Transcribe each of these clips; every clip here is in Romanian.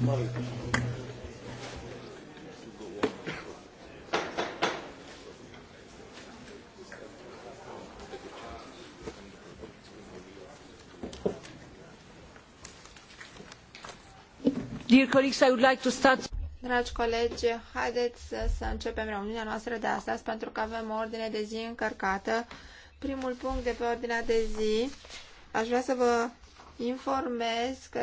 Dear colleagues, I would like to start... Dragi colegi, haideți să, să începem reuniunea noastră de astăzi pentru că avem o ordine de zi încărcată. Primul punct de pe ordinea de zi, aș vrea să vă informez că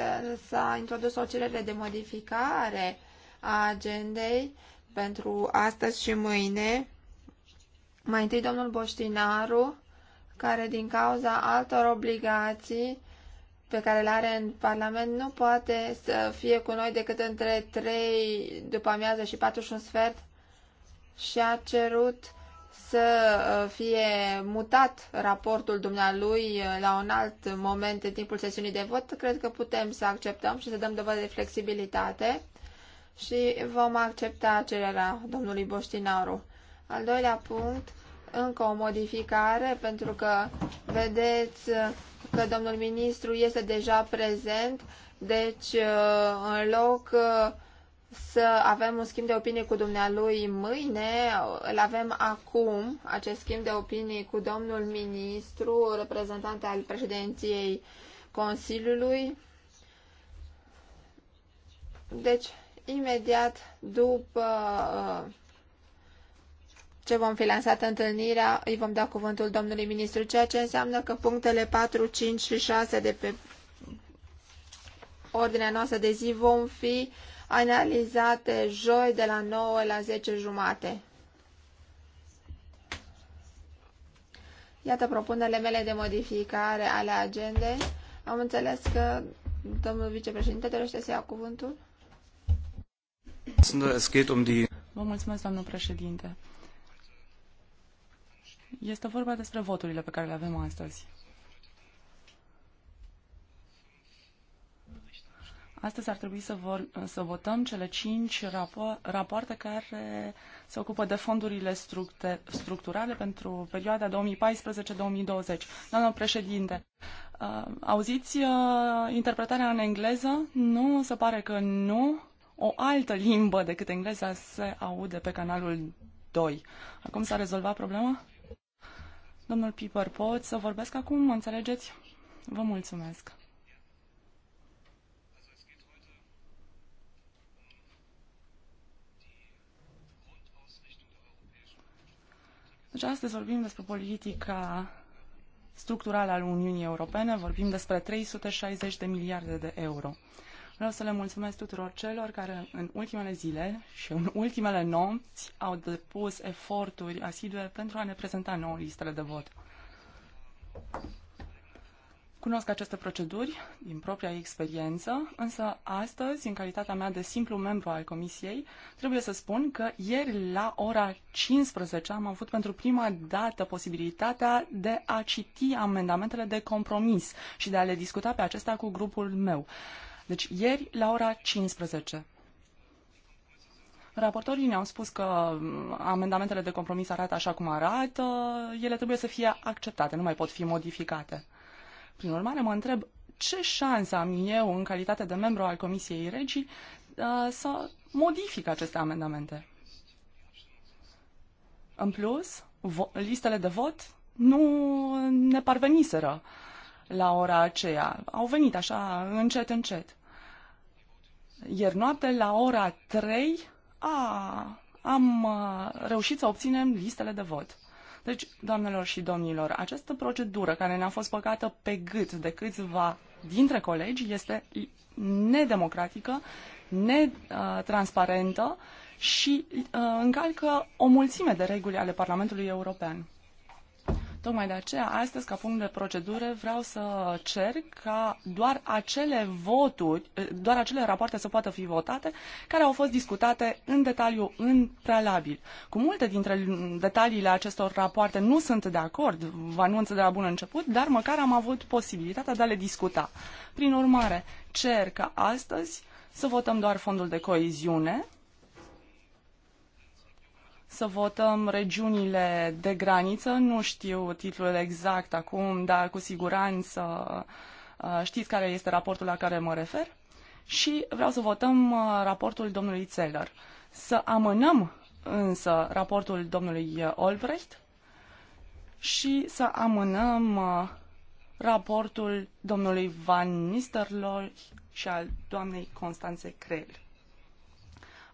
s-a introdus o cerere de modificare a agendei pentru astăzi și mâine. Mai întâi domnul Boștinaru, care din cauza altor obligații pe care le are în Parlament nu poate să fie cu noi decât între 3 după amiază și 4 și un sfert și a cerut să uh, fie mutat raportul dumnealui uh, la un alt moment în timpul sesiunii de vot, cred că putem să acceptăm și să dăm dovadă de flexibilitate și vom accepta cererea domnului Boștinaru. Al doilea punct, încă o modificare, pentru că vedeți uh, că domnul ministru este deja prezent, deci în loc să avem un schimb de opinie cu dumnealui mâine. Îl avem acum, acest schimb de opinie cu domnul ministru, reprezentant al președinției Consiliului. Deci, imediat după uh, ce vom fi lansat întâlnirea, îi vom da cuvântul domnului ministru, ceea ce înseamnă că punctele 4, 5 și 6 de pe ordinea noastră de zi vom fi uh, analizate joi de la 9 la 10 jumate. Iată propunerele mele de modificare ale agendei. Am înțeles că domnul vicepreședinte dorește să ia cuvântul. Um Vă mulțumesc, domnul președinte. Este vorba despre voturile pe care le avem astăzi. Astăzi ar trebui să, vor, să votăm cele cinci rapo- rapoarte care se ocupă de fondurile structe, structurale pentru perioada 2014-2020. Doamna președinte, uh, auziți uh, interpretarea în engleză? Nu, se pare că nu. O altă limbă decât engleza se aude pe canalul 2. Acum s-a rezolvat problema? Domnul Piper, pot să vorbesc acum? Mă înțelegeți? Vă mulțumesc. Deci astăzi vorbim despre politica structurală al Uniunii Europene, vorbim despre 360 de miliarde de euro. Vreau să le mulțumesc tuturor celor care în ultimele zile și în ultimele nopți au depus eforturi asidue pentru a ne prezenta nouă listele de vot. Cunosc aceste proceduri din propria experiență, însă astăzi, în calitatea mea de simplu membru al Comisiei, trebuie să spun că ieri la ora 15 am avut pentru prima dată posibilitatea de a citi amendamentele de compromis și de a le discuta pe acestea cu grupul meu. Deci ieri la ora 15. Raportorii ne-au spus că amendamentele de compromis arată așa cum arată, ele trebuie să fie acceptate, nu mai pot fi modificate. Prin urmare, mă întreb ce șansă am eu, în calitate de membru al Comisiei Regii, uh, să modific aceste amendamente. În plus, listele de vot nu ne parveniseră la ora aceea. Au venit așa, încet, încet. Ieri noapte, la ora 3, a, am uh, reușit să obținem listele de vot. Deci, doamnelor și domnilor, această procedură care ne-a fost păcată pe gât de câțiva dintre colegi este nedemocratică, netransparentă și uh, încalcă o mulțime de reguli ale Parlamentului European. Tocmai de aceea, astăzi, ca punct de procedură, vreau să cer ca doar acele voturi, doar acele rapoarte să poată fi votate care au fost discutate în detaliu, în prealabil. Cu multe dintre detaliile acestor rapoarte nu sunt de acord, vă anunț de la bun început, dar măcar am avut posibilitatea de a le discuta. Prin urmare, cer ca astăzi să votăm doar fondul de coeziune, să votăm regiunile de graniță. Nu știu titlul exact acum, dar cu siguranță uh, știți care este raportul la care mă refer. Și vreau să votăm uh, raportul domnului Zeller. Să amânăm însă raportul domnului uh, Olbrecht și să amânăm raportul domnului Van Nistelrooy și al doamnei Constanțe Creel.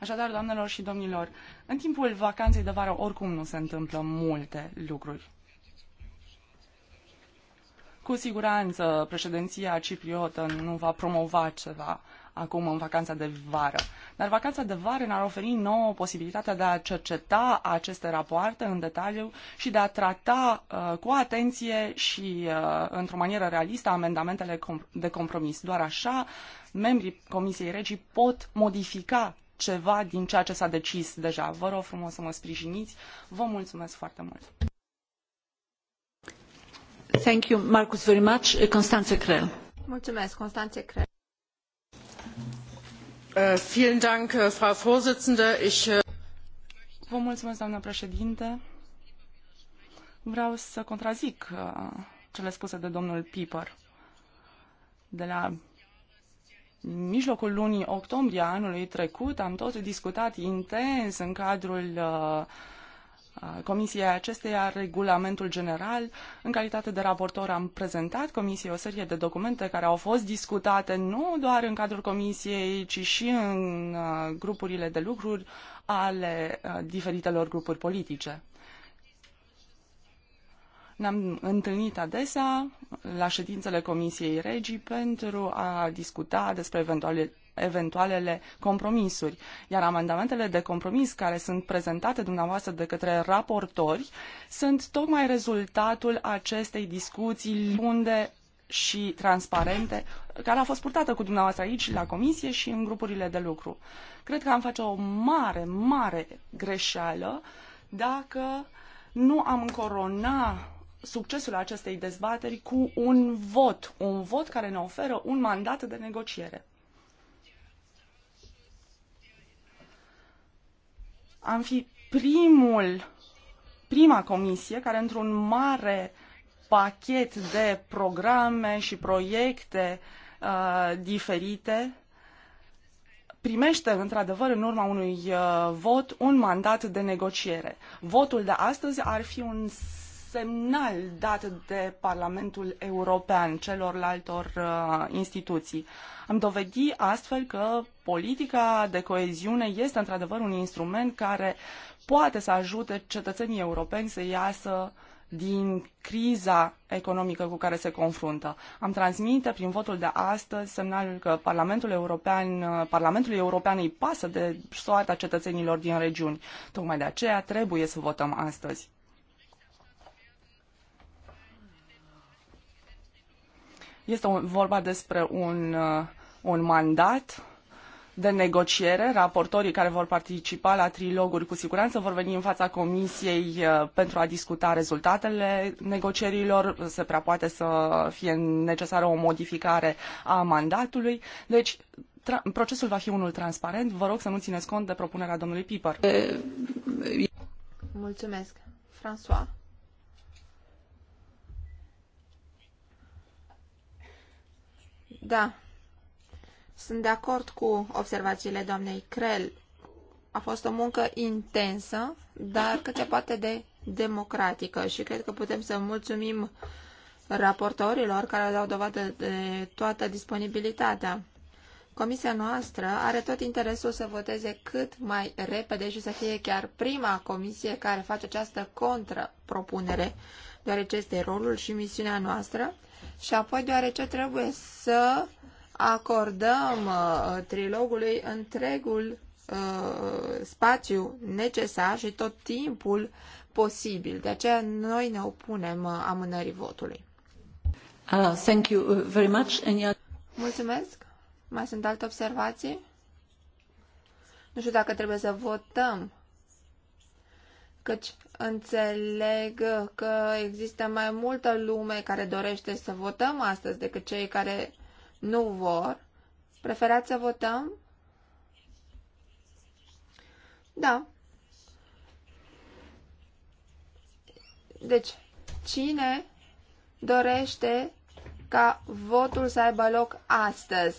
Așadar, doamnelor și domnilor, în timpul vacanței de vară oricum nu se întâmplă multe lucruri. Cu siguranță, președinția cipriotă nu va promova ceva acum în vacanța de vară. Dar vacanța de vară ne-ar oferi nouă posibilitatea de a cerceta aceste rapoarte în detaliu și de a trata uh, cu atenție și uh, într-o manieră realistă amendamentele de compromis. Doar așa membrii Comisiei Regii pot modifica ceva din ceea ce s-a decis deja. Vă rog frumos să mă sprijiniți. Vă mulțumesc foarte mult. Thank you, Marcus, very much. Constanze Krell. Mulțumesc, Constanze Krell. Uh, vielen Dank, uh, Frau Vorsitzende. Ich, uh... Vă mulțumesc, doamnă președinte. Vreau să contrazic uh, cele spuse de domnul Piper de la în mijlocul lunii octombrie anului trecut am tot discutat intens în cadrul uh, uh, Comisiei acesteia regulamentul general. În calitate de raportor am prezentat Comisiei o serie de documente care au fost discutate nu doar în cadrul Comisiei, ci și în uh, grupurile de lucruri ale diferitelor grupuri politice. Ne-am întâlnit adesea la ședințele Comisiei Regii pentru a discuta despre eventuale, eventualele compromisuri, iar amendamentele de compromis care sunt prezentate dumneavoastră de către raportori sunt tocmai rezultatul acestei discuții lunde și transparente care a fost purtată cu dumneavoastră aici, la comisie și în grupurile de lucru. Cred că am face o mare, mare greșeală dacă nu am încorona succesul acestei dezbateri cu un vot, un vot care ne oferă un mandat de negociere. Am fi primul, prima comisie care într-un mare pachet de programe și proiecte uh, diferite primește într-adevăr în urma unui uh, vot un mandat de negociere. Votul de astăzi ar fi un semnal dat de Parlamentul European celorlaltor uh, instituții. Am dovedit astfel că politica de coeziune este într-adevăr un instrument care poate să ajute cetățenii europeni să iasă din criza economică cu care se confruntă. Am transmite prin votul de astăzi semnalul că Parlamentul European, uh, Parlamentul European îi pasă de soarta cetățenilor din regiuni. Tocmai de aceea trebuie să votăm astăzi. Este un, vorba despre un, uh, un mandat de negociere. Raportorii care vor participa la triloguri cu siguranță vor veni în fața comisiei uh, pentru a discuta rezultatele negocierilor. Se prea poate să fie necesară o modificare a mandatului. Deci, procesul va fi unul transparent. Vă rog să nu țineți cont de propunerea domnului Piper. Mulțumesc. François. Da. Sunt de acord cu observațiile doamnei Crel. A fost o muncă intensă, dar cât se poate de democratică și cred că putem să mulțumim raportorilor care au dat dovadă de toată disponibilitatea. Comisia noastră are tot interesul să voteze cât mai repede și să fie chiar prima comisie care face această contrapropunere, deoarece este rolul și misiunea noastră și apoi deoarece trebuie să acordăm uh, trilogului întregul uh, spațiu necesar și tot timpul posibil. De aceea noi ne opunem uh, amânării votului. Uh, thank you uh, very much. Any... Mulțumesc. Mai sunt alte observații? Nu știu dacă trebuie să votăm căci înțeleg că există mai multă lume care dorește să votăm astăzi decât cei care nu vor. Preferați să votăm? Da. Deci, cine dorește ca votul să aibă loc astăzi?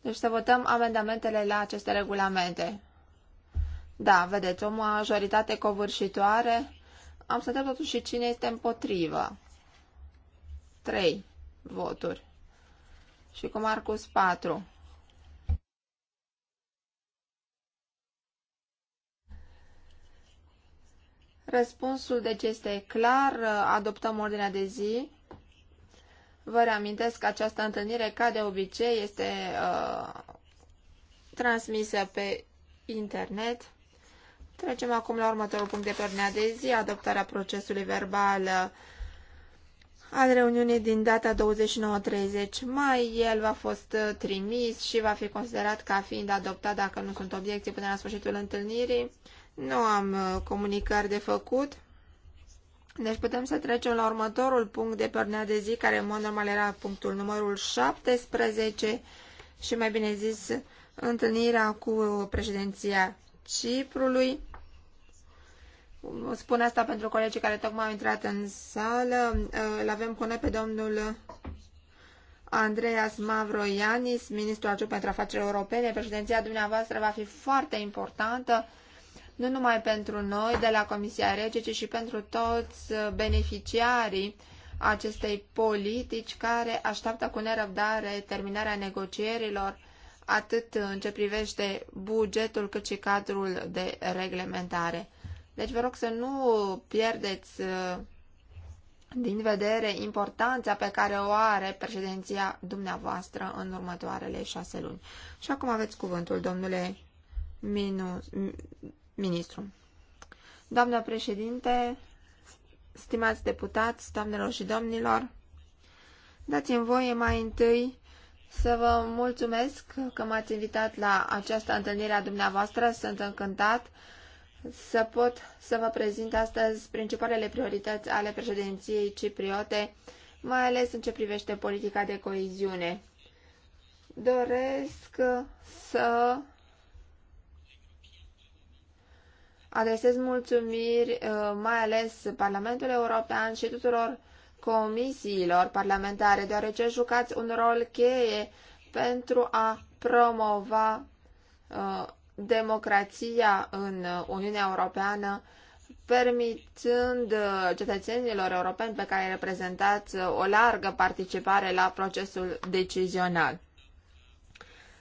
Deci să votăm amendamentele la aceste regulamente. Da, vedeți, o majoritate covârșitoare. Am să întreb totuși cine este împotrivă. 3 voturi. Și cu Marcus 4. Răspunsul deci este clar, adoptăm ordinea de zi. Vă reamintesc că această întâlnire, ca de obicei, este uh, transmisă pe internet. Trecem acum la următorul punct de pe ordinea de zi, adoptarea procesului verbal uh, al reuniunii din data 29-30 mai. El va fost uh, trimis și va fi considerat ca fiind adoptat dacă nu sunt obiecții până la sfârșitul întâlnirii. Nu am uh, comunicări de făcut. Deci putem să trecem la următorul punct de pe de zi, care în mod normal era punctul numărul 17 și mai bine zis întâlnirea cu președinția Ciprului. Spun asta pentru colegii care tocmai au intrat în sală. Îl avem cu noi pe domnul Andreas Mavroianis, ministrul adjunct pentru afaceri europene. Președinția dumneavoastră va fi foarte importantă, nu numai pentru noi de la Comisia Rege, ci și pentru toți beneficiarii acestei politici care așteaptă cu nerăbdare terminarea negocierilor atât în ce privește bugetul cât și cadrul de reglementare. Deci vă rog să nu pierdeți uh, din vedere importanța pe care o are președinția dumneavoastră în următoarele șase luni. Și acum aveți cuvântul, domnule minu, ministru. Doamna președinte, stimați deputați, doamnelor și domnilor, dați-mi voie mai întâi să vă mulțumesc că m-ați invitat la această întâlnire a dumneavoastră. Sunt încântat să pot să vă prezint astăzi principalele priorități ale președinției cipriote, mai ales în ce privește politica de coeziune. Doresc să adresez mulțumiri uh, mai ales Parlamentului European și tuturor comisiilor parlamentare, deoarece jucați un rol cheie pentru a promova uh, democrația în uh, Uniunea Europeană, permitând uh, cetățenilor europeni pe care îi reprezentați uh, o largă participare la procesul decizional.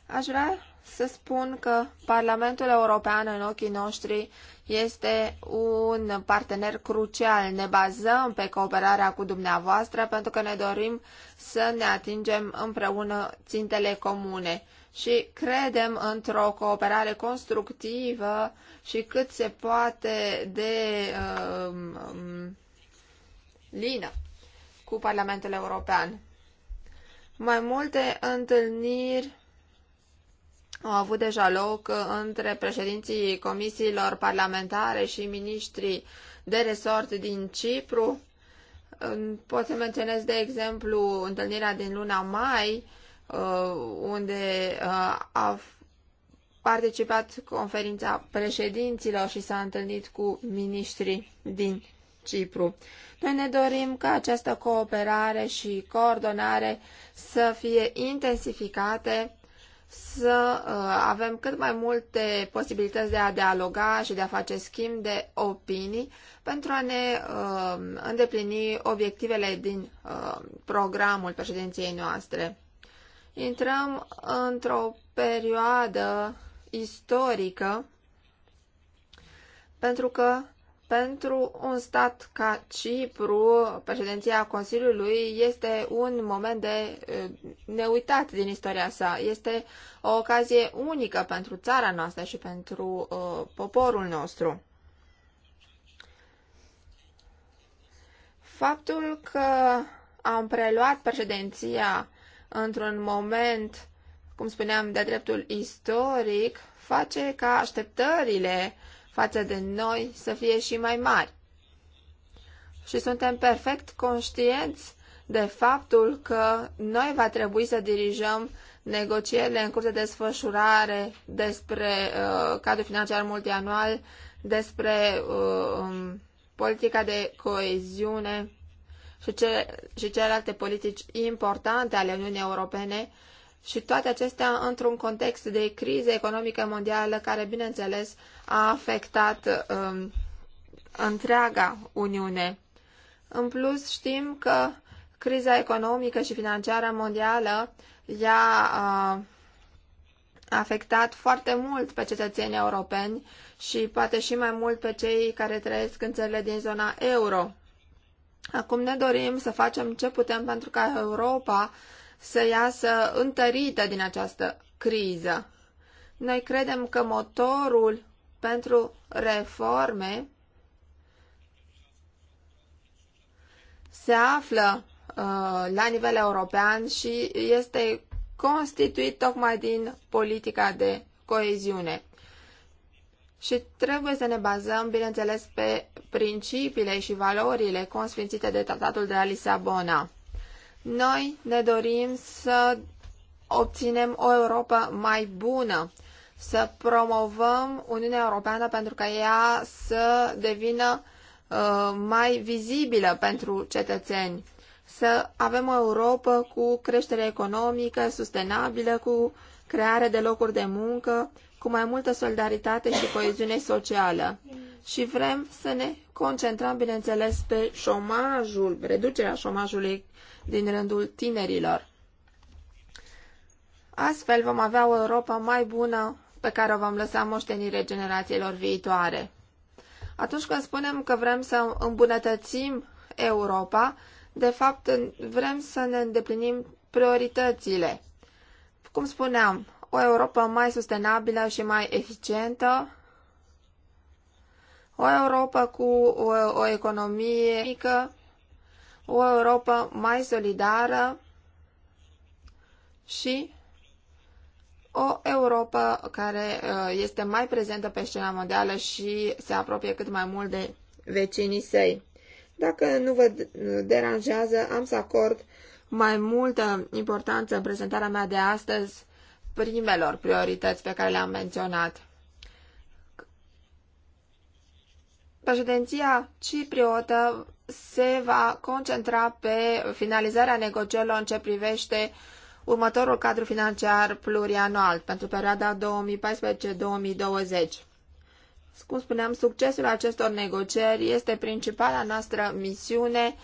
Aș vrea să spun că Parlamentul European în ochii noștri este un partener crucial. Ne bazăm pe cooperarea cu dumneavoastră pentru că ne dorim să ne atingem împreună țintele comune și credem într-o cooperare constructivă și cât se poate de um, um, lină cu Parlamentul European. Mai multe întâlniri au avut deja loc între președinții comisiilor parlamentare și ministrii de resort din Cipru. Pot să menționez, de exemplu, întâlnirea din luna mai, Uh, unde uh, a participat conferința președinților și s-a întâlnit cu miniștrii din Cipru. Noi ne dorim ca această cooperare și coordonare să fie intensificate, să uh, avem cât mai multe posibilități de a dialoga și de a face schimb de opinii pentru a ne îndeplini obiectivele din programul președinției noastre intrăm într-o perioadă istorică pentru că pentru un stat ca Cipru, președinția Consiliului este un moment de neuitat din istoria sa. Este o ocazie unică pentru țara noastră și pentru uh, poporul nostru. Faptul că am preluat președinția într-un moment, cum spuneam, de dreptul istoric, face ca așteptările față de noi să fie și mai mari. Și suntem perfect conștienți de faptul că noi va trebui să dirijăm negocierile în curs de desfășurare despre uh, cadrul financiar multianual, despre uh, um, politica de coeziune și, ce, și celelalte politici importante ale Uniunii Europene și toate acestea într-un context de criză economică mondială care, bineînțeles, a afectat um, întreaga Uniune. În plus, știm că criza economică și financiară mondială i-a uh, afectat foarte mult pe cetățenii europeni și poate și mai mult pe cei care trăiesc în țările din zona euro. Acum ne dorim să facem ce putem pentru ca Europa să iasă întărită din această criză. Noi credem că motorul pentru reforme se află uh, la nivel european și este constituit tocmai din politica de coeziune și trebuie să ne bazăm, bineînțeles, pe principiile și valorile consfințite de tratatul de la Lisabona. Noi ne dorim să obținem o Europa mai bună, să promovăm Uniunea Europeană pentru ca ea să devină uh, mai vizibilă pentru cetățeni, să avem o Europa cu creștere economică sustenabilă, cu creare de locuri de muncă cu mai multă solidaritate și coeziune socială. Și vrem să ne concentrăm, bineînțeles, pe șomajul, reducerea șomajului din rândul tinerilor. Astfel vom avea o Europa mai bună pe care o vom lăsa moștenire generațiilor viitoare. Atunci când spunem că vrem să îmbunătățim Europa, de fapt vrem să ne îndeplinim prioritățile. Cum spuneam, o Europa mai sustenabilă și mai eficientă, o Europa cu o, o economie mică, o Europa mai solidară și o Europa care uh, este mai prezentă pe scena mondială și se apropie cât mai mult de vecinii săi. Dacă nu vă deranjează, am să acord mai multă importanță în prezentarea mea de astăzi primelor priorități pe care le-am menționat. Președinția cipriotă se va concentra pe finalizarea negocierilor în ce privește următorul cadru financiar plurianual pentru perioada 2014-2020. Cum spuneam, succesul acestor negocieri este principala noastră misiune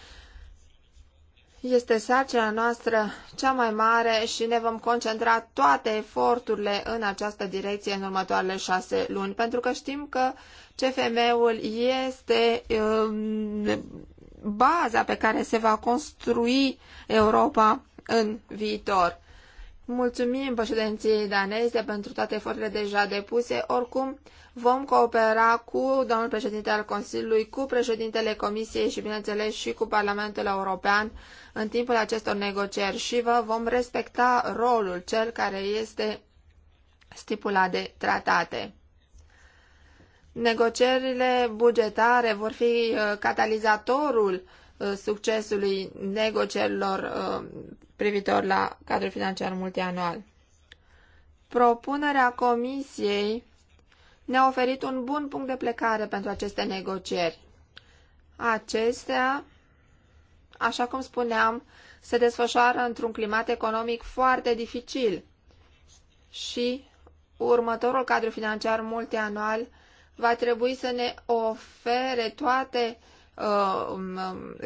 este sarcina noastră cea mai mare și ne vom concentra toate eforturile în această direcție în următoarele șase luni, pentru că știm că CFM-ul este um, baza pe care se va construi Europa în viitor. Mulțumim președinției daneze pentru toate eforturile deja depuse. Oricum, Vom coopera cu domnul președinte al Consiliului, cu președintele Comisiei și, bineînțeles, și cu Parlamentul European în timpul acestor negocieri și vă vom respecta rolul cel care este stipulat de tratate. Negocierile bugetare vor fi uh, catalizatorul uh, succesului negocierilor uh, privitor la cadrul financiar multianual. Propunerea Comisiei ne-a oferit un bun punct de plecare pentru aceste negocieri. Acestea, așa cum spuneam, se desfășoară într-un climat economic foarte dificil și următorul cadru financiar multianual va trebui să ne ofere toate uh,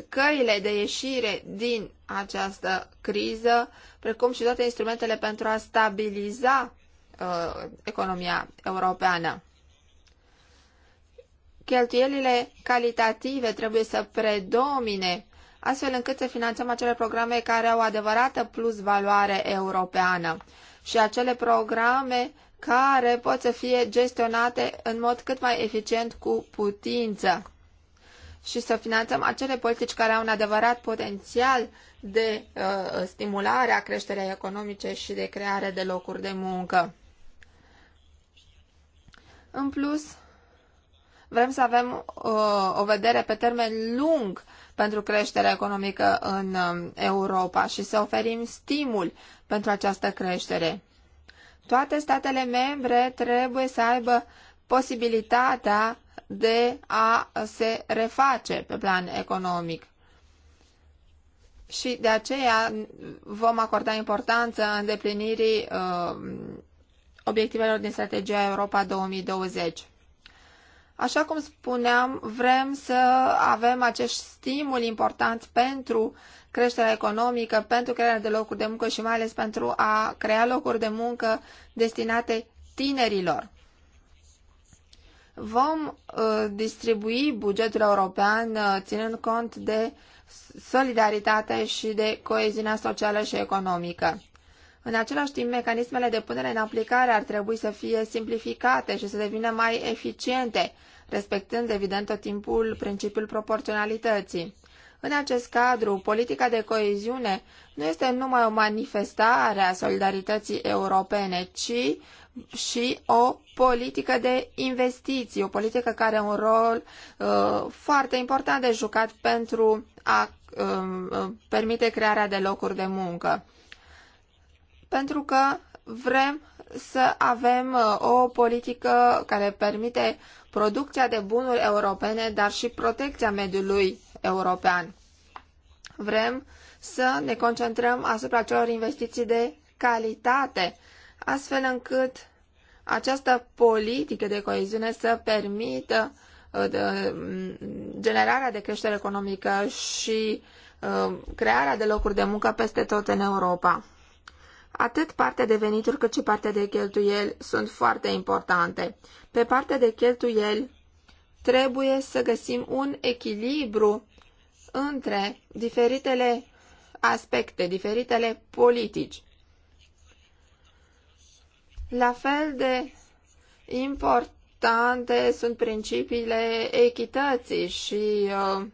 căile de ieșire din această criză, precum și toate instrumentele pentru a stabiliza uh, economia europeană. Cheltuielile calitative trebuie să predomine astfel încât să finanțăm acele programe care au adevărată plus valoare europeană și acele programe care pot să fie gestionate în mod cât mai eficient cu putință și să finanțăm acele politici care au un adevărat potențial de uh, stimulare a creșterii economice și de creare de locuri de muncă. În plus, vrem să avem uh, o vedere pe termen lung pentru creșterea economică în uh, Europa și să oferim stimul pentru această creștere. Toate statele membre trebuie să aibă posibilitatea de a se reface pe plan economic. Și de aceea vom acorda importanță îndeplinirii uh, obiectivelor din strategia Europa 2020. Așa cum spuneam, vrem să avem acest stimul important pentru creșterea economică, pentru crearea de locuri de muncă și mai ales pentru a crea locuri de muncă destinate tinerilor. Vom uh, distribui bugetul european uh, ținând cont de solidaritate și de coeziunea socială și economică. În același timp, mecanismele de punere în aplicare ar trebui să fie simplificate și să devină mai eficiente, respectând, evident, tot timpul principiul proporționalității. În acest cadru, politica de coeziune nu este numai o manifestare a solidarității europene, ci și o politică de investiții, o politică care are un rol uh, foarte important de jucat pentru a uh, uh permite crearea de locuri de muncă pentru că vrem să avem uh, o politică care permite producția de bunuri europene, dar și protecția mediului european. Vrem să ne concentrăm asupra celor investiții de calitate, astfel încât această politică de coeziune să permită uh, mm, generarea de creștere economică și uh, crearea de locuri de muncă peste tot în Europa. Atât partea de venituri cât și partea de cheltuieli sunt foarte importante. Pe partea de cheltuieli trebuie să găsim un echilibru între diferitele aspecte, diferitele politici. La fel de importante sunt principiile echității și uh,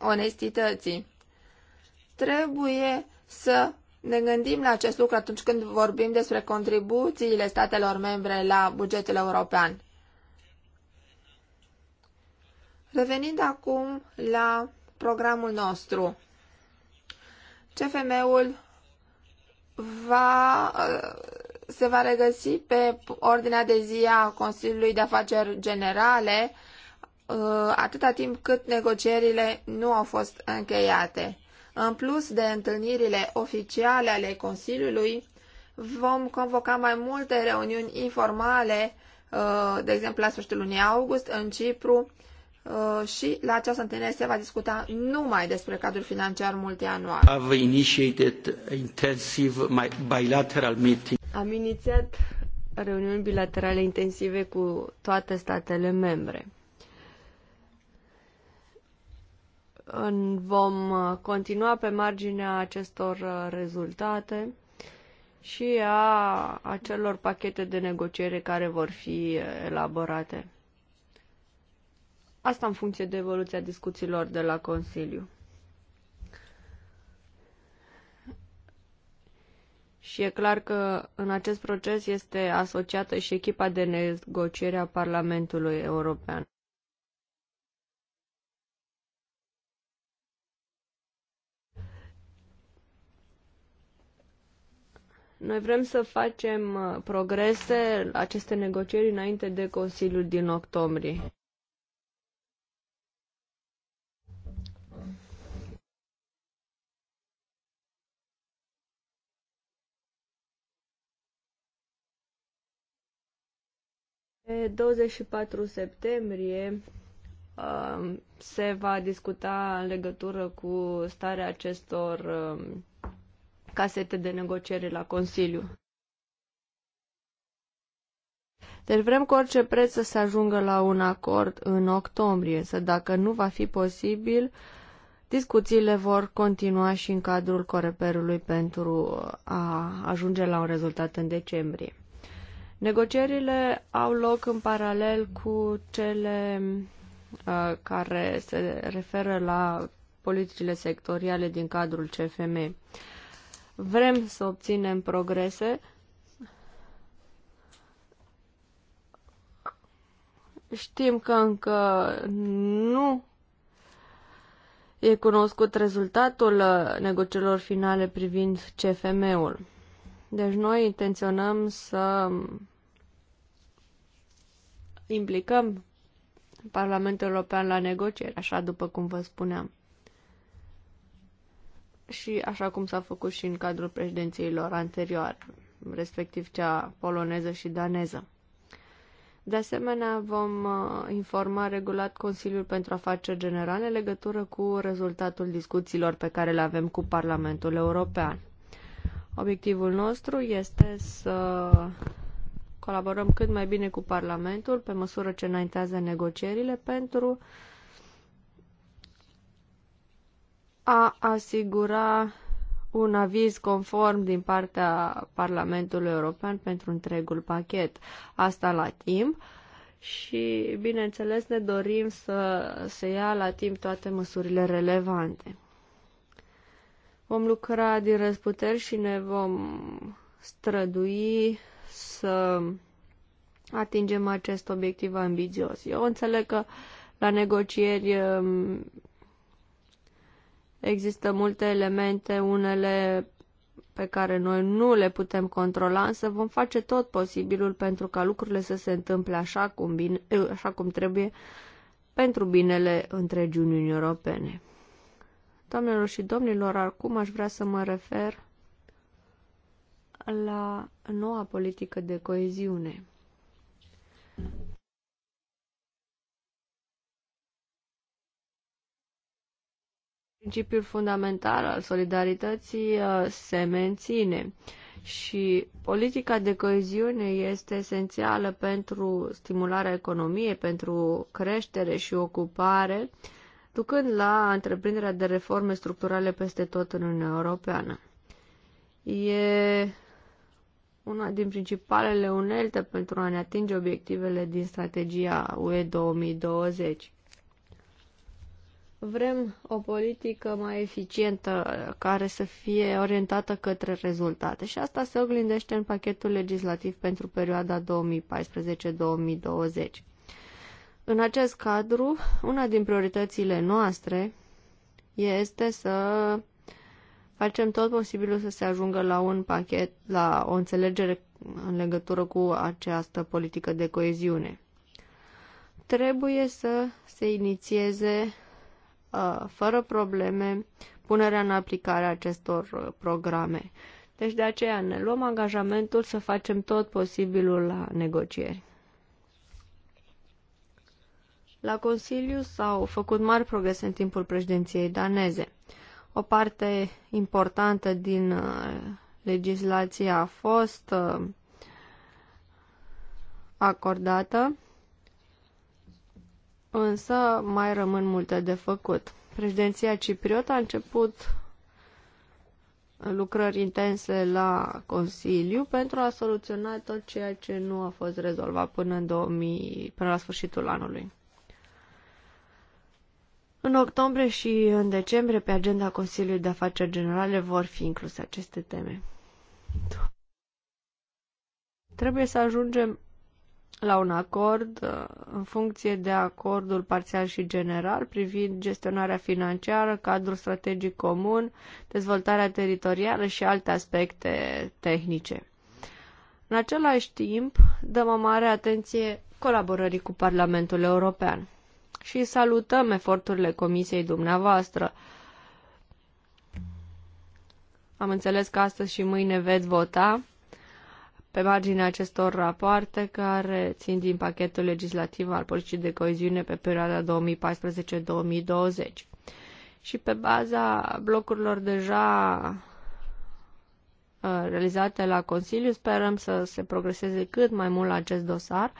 onestității. Trebuie să ne gândim la acest lucru atunci când vorbim despre contribuțiile statelor membre la bugetul european. Revenind acum la programul nostru, CFM-ul va, uh, se va regăsi pe ordinea de zi a Consiliului de Afaceri Generale uh, atâta timp cât negocierile nu au fost încheiate. În plus de întâlnirile oficiale ale Consiliului, vom convoca mai multe reuniuni informale, uh, de exemplu la sfârșitul lunii august în Cipru uh, și la această întâlnire se va discuta numai despre cadrul financiar multianual. Have initiated intensive bilateral meeting. Am inițiat reuniuni bilaterale intensive cu toate statele membre. Vom uh, continua pe marginea acestor uh, rezultate și a acelor pachete de negociere care vor fi uh, elaborate. Asta în funcție de evoluția discuțiilor de la Consiliu. Și e clar că în acest proces este asociată și echipa de negociere a Parlamentului European. Noi vrem să facem uh, progrese la aceste negocieri înainte de Consiliul din octombrie. Pe 24 septembrie um, se va discuta în legătură cu starea acestor um, casete de negociere la Consiliu. Deci vrem cu orice preț să se ajungă la un acord în octombrie, să dacă nu va fi posibil, discuțiile vor continua și în cadrul coreperului pentru a ajunge la un rezultat în decembrie. Negocierile au loc în paralel cu cele uh, care se referă la politicile sectoriale din cadrul CFM vrem să obținem progrese știm că încă nu e cunoscut rezultatul negocierilor finale privind CFM-ul. Deci noi intenționăm să implicăm Parlamentul European la negocieri, așa după cum vă spuneam și așa cum s-a făcut și în cadrul președințiilor anterioare, respectiv cea poloneză și daneză. De asemenea, vom uh, informa regulat Consiliul pentru Afaceri Generale în legătură cu rezultatul discuțiilor pe care le avem cu Parlamentul European. Obiectivul nostru este să colaborăm cât mai bine cu Parlamentul pe măsură ce înaintează negocierile pentru uh, a asigura un aviz conform din partea Parlamentului European pentru întregul pachet. Asta la timp și, bineînțeles, ne dorim să se ia la timp toate măsurile relevante. Vom lucra din răzputeri și ne vom strădui să atingem acest obiectiv ambițios. Eu înțeleg că la negocieri Există multe elemente, unele pe care noi nu le putem controla, însă vom face tot posibilul pentru ca lucrurile să se întâmple așa cum, bine, așa cum trebuie pentru binele întregii Uniunii Europene. Doamnelor și domnilor, acum aș vrea să mă refer la noua politică de coeziune. Principiul fundamental al solidarității uh, se menține și politica de coeziune este esențială pentru stimularea economiei, pentru creștere și ocupare, ducând la întreprinderea de reforme structurale peste tot în Uniunea Europeană. E una din principalele unelte pentru a ne atinge obiectivele din strategia UE 2020. Vrem o politică mai eficientă care să fie orientată către rezultate și asta se oglindește în pachetul legislativ pentru perioada 2014-2020. În acest cadru, una din prioritățile noastre este să facem tot posibilul să se ajungă la un pachet, la o înțelegere în legătură cu această politică de coeziune. Trebuie să se inițieze fără probleme punerea în aplicare a acestor programe. Deci de aceea ne luăm angajamentul să facem tot posibilul la negocieri. La Consiliu s-au făcut mari progrese în timpul președinției daneze. O parte importantă din legislație a fost acordată însă mai rămân multe de făcut. Președinția cipriot a început lucrări intense la Consiliu pentru a soluționa tot ceea ce nu a fost rezolvat până, în 2000, până la sfârșitul anului. În octombrie și în decembrie, pe agenda Consiliului de Afaceri Generale, vor fi incluse aceste teme. Trebuie să ajungem la un acord uh, în funcție de acordul parțial și general privind gestionarea financiară, cadrul strategic comun, dezvoltarea teritorială și alte aspecte tehnice. În același timp, dăm o mare atenție colaborării cu Parlamentul European și salutăm eforturile Comisiei dumneavoastră. Am înțeles că astăzi și mâine veți vota pe marginea acestor rapoarte care țin din pachetul legislativ al politicii de coeziune pe perioada 2014-2020. Și pe baza blocurilor deja uh, realizate la Consiliu, sperăm să se progreseze cât mai mult la acest dosar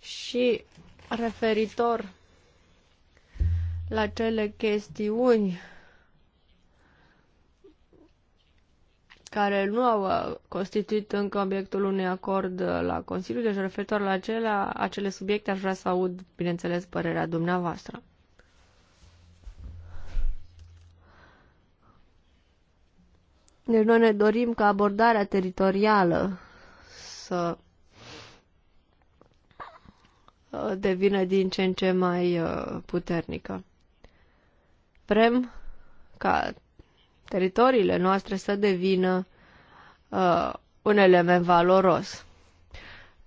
și referitor la cele chestiuni care nu au uh, constituit încă obiectul unui acord uh, la Consiliu, deci referitor la acelea, acele subiecte aș vrea să aud, bineînțeles, părerea dumneavoastră. Deci noi ne dorim ca abordarea teritorială să uh, devină din ce în ce mai puternică. Vrem ca teritoriile noastre să devină uh, un element valoros.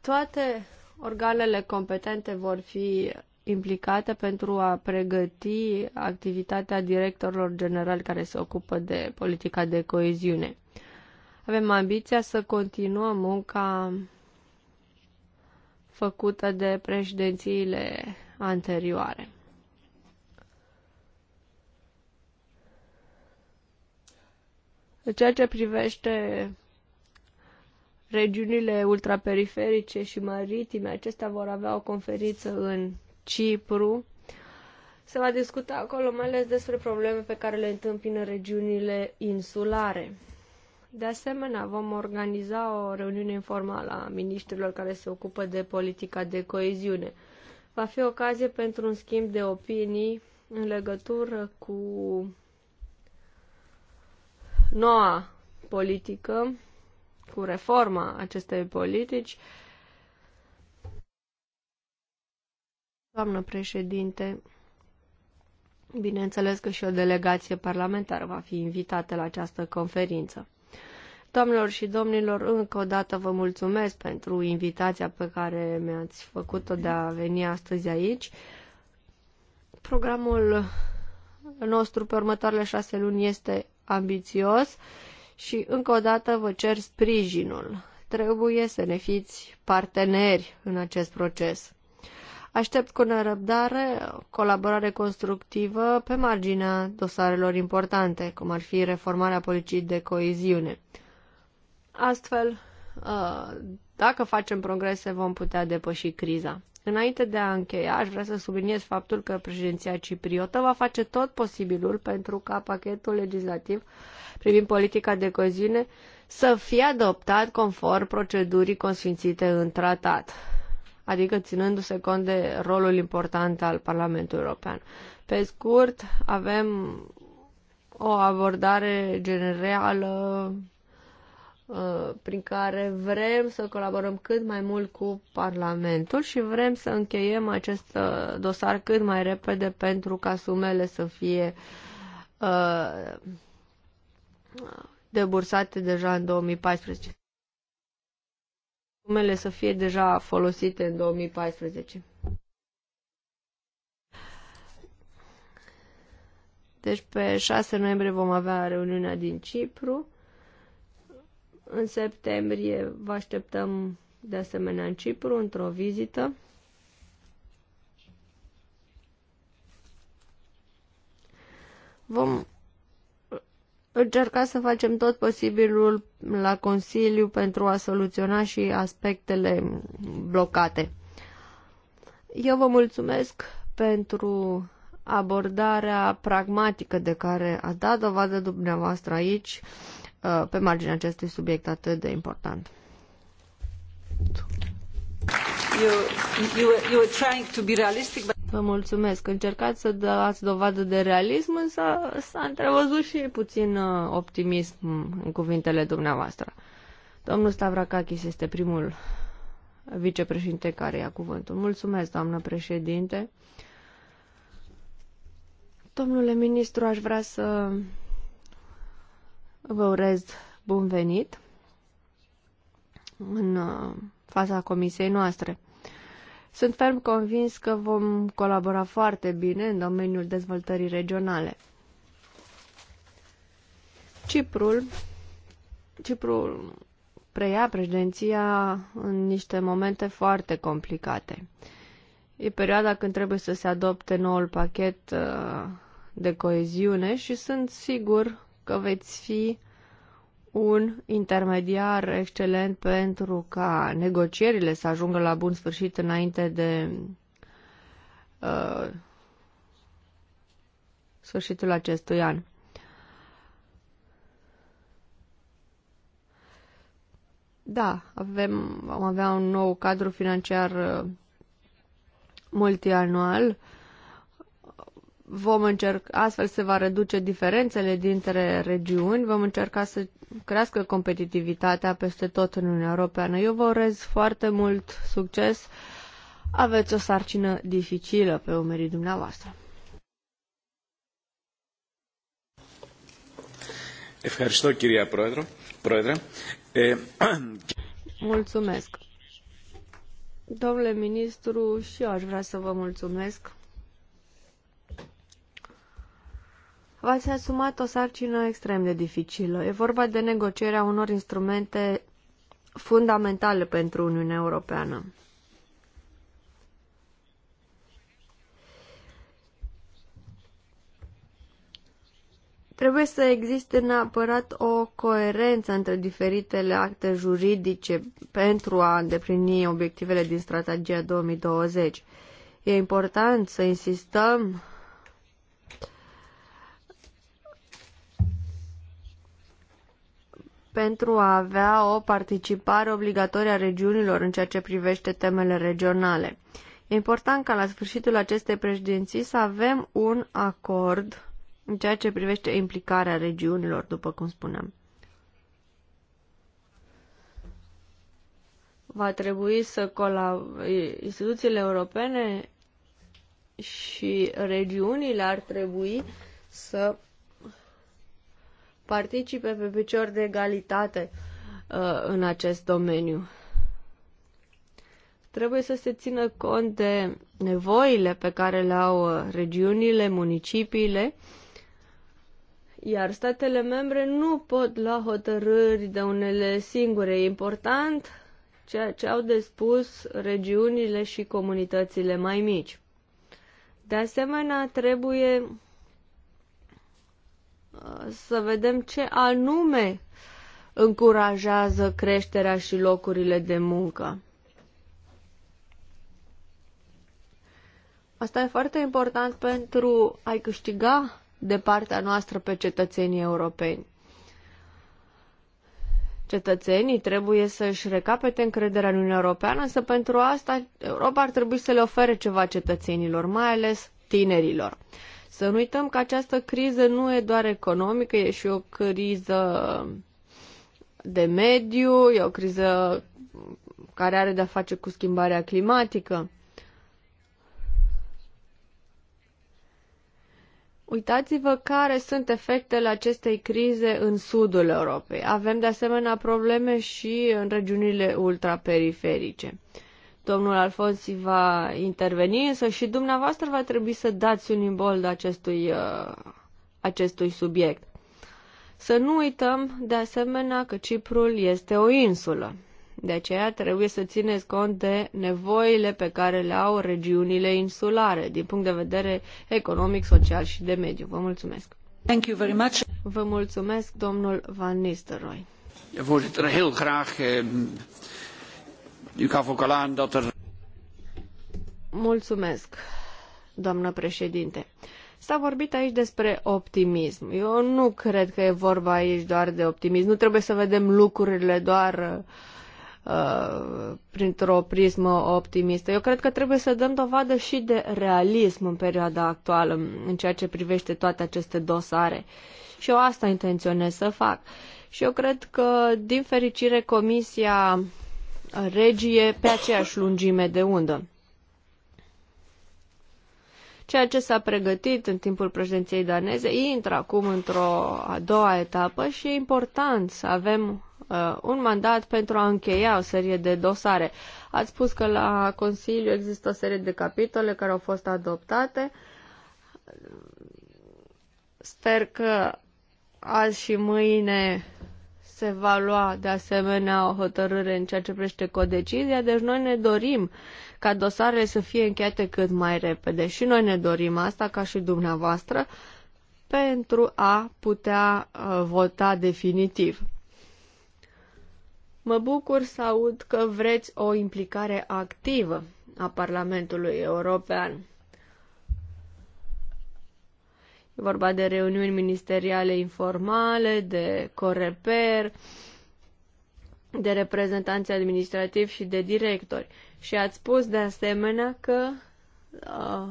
Toate organele competente vor fi implicate pentru a pregăti activitatea directorilor generali care se ocupă de politica de coeziune. Avem ambiția să continuăm munca făcută de președințiile anterioare. În ceea ce privește regiunile ultraperiferice și maritime, acestea vor avea o conferință în Cipru. Se va discuta acolo mai ales despre probleme pe care le întâmpină regiunile insulare. De asemenea, vom organiza o reuniune informală a ministrilor care se ocupă de politica de coeziune. Va fi ocazie pentru un schimb de opinii în legătură cu noua politică, cu reforma acestei politici. Doamnă președinte, bineînțeles că și o delegație parlamentară va fi invitată la această conferință. Doamnelor și domnilor, încă o dată vă mulțumesc pentru invitația pe care mi-ați făcut-o de a veni astăzi aici. Programul nostru pe următoarele șase luni este ambițios și încă o dată vă cer sprijinul. Trebuie să ne fiți parteneri în acest proces. Aștept cu nerăbdare colaborare constructivă pe marginea dosarelor importante, cum ar fi reformarea politicii de coeziune. Astfel, uh, dacă facem progrese, vom putea depăși criza. Înainte de a încheia, aș vrea să subliniez faptul că președinția cipriotă va face tot posibilul pentru ca pachetul legislativ privind politica de coziune să fie adoptat conform procedurii consfințite în tratat, adică ținându-se cont de rolul important al Parlamentului European. Pe scurt, avem o abordare generală Uh, prin care vrem să colaborăm cât mai mult cu Parlamentul și vrem să încheiem acest uh, dosar cât mai repede pentru ca sumele să fie uh, debursate deja în 2014. Sumele să fie deja folosite în 2014. Deci pe 6 noiembrie vom avea reuniunea din Cipru. În septembrie vă așteptăm de asemenea în Cipru, într-o vizită. Vom încerca să facem tot posibilul la Consiliu pentru a soluționa și aspectele blocate. Eu vă mulțumesc pentru abordarea pragmatică de care a dat dovadă dumneavoastră aici. Uh, pe marginea acestui subiect atât de important. You, you, you were trying to be realistic, but... Vă mulțumesc. Încercați să dați dovadă de realism, însă s-a întrevăzut și puțin uh, optimism în cuvintele dumneavoastră. Domnul Stavrakakis este primul vicepreședinte care ia cuvântul. Mulțumesc, doamnă președinte. Domnule ministru, aș vrea să Vă urez bun venit în uh, fața comisiei noastre. Sunt ferm convins că vom colabora foarte bine în domeniul dezvoltării regionale. Ciprul, Ciprul preia președinția în niște momente foarte complicate. E perioada când trebuie să se adopte noul pachet uh, de coeziune și sunt sigur că veți fi un intermediar excelent pentru ca negocierile să ajungă la bun sfârșit înainte de uh, sfârșitul acestui an. Da, avem, vom avea un nou cadru financiar uh, multianual vom încerca, astfel se va reduce diferențele dintre regiuni, vom încerca să crească competitivitatea peste tot în Uniunea Europeană. Eu vă urez foarte mult succes. Aveți o sarcină dificilă pe umerii dumneavoastră. Mulțumesc. Domnule ministru, și eu aș vrea să vă mulțumesc V-ați asumat o sarcină extrem de dificilă. E vorba de negocierea unor instrumente fundamentale pentru Uniunea Europeană. Trebuie să existe neapărat o coerență între diferitele acte juridice pentru a îndeplini obiectivele din strategia 2020. E important să insistăm pentru a avea o participare obligatorie a regiunilor în ceea ce privește temele regionale. E important ca la sfârșitul acestei președinții să avem un acord în ceea ce privește implicarea regiunilor, după cum spuneam. Va trebui să colaboreze instituțiile europene și regiunile ar trebui să participe pe picior de egalitate uh, în acest domeniu. Trebuie să se țină cont de nevoile pe care le au uh, regiunile, municipiile, iar statele membre nu pot lua hotărâri de unele singure. E important ceea ce au de spus regiunile și comunitățile mai mici. De asemenea, trebuie să vedem ce anume încurajează creșterea și locurile de muncă. Asta e foarte important pentru a-i câștiga de partea noastră pe cetățenii europeni. Cetățenii trebuie să-și recapete încrederea în Uniunea Europeană, însă pentru asta Europa ar trebui să le ofere ceva cetățenilor, mai ales tinerilor. Să nu uităm că această criză nu e doar economică, e și o criză de mediu, e o criză care are de-a face cu schimbarea climatică. Uitați-vă care sunt efectele acestei crize în sudul Europei. Avem de asemenea probleme și în regiunile ultraperiferice. periferice Domnul Alfonsi va interveni, însă și dumneavoastră va trebui să dați un imbold acestui, uh, acestui subiect. Să nu uităm, de asemenea, că Ciprul este o insulă. De aceea trebuie să țineți cont de nevoile pe care le au regiunile insulare din punct de vedere economic, social și de mediu. Vă mulțumesc. Thank you very much. Vă mulțumesc, domnul Van Nistelrooy. Ja, voorzitter, heel graag. Eh, Uh, Mulțumesc, președinte. S-a vorbit aici despre optimism. Eu nu cred că e vorba aici doar de optimism. Nu trebuie să vedem lucrurile doar uh, printr-o prismă optimistă. Eu cred că trebuie să dăm dovadă și de realism în perioada actuală în ceea ce privește toate aceste dosare. Și eu asta intenționez să fac. Și eu cred că, din fericire, Comisia regie pe aceeași lungime de undă. Ceea ce s-a pregătit în timpul președinției daneze intră acum într-o a doua etapă și e important să avem uh, un mandat pentru a încheia o serie de dosare. Ați spus că la Consiliu există o serie de capitole care au fost adoptate. Sper că azi și mâine se va lua de asemenea o hotărâre în ceea ce privește codecizia, deci noi ne dorim ca dosarele să fie încheiate cât mai repede și noi ne dorim asta ca și dumneavoastră pentru a putea uh, vota definitiv. Mă bucur să aud că vreți o implicare activă a Parlamentului European. E vorba de reuniuni ministeriale informale, de coreper, de reprezentanți administrativi și de directori. Și ați spus de asemenea că uh,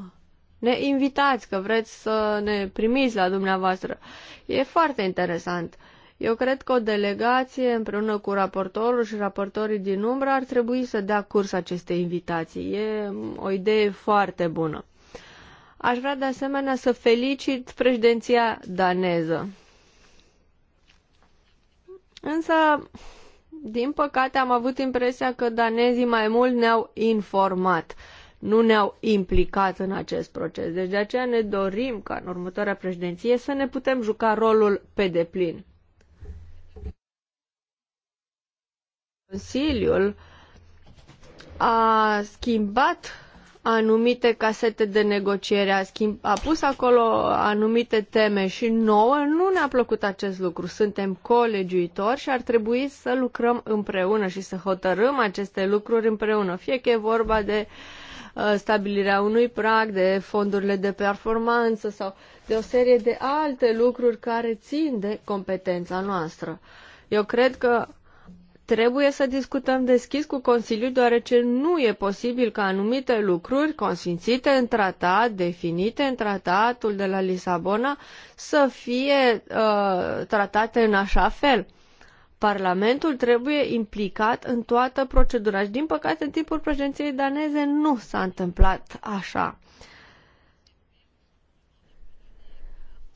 ne invitați, că vreți să ne primiți la dumneavoastră. E foarte interesant. Eu cred că o delegație împreună cu raportorul și raportorii din umbră ar trebui să dea curs acestei invitații. E o idee foarte bună. Aș vrea de asemenea să felicit președinția daneză. Însă, din păcate, am avut impresia că danezii mai mult ne-au informat, nu ne-au implicat în acest proces. Deci de aceea ne dorim ca în următoarea președinție să ne putem juca rolul pe deplin. Consiliul a schimbat anumite casete de negociere, a, schimb, a pus acolo anumite teme și nouă nu ne-a plăcut acest lucru. Suntem colegiuitori și ar trebui să lucrăm împreună și să hotărâm aceste lucruri împreună, fie că e vorba de uh, stabilirea unui prag, de fondurile de performanță sau de o serie de alte lucruri care țin de competența noastră. Eu cred că Trebuie să discutăm deschis cu Consiliul, deoarece nu e posibil ca anumite lucruri consfințite în tratat, definite în tratatul de la Lisabona, să fie uh, tratate în așa fel. Parlamentul trebuie implicat în toată procedura și, din păcate, în timpul președinției daneze nu s-a întâmplat așa.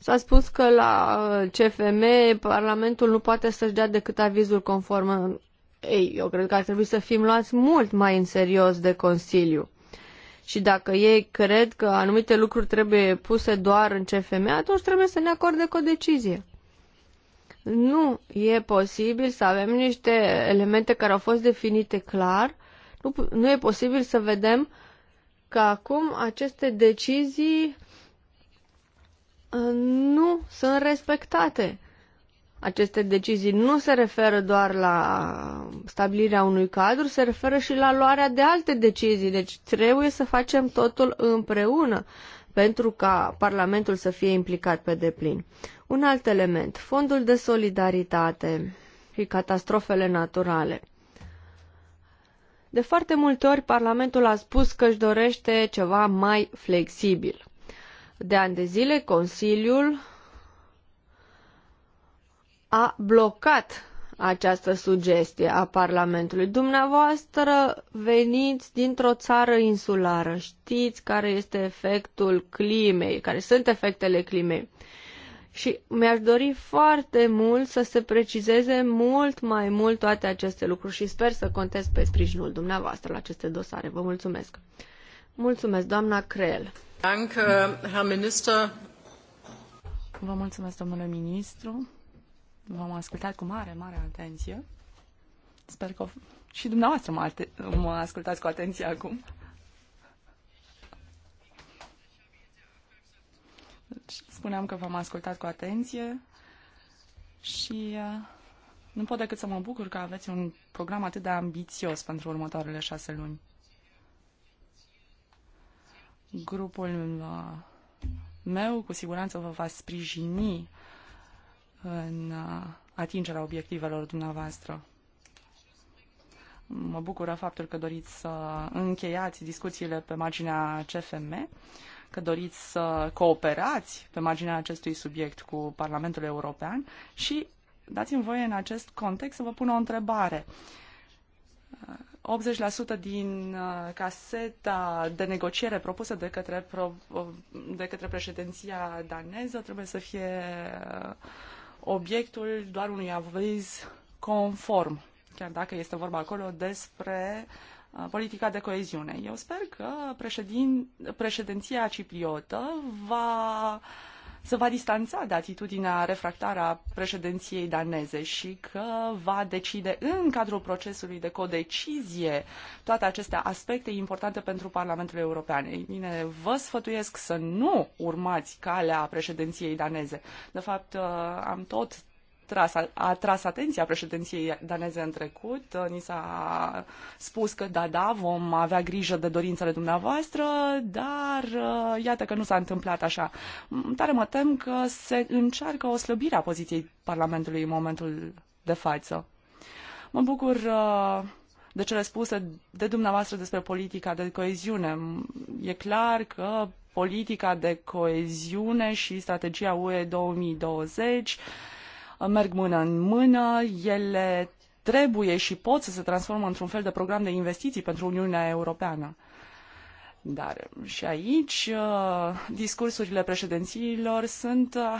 S-a spus că la uh, CFM Parlamentul nu poate să-și dea decât avizul conform. Uh, ei, eu cred că ar trebui să fim luați mult mai în serios de Consiliu. Și dacă ei cred că anumite lucruri trebuie puse doar în CFM, atunci trebuie să ne acorde cu o decizie. Nu e posibil să avem niște elemente care au fost definite clar. Nu, nu e posibil să vedem că acum aceste decizii Uh, nu sunt respectate. Aceste decizii nu se referă doar la stabilirea unui cadru, se referă și la luarea de alte decizii. Deci trebuie să facem totul împreună pentru ca Parlamentul să fie implicat pe deplin. Un alt element, fondul de solidaritate și catastrofele naturale. De foarte multe ori Parlamentul a spus că își dorește ceva mai flexibil de ani de zile, Consiliul a blocat această sugestie a Parlamentului. Dumneavoastră veniți dintr-o țară insulară, știți care este efectul climei, care sunt efectele climei. Și mi-aș dori foarte mult să se precizeze mult mai mult toate aceste lucruri și sper să contez pe sprijinul dumneavoastră la aceste dosare. Vă mulțumesc! Mulțumesc, doamna Creel! Vă mulțumesc, domnule ministru. V-am ascultat cu mare, mare atenție. Sper că și dumneavoastră mă, mă ascultați cu atenție acum. Deci, spuneam că v-am ascultat cu atenție și uh, nu pot decât să mă bucur că aveți un program atât de ambițios pentru următoarele șase luni. Grupul uh, meu cu siguranță vă va sprijini în uh, atingerea obiectivelor dumneavoastră. Mă bucură faptul că doriți să încheiați discuțiile pe marginea CFM, că doriți să cooperați pe marginea acestui subiect cu Parlamentul European și dați-mi voie în acest context să vă pun o întrebare. 80% din uh, caseta de negociere propusă de către, pro, uh, de către președinția daneză trebuie să fie uh, obiectul doar unui aviz conform, chiar dacă este vorba acolo despre politica de coeziune. Eu sper că președin, președinția cipriotă va uh, se va distanța de atitudinea refractară a președinției daneze și că va decide în cadrul procesului de codecizie toate aceste aspecte importante pentru Parlamentul European. Ei bine, vă sfătuiesc să nu urmați calea președinției daneze. De fapt, uh, am tot tras, tras atenția președinției daneze în trecut. Ni s-a spus că da, da, vom avea grijă de dorințele dumneavoastră, dar uh, iată că nu s-a întâmplat așa. Tare mă tem că se încearcă o slăbire a poziției Parlamentului în momentul de față. Mă bucur uh, de cele spuse de dumneavoastră despre politica de coeziune. E clar că politica de coeziune și strategia UE 2020 merg mână în mână, ele trebuie și pot să se transformă într-un fel de program de investiții pentru Uniunea Europeană. Dar și aici uh, discursurile președințiilor sunt uh,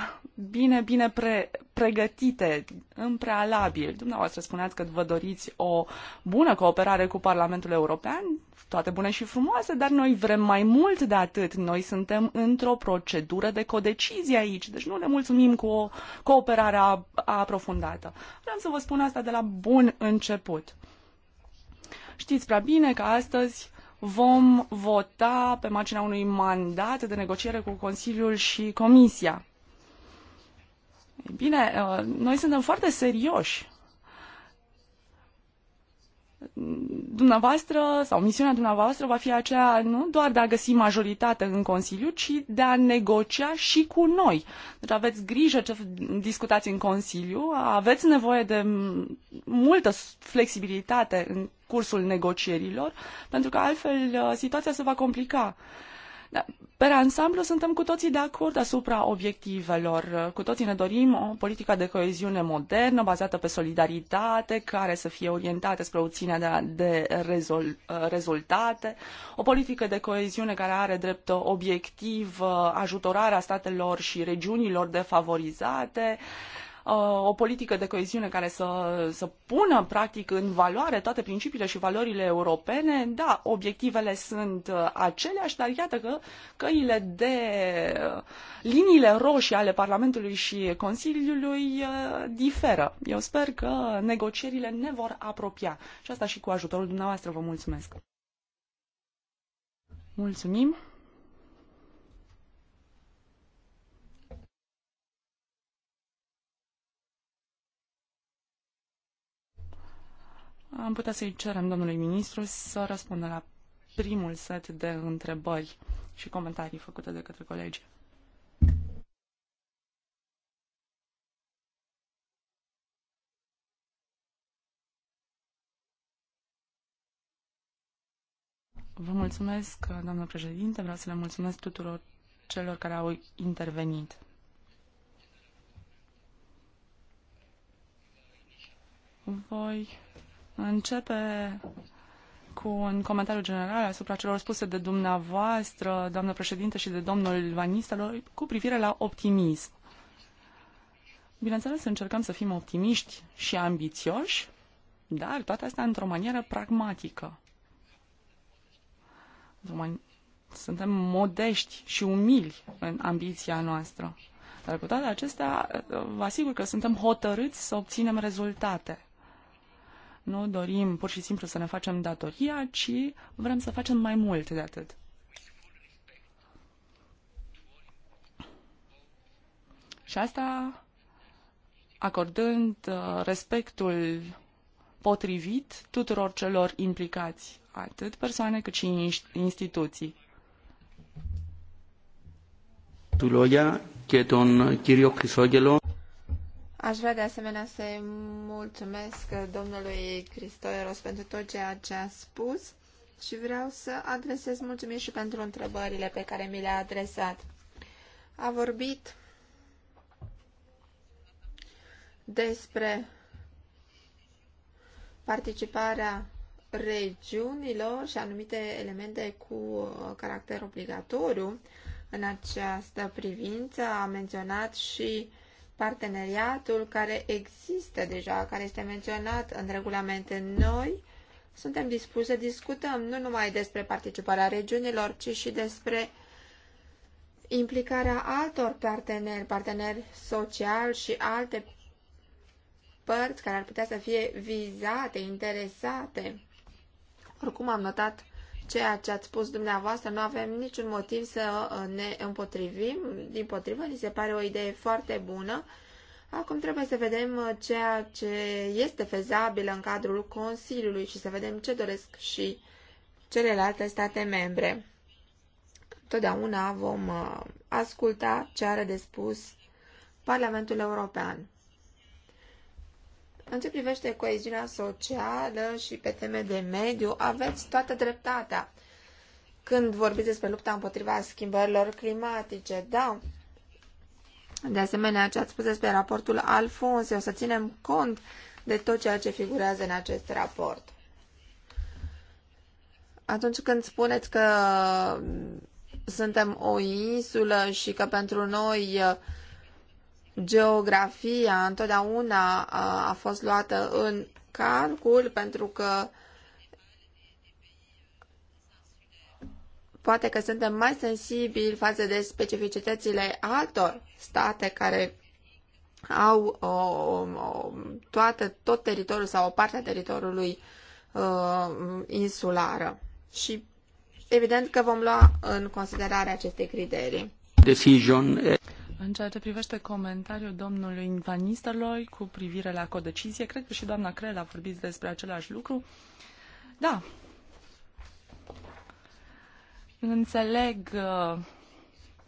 bine, bine pre- pregătite în prealabil. Dumneavoastră spuneați că vă doriți o bună cooperare cu Parlamentul European, toate bune și frumoase, dar noi vrem mai mult de atât. Noi suntem într-o procedură de codecizie aici, deci nu ne mulțumim cu o cooperare aprofundată. Vreau să vă spun asta de la bun început. Știți prea bine că astăzi vom vota pe marginea unui mandat de negociere cu Consiliul și Comisia. Ei bine, uh, noi suntem foarte serioși dumneavoastră sau misiunea dumneavoastră va fi aceea nu doar de a găsi majoritate în Consiliu, ci de a negocia și cu noi. Deci aveți grijă ce discutați în Consiliu, aveți nevoie de multă flexibilitate în cursul negocierilor, pentru că altfel uh, situația se va complica. Uh, pe ansamblu suntem cu toții de acord asupra obiectivelor. Cu toții ne dorim o politică de coeziune modernă, bazată pe solidaritate, care să fie orientată spre obținerea de, de rezol, uh, rezultate, o politică de coeziune care are drept obiectiv uh, ajutorarea statelor și regiunilor defavorizate, Uh, o politică de coeziune care să, să pună practic în valoare toate principiile și valorile europene. Da, obiectivele sunt uh, aceleași, dar iată că căile de uh, liniile roșii ale Parlamentului și Consiliului diferă. Eu sper că negocierile ne vor apropia și asta și cu ajutorul dumneavoastră. Vă mulțumesc! Mulțumim! Am putea să-i cerem domnului ministru să răspundă la primul set de întrebări și comentarii făcute de către colegi. Vă mulțumesc, doamnă președinte. Vreau să le mulțumesc tuturor celor care au intervenit. Voi începe cu un comentariu general asupra celor spuse de dumneavoastră, doamnă președinte și de domnul Vanistelor, cu privire la optimism. Bineînțeles, încercăm să fim optimiști și ambițioși, dar toate astea într-o manieră pragmatică. Suntem modești și umili în ambiția noastră. Dar cu toate acestea, vă asigur că suntem hotărâți să obținem rezultate. Nu dorim pur și simplu să ne facem datoria, ci vrem să facem mai mult de atât. Și asta acordând uh, respectul potrivit tuturor celor implicați, atât persoane cât și instituții. Tuloia και τον κύριο Χρυσόγελο. Aș vrea de asemenea să-i mulțumesc domnului Cristoieros pentru tot ceea ce a spus și vreau să adresez mulțumiri și pentru întrebările pe care mi le-a adresat. A vorbit despre participarea regiunilor și anumite elemente cu caracter obligatoriu în această privință. A menționat și uh, parteneriatul care există deja, care este menționat în regulamente noi, suntem dispuși să discutăm nu numai despre participarea regiunilor, ci și despre implicarea altor parteneri, parteneri sociali și alte părți care ar putea să fie vizate, interesate. Oricum am notat ceea ce ați spus dumneavoastră, nu avem niciun motiv să uh, ne împotrivim. Din potrivă, ni se pare o idee foarte bună. Acum trebuie să vedem uh, ceea ce este fezabil în cadrul Consiliului și să vedem ce doresc și celelalte state membre. Totdeauna vom uh, asculta ce are de spus Parlamentul European. În ce privește coeziunea socială și pe teme de mediu, aveți toată dreptatea când vorbiți despre lupta împotriva schimbărilor climatice. Da, de asemenea, ce ați spus despre raportul Alfonse, o să ținem cont de tot ceea ce figurează în acest raport. Atunci când spuneți că suntem o insulă și că pentru noi uh, geografia întotdeauna a, fost luată în calcul pentru că poate că suntem mai sensibili față de specificitățile altor state care au o, o, toată, tot teritoriul sau o parte a teritoriului uh, insulară. Și evident că vom lua în considerare aceste criterii. Decision. Eh, în ceea ce privește comentariul domnului Van Nistelrooy cu privire la codecizie, cred că și doamna Crel a vorbit despre același lucru. Da. Înțeleg uh,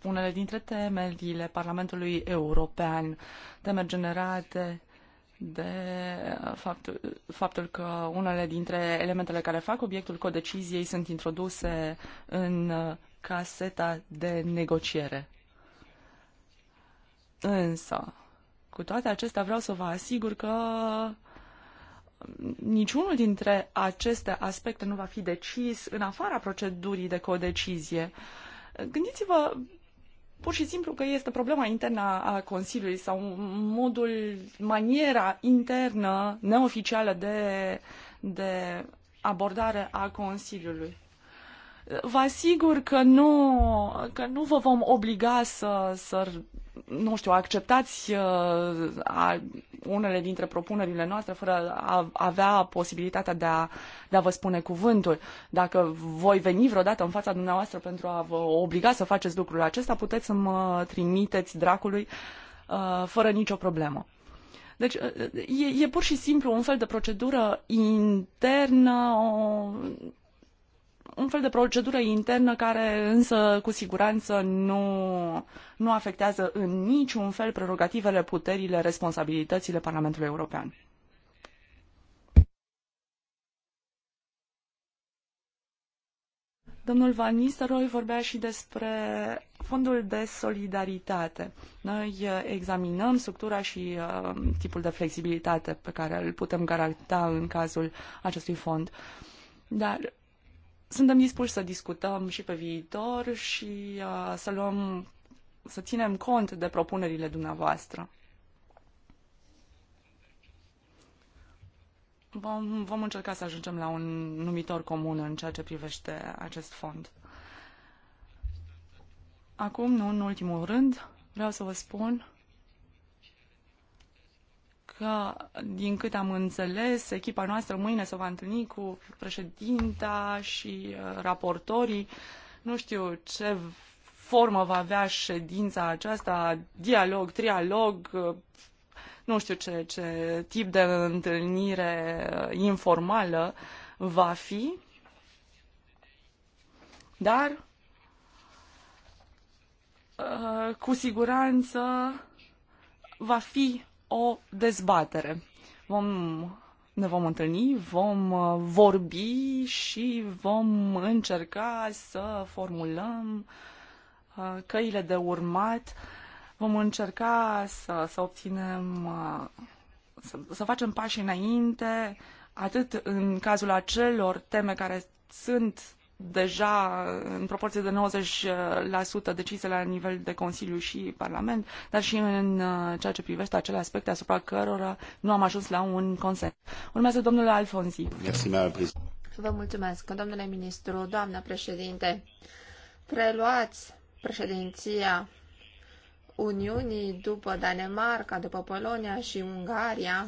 unele dintre temerile Parlamentului European, temeri generate de uh, faptul, faptul că unele dintre elementele care fac obiectul codeciziei sunt introduse în uh, caseta de negociere. Însă, cu toate acestea vreau să vă asigur că mm, niciunul dintre aceste aspecte nu va fi decis în afara procedurii de codecizie. Gândiți-vă pur și simplu că este problema internă a Consiliului sau modul, maniera internă neoficială de, de abordare a Consiliului. Vă asigur că nu, că nu vă vom obliga să, să nu știu, acceptați uh, a, unele dintre propunerile noastre fără a avea posibilitatea de a, de a vă spune cuvântul. Dacă voi veni vreodată în fața dumneavoastră pentru a vă obliga să faceți lucrul acesta, puteți să mă trimiteți dracului uh, fără nicio problemă. Deci uh, e, e pur și simplu un fel de procedură internă, o, un fel de procedură internă care însă cu siguranță nu, nu afectează în niciun fel prerogativele, puterile, responsabilitățile Parlamentului European. Domnul Van Nistelrooy vorbea și despre fondul de solidaritate. Noi uh, examinăm structura și uh, tipul de flexibilitate pe care îl putem garanta în cazul acestui fond. Dar suntem dispuși să discutăm și pe viitor și uh, să luăm, să ținem cont de propunerile dumneavoastră. Vom, vom încerca să ajungem la un numitor comun în ceea ce privește acest fond. Acum, nu în ultimul rând, vreau să vă spun că, din cât am înțeles, echipa noastră mâine se va întâlni cu președinta și uh, raportorii. Nu știu ce formă va avea ședința aceasta, dialog, trialog, uh, nu știu ce, ce tip de întâlnire uh, informală va fi, dar cu siguranță va fi o dezbatere. Vom, ne vom întâlni, vom uh, vorbi și vom încerca să formulăm uh, căile de urmat. Vom încerca să, să obținem, uh, să, să facem pași înainte, atât în cazul acelor teme care sunt deja în proporție de 90% decise la nivel de Consiliu și Parlament, dar și în uh, ceea ce privește acele aspecte asupra cărora nu am ajuns la un consens. Urmează domnul Alfonsi. Vă mulțumesc, domnule ministru, doamnă președinte. Preluați președinția Uniunii după Danemarca, după Polonia și Ungaria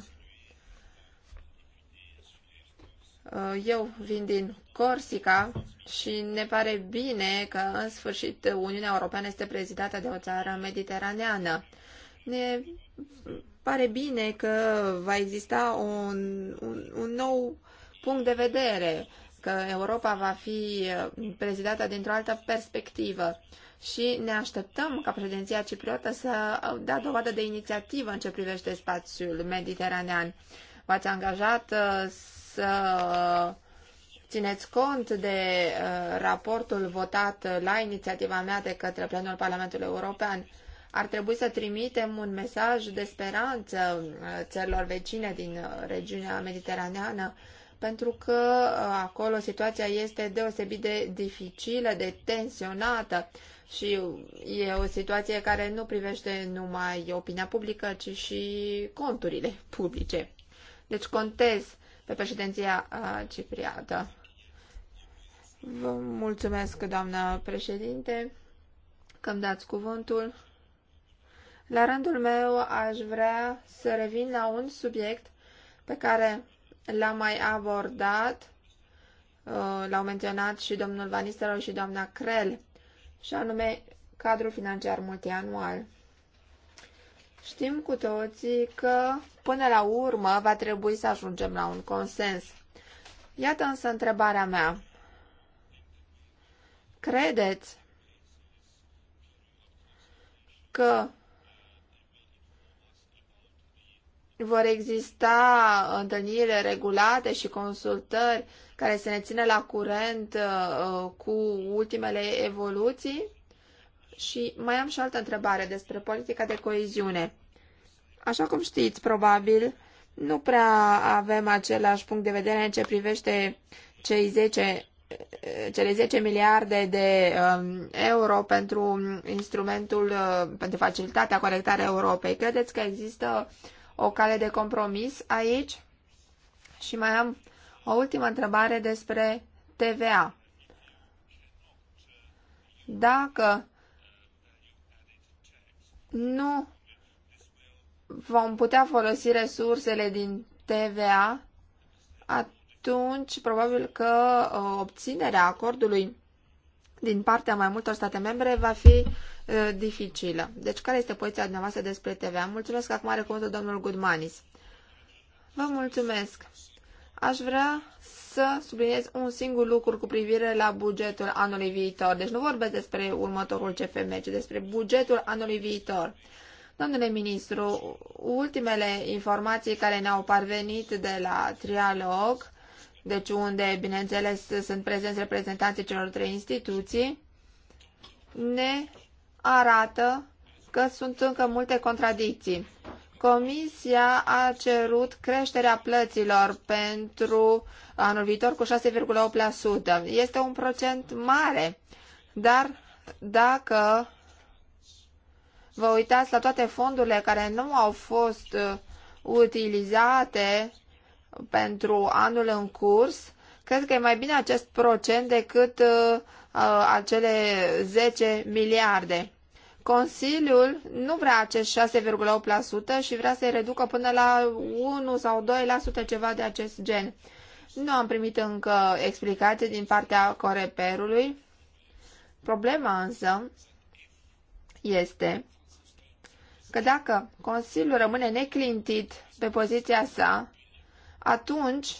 Uh, eu vin din Corsica și ne pare bine că în sfârșit Uniunea Europeană este prezidată de o țară mediteraneană. Ne pare bine că va exista un, un, un nou punct de vedere, că Europa va fi uh, prezidată dintr-o altă perspectivă și ne așteptăm ca președinția cipriotă să dea dovadă de inițiativă în ce privește spațiul mediteranean. V-ați angajat uh, să uh, țineți cont de uh, raportul votat la inițiativa mea de către plenul Parlamentului European. Ar trebui să trimitem un mesaj de speranță uh, țărilor vecine din regiunea mediteraneană, pentru că acolo situația este deosebit de dificilă, de tensionată și e o situație care nu privește numai opinia publică, ci și conturile publice. Deci contez pe președinția uh, cipriată. Vă mulțumesc, doamnă președinte, că îmi dați cuvântul. La rândul meu aș vrea să revin la un subiect pe care l-am mai abordat, uh, l-au menționat și domnul Vanisterov și doamna Crel, și anume cadrul financiar multianual. Știm cu toții că până la urmă va trebui să ajungem la un consens. Iată însă întrebarea mea. Credeți că vor exista întâlniri regulate și consultări care să ne țină la curent uh, cu ultimele evoluții? Și mai am și altă întrebare despre politica de coeziune. Așa cum știți, probabil, nu prea avem același punct de vedere în ce privește cei 10, cele 10 miliarde de um, euro pentru instrumentul, uh, pentru facilitatea corectarea Europei. Credeți că există o cale de compromis aici? Și mai am o ultimă întrebare despre TVA. Dacă nu vom putea folosi resursele din TVA, atunci probabil că uh, obținerea acordului din partea mai multor state membre va fi uh, dificilă. Deci care este poziția dumneavoastră despre TVA? Mulțumesc acum are cuvântul domnul Goodmanis. Vă mulțumesc. Aș vrea să subliniez un singur lucru cu privire la bugetul anului viitor. Deci nu vorbesc despre următorul CFM, ci despre bugetul anului viitor. Domnule ministru, ultimele informații care ne-au parvenit de la trialog, deci unde, bineînțeles, sunt prezenți reprezentanții celor trei instituții, ne arată că sunt încă multe contradicții. Comisia a cerut creșterea plăților pentru anul viitor cu 6,8%. Este un procent mare, dar dacă vă uitați la toate fondurile care nu au fost uh, utilizate pentru anul în curs, cred că e mai bine acest procent decât uh, uh acele 10 miliarde. Consiliul nu vrea acest 6,8% și vrea să-i reducă până la 1 sau 2% ceva de acest gen. Nu am primit încă explicații din partea Coreperului. Problema însă este că dacă Consiliul rămâne neclintit pe poziția sa, atunci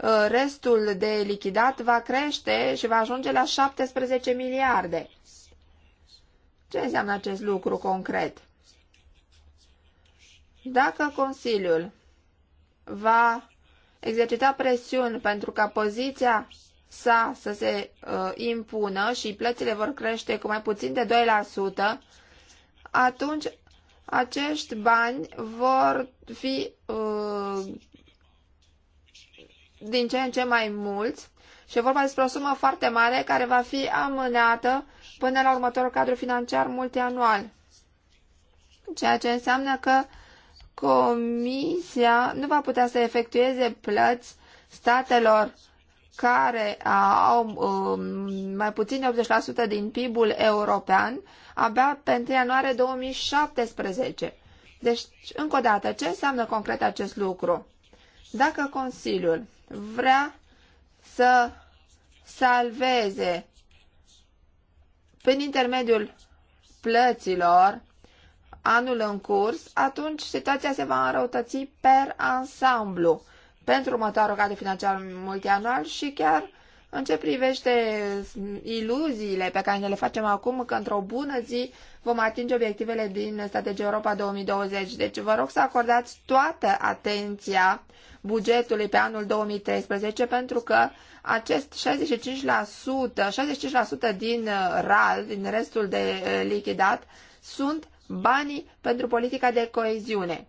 ă, restul de lichidat va crește și va ajunge la 17 miliarde. Ce înseamnă acest lucru concret? Dacă Consiliul va exercita presiuni pentru ca poziția sa să se uh, impună și plățile vor crește cu mai puțin de 2%, atunci acești bani vor fi uh, din ce în ce mai mulți și e vorba despre o sumă foarte mare care va fi amânată până la următorul cadru financiar multianual. Ceea ce înseamnă că Comisia nu va putea să efectueze plăți statelor care au um, mai puțin 80% din PIB-ul european abia pentru ianuarie 2017. Deci, încă o dată, ce înseamnă concret acest lucru? Dacă Consiliul vrea să salveze prin intermediul plăților anul în curs, atunci situația se va înrăutăți per ansamblu pentru următoarea cadru financiar multianual și chiar în ce privește iluziile pe care ne le facem acum că într-o bună zi vom atinge obiectivele din Strategia Europa 2020. Deci vă rog să acordați toată atenția bugetului pe anul 2013 pentru că acest 65%, 65% din RAL, din restul de eh, lichidat, sunt banii pentru politica de coeziune.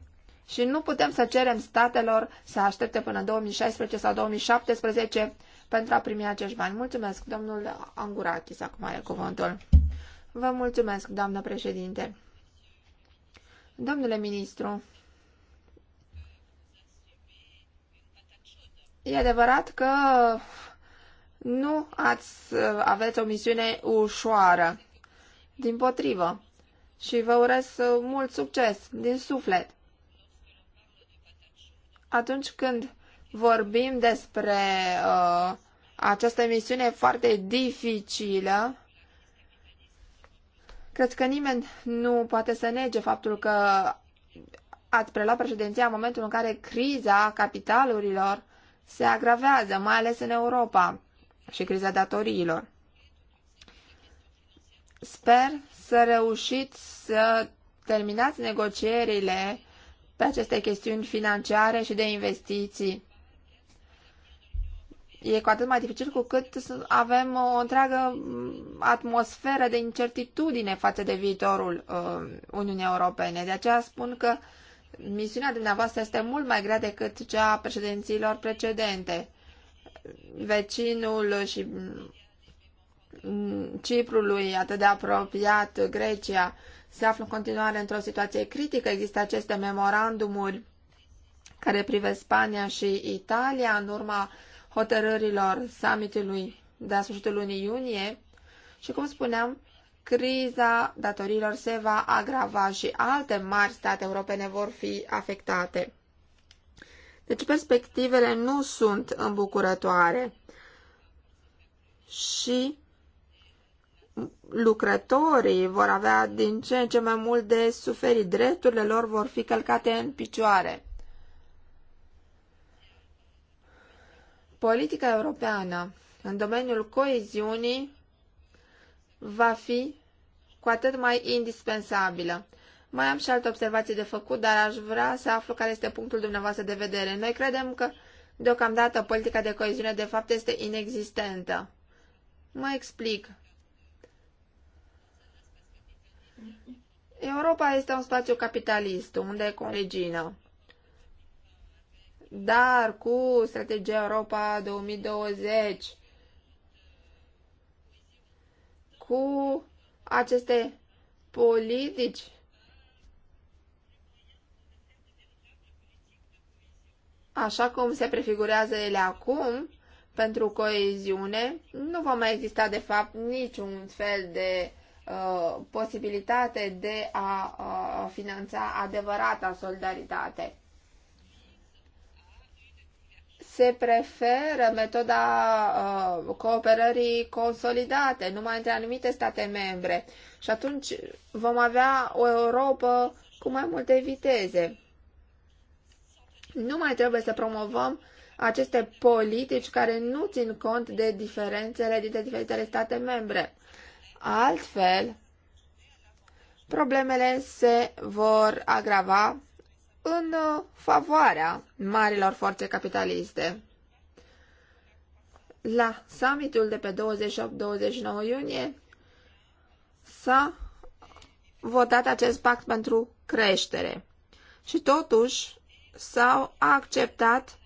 Și nu putem să cerem statelor să aștepte până 2016 sau 2017 pentru a primi acești bani. Mulțumesc, domnul Angurachis, acum are cuvântul. Vă mulțumesc, doamnă președinte. Domnule ministru, e adevărat că nu ați, aveți o misiune ușoară. Din potrivă, și vă urez uh, mult succes din suflet. Atunci când vorbim despre uh, această misiune foarte dificilă, cred că nimeni nu poate să nege faptul că ați preluat președinția în momentul în care criza capitalurilor se agravează, mai ales în Europa, și criza datoriilor. Sper să reușiți să terminați negocierile pe aceste chestiuni financiare și de investiții. E cu atât mai dificil cu cât avem o întreagă mm, atmosferă de incertitudine față de viitorul uh, Uniunii Europene. De aceea spun că misiunea dumneavoastră este mult mai grea decât cea a președinților precedente. Vecinul și mm, Ciprului atât de apropiat, Grecia, se află în continuare într-o situație critică. Există aceste memorandumuri care privesc Spania și Italia în urma hotărârilor summitului de la sfârșitul lunii iunie și, cum spuneam, criza datorilor se va agrava și alte mari state europene vor fi afectate. Deci perspectivele nu sunt îmbucurătoare și lucrătorii vor avea din ce în ce mai mult de suferit, drepturile lor vor fi călcate în picioare. Politica europeană în domeniul coeziunii va fi cu atât mai indispensabilă. Mai am și alte observații de făcut, dar aș vrea să aflu care este punctul dumneavoastră de vedere. Noi credem că, deocamdată, politica de coeziune de fapt este inexistentă. Mă explic. Europa este un spațiu capitalist, unde e regină. Dar cu strategia Europa 2020, cu aceste politici așa cum se prefigurează ele acum, pentru coeziune, nu va mai exista de fapt niciun fel de Uh, posibilitate de a uh, finanța adevărata solidaritate. Se preferă metoda uh, cooperării consolidate numai între anumite state membre și atunci vom avea o Europa cu mai multe viteze. Nu mai trebuie să promovăm aceste politici care nu țin cont de diferențele dintre diferitele state membre Altfel, problemele se vor agrava în uh, favoarea marilor forțe capitaliste. La summitul de pe 28-29 iunie s-a votat acest pact pentru creștere și totuși s-au acceptat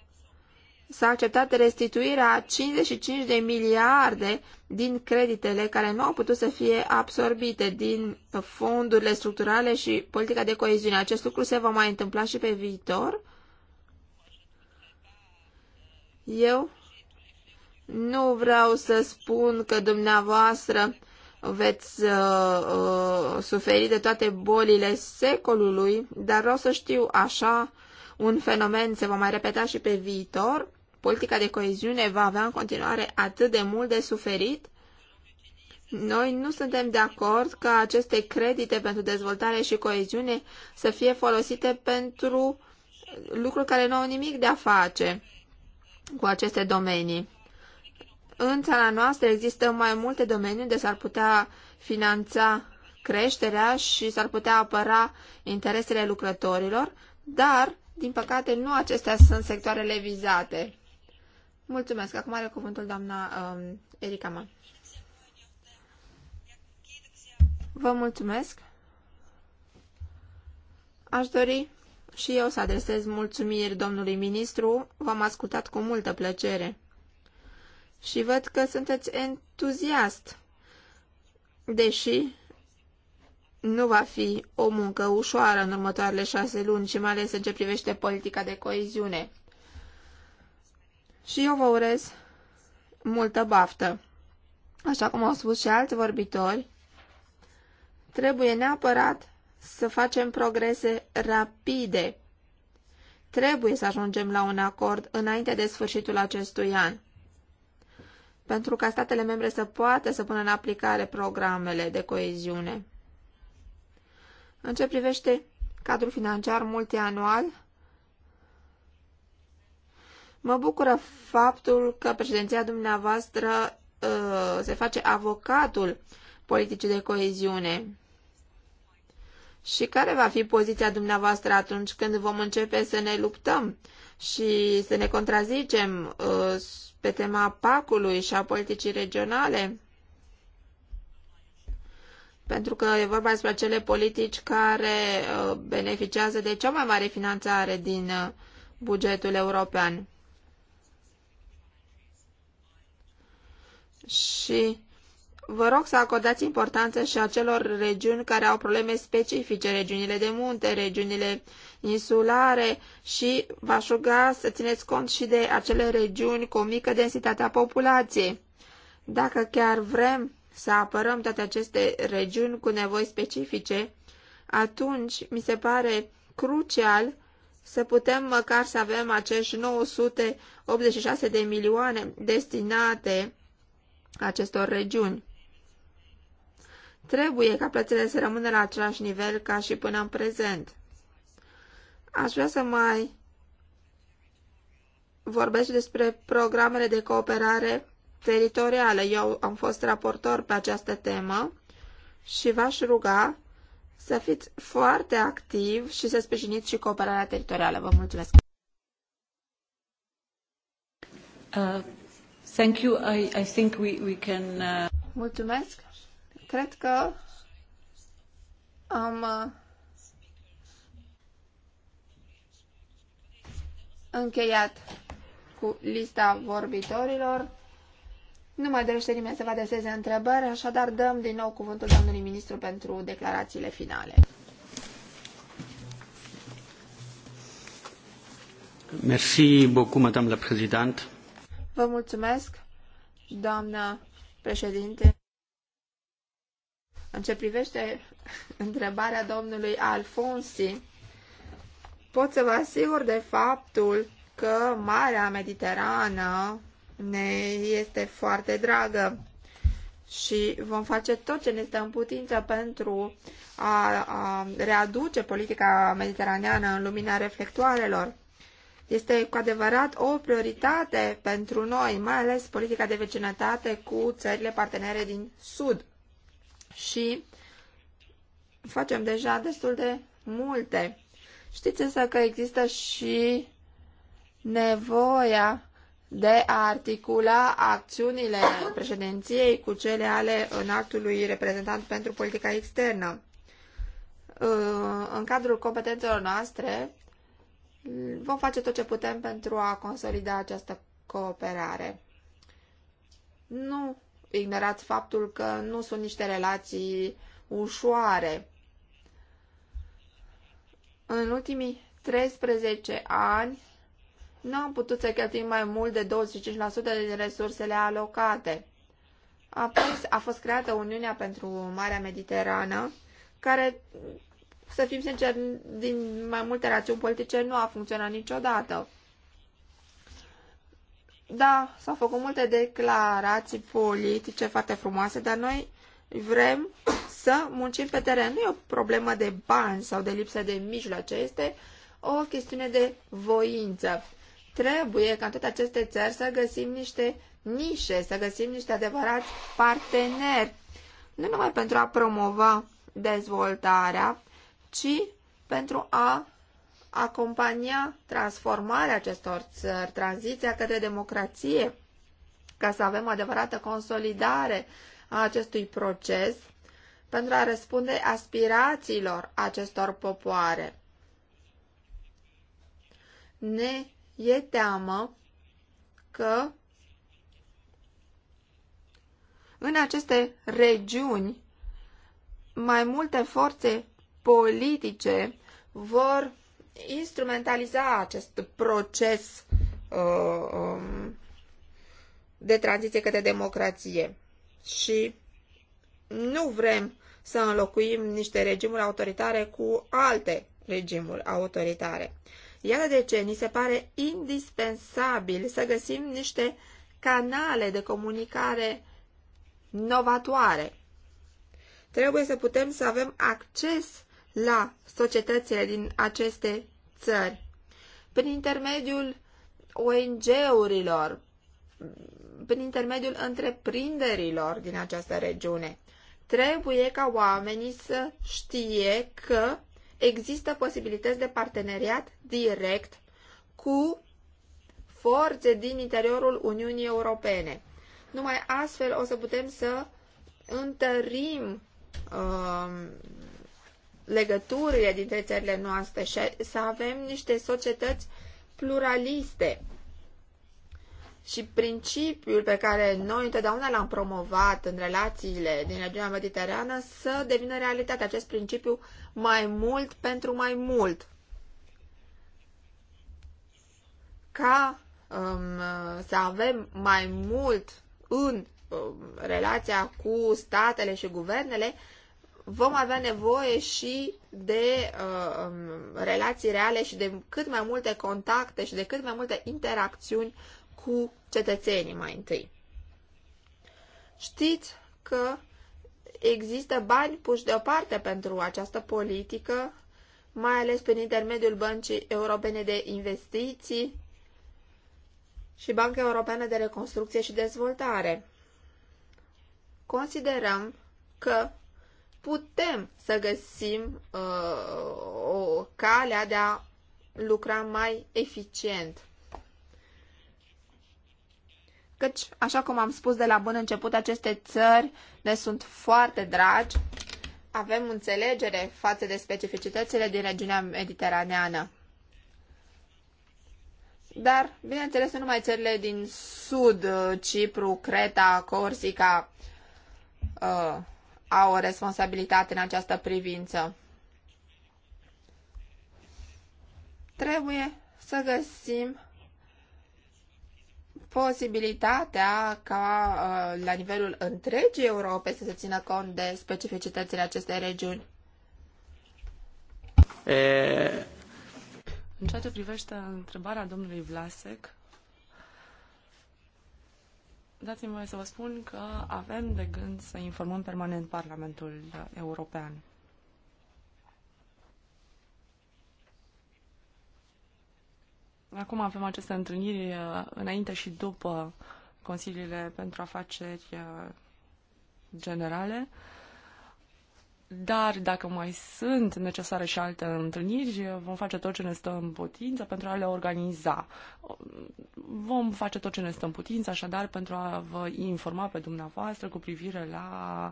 s-a acceptat restituirea 55 de miliarde din creditele care nu au putut să fie absorbite din fondurile structurale și politica de coeziune. Acest lucru se va mai întâmpla și pe viitor? Eu nu vreau să spun că dumneavoastră veți uh, uh, suferi de toate bolile secolului, dar vreau să știu așa un fenomen se va mai repeta și pe viitor, politica de coeziune va avea în continuare atât de mult de suferit? Noi nu suntem de acord ca aceste credite pentru dezvoltare și coeziune să fie folosite pentru lucruri care nu au nimic de a face cu aceste domenii. În țara noastră există mai multe domenii unde s-ar putea finanța creșterea și s-ar putea apăra interesele lucrătorilor, dar din păcate, nu acestea sunt sectoarele vizate. Mulțumesc. Acum are cuvântul doamna um, Erika Ma. Vă mulțumesc. Aș dori și eu să adresez mulțumiri domnului ministru. V-am ascultat cu multă plăcere. Și văd că sunteți entuziast, deși nu va fi o muncă ușoară în următoarele șase luni și mai ales în ce privește politica de coeziune. Și eu vă urez multă baftă. Așa cum au spus și alți vorbitori, trebuie neapărat să facem progrese rapide. Trebuie să ajungem la un acord înainte de sfârșitul acestui an pentru ca statele membre să poată să pună în aplicare programele de coeziune. În ce privește cadrul financiar multianual, mă bucură faptul că președinția dumneavoastră uh, se face avocatul politicii de coeziune. Și care va fi poziția dumneavoastră atunci când vom începe să ne luptăm și să ne contrazicem uh, pe tema pacului și a politicii regionale? pentru că e vorba despre acele politici care uh, beneficiază de cea mai mare finanțare din uh, bugetul european. Și vă rog să acordați importanță și acelor regiuni care au probleme specifice, regiunile de munte, regiunile insulare și v-aș ruga să țineți cont și de acele regiuni cu o mică densitate a populației. Dacă chiar vrem să apărăm toate aceste regiuni cu nevoi specifice, atunci mi se pare crucial să putem măcar să avem acești 986 de milioane destinate acestor regiuni. Trebuie ca plățile să rămână la același nivel ca și până în prezent. Aș vrea să mai vorbesc despre programele de cooperare teritorială. Eu am fost raportor pe această temă și v-aș ruga să fiți foarte activ și să sprijiniți și cooperarea teritorială. Vă mulțumesc! Uh, thank you. I, I think we, we can, uh... Mulțumesc! Cred că am uh, încheiat cu lista vorbitorilor. Nu mai dorește nimeni să vă adreseze întrebări, așadar dăm din nou cuvântul domnului ministru pentru declarațiile finale. Merci beaucoup, madame la présidente. Vă mulțumesc, doamna președinte. În ce privește întrebarea domnului Alfonsi, pot să vă asigur de faptul că Marea Mediterană ne este foarte dragă și vom face tot ce ne stă în putință pentru a, a readuce politica mediteraneană în lumina reflectoarelor. Este cu adevărat o prioritate pentru noi, mai ales politica de vecinătate cu țările partenere din Sud. Și facem deja destul de multe. Știți însă că există și nevoia de a articula acțiunile președinției cu cele ale înaltului reprezentant pentru politica externă. În cadrul competențelor noastre, vom face tot ce putem pentru a consolida această cooperare. Nu ignorați faptul că nu sunt niște relații ușoare. În ultimii 13 ani, nu am putut să cheltuim mai mult de 25% din resursele alocate. Apoi a fost creată Uniunea pentru Marea Mediterană, care, să fim sinceri, din mai multe rațiuni politice nu a funcționat niciodată. Da, s-au făcut multe declarații politice foarte frumoase, dar noi vrem să muncim pe teren. Nu e o problemă de bani sau de lipsă de mijloace, este o chestiune de voință. Trebuie ca în toate aceste țări să găsim niște nișe, să găsim niște adevărați parteneri, nu numai pentru a promova dezvoltarea, ci pentru a acompania transformarea acestor țări, tranziția către democrație, ca să avem adevărată consolidare a acestui proces pentru a răspunde aspirațiilor acestor popoare. Ne E teamă că în aceste regiuni mai multe forțe politice vor instrumentaliza acest proces uh, um, de tranziție către democrație. Și nu vrem să înlocuim niște regimuri autoritare cu alte regimuri autoritare. Iată de ce ni se pare indispensabil să găsim niște canale de comunicare novatoare. Trebuie să putem să avem acces la societățile din aceste țări prin intermediul ONG-urilor, prin intermediul întreprinderilor din această regiune. Trebuie ca oamenii să știe că există posibilități de parteneriat direct cu forțe din interiorul Uniunii Europene. Numai astfel o să putem să întărim um, legăturile dintre țările noastre și să avem niște societăți pluraliste și principiul pe care noi întotdeauna l-am promovat în relațiile din regiunea mediterană să devină realitate acest principiu mai mult pentru mai mult. Ca um, să avem mai mult în um, relația cu statele și guvernele, vom avea nevoie și de uh, um, relații reale și de cât mai multe contacte și de cât mai multe interacțiuni cu cetățenii mai întâi. Știți că există bani puși deoparte pentru această politică, mai ales prin intermediul Băncii Europene de Investiții și Banca Europeană de Reconstrucție și Dezvoltare. Considerăm că putem să găsim uh, o calea de a lucra mai eficient căci, așa cum am spus de la bun început, aceste țări ne sunt foarte dragi. Avem înțelegere față de specificitățile din regiunea mediteraneană. Dar, bineînțeles, nu numai țările din sud, uh, Cipru, Creta, Corsica, uh, au o responsabilitate în această privință. Trebuie să găsim posibilitatea ca uh, la nivelul întregii Europe să se țină cont de specificitățile acestei regiuni? E... În ceea ce privește întrebarea domnului Vlasek, dați-mi voie să vă spun că avem de gând să informăm permanent Parlamentul European Acum avem aceste întâlniri uh, înainte și după Consiliile pentru Afaceri uh, Generale. Dar dacă mai sunt necesare și alte întâlniri, uh, vom face tot ce ne stă în putință pentru a le organiza. Vom face tot ce ne stă în putință, așadar, pentru a vă informa pe dumneavoastră cu privire la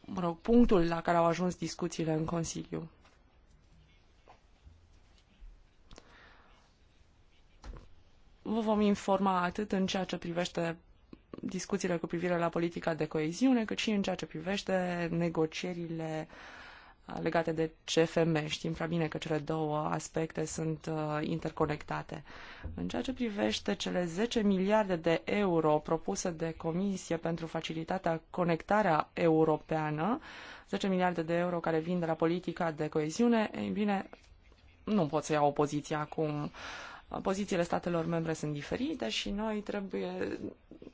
mă rog, punctul la care au ajuns discuțiile în Consiliu. vă vom informa atât în ceea ce privește discuțiile cu privire la politica de coeziune, cât și în ceea ce privește negocierile uh, legate de CFM. Știm prea bine că cele două aspecte sunt uh, interconectate. În ceea ce privește cele 10 miliarde de euro propuse de Comisie pentru facilitatea conectarea europeană, 10 miliarde de euro care vin de la politica de coeziune, ei bine, nu pot să iau o poziție acum uh, pozițiile statelor membre sunt diferite și noi trebuie,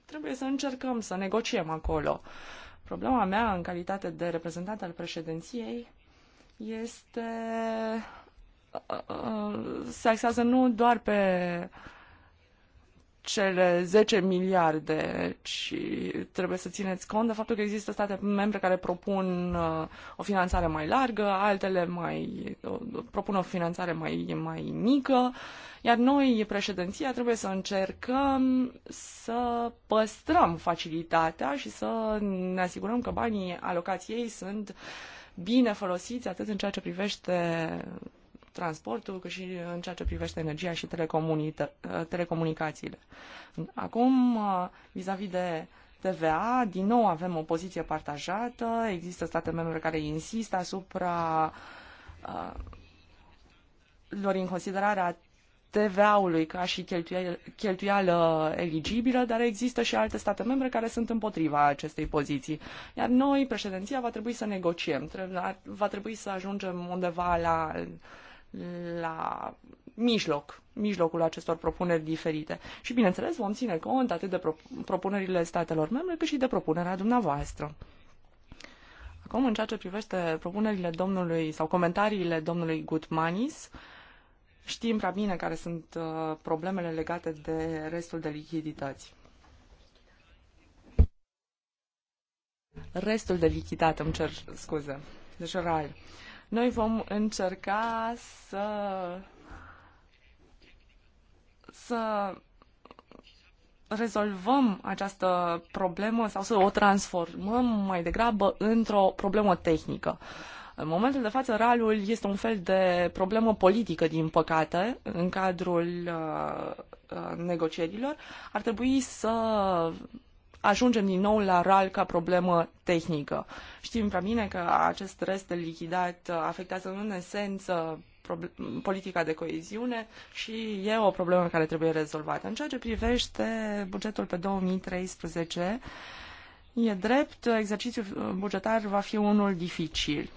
trebuie să încercăm să negociem acolo. Problema mea, în calitate de reprezentant al președinției, este uh, uh, uh, se axează nu doar pe cele 10 miliarde, și trebuie să țineți cont de faptul că există state membre care propun uh, o finanțare mai largă, altele mai, uh, propun o finanțare mai, mai mică, iar noi, președinția, trebuie să încercăm să păstrăm facilitatea și să ne asigurăm că banii alocației sunt bine folosiți atât în ceea ce privește transportul, cât și în ceea ce privește energia și telecomunicațiile. Acum, vis-a-vis -vis de TVA, din nou avem o poziție partajată, există state membre care insistă asupra uh, lor în considerarea TVA-ului ca și cheltuială, cheltuială eligibilă, dar există și alte state membre care sunt împotriva acestei poziții. Iar noi, președinția, va trebui să negociem, va trebui să ajungem undeva la la mijloc, mijlocul acestor propuneri diferite. Și, bineînțeles, vom ține cont atât de propunerile statelor membre, cât și de propunerea dumneavoastră. Acum, în ceea ce privește propunerile domnului sau comentariile domnului Gutmanis, știm prea bine care sunt uh, problemele legate de restul de lichidități. Restul de lichidat, îmi cer scuze. Deci, RAL. Noi vom încerca să să rezolvăm această problemă sau să o transformăm mai degrabă într-o problemă tehnică. În momentul de față, ralul este un fel de problemă politică, din păcate, în cadrul uh, uh negocierilor. Ar trebui să ajungem din nou la RAL ca problemă tehnică. Știm prea bine că acest rest de lichidat afectează în esență politica de coeziune și e o problemă care trebuie rezolvată. În ceea ce privește bugetul pe 2013, e drept, exercițiul bugetar va fi unul dificil.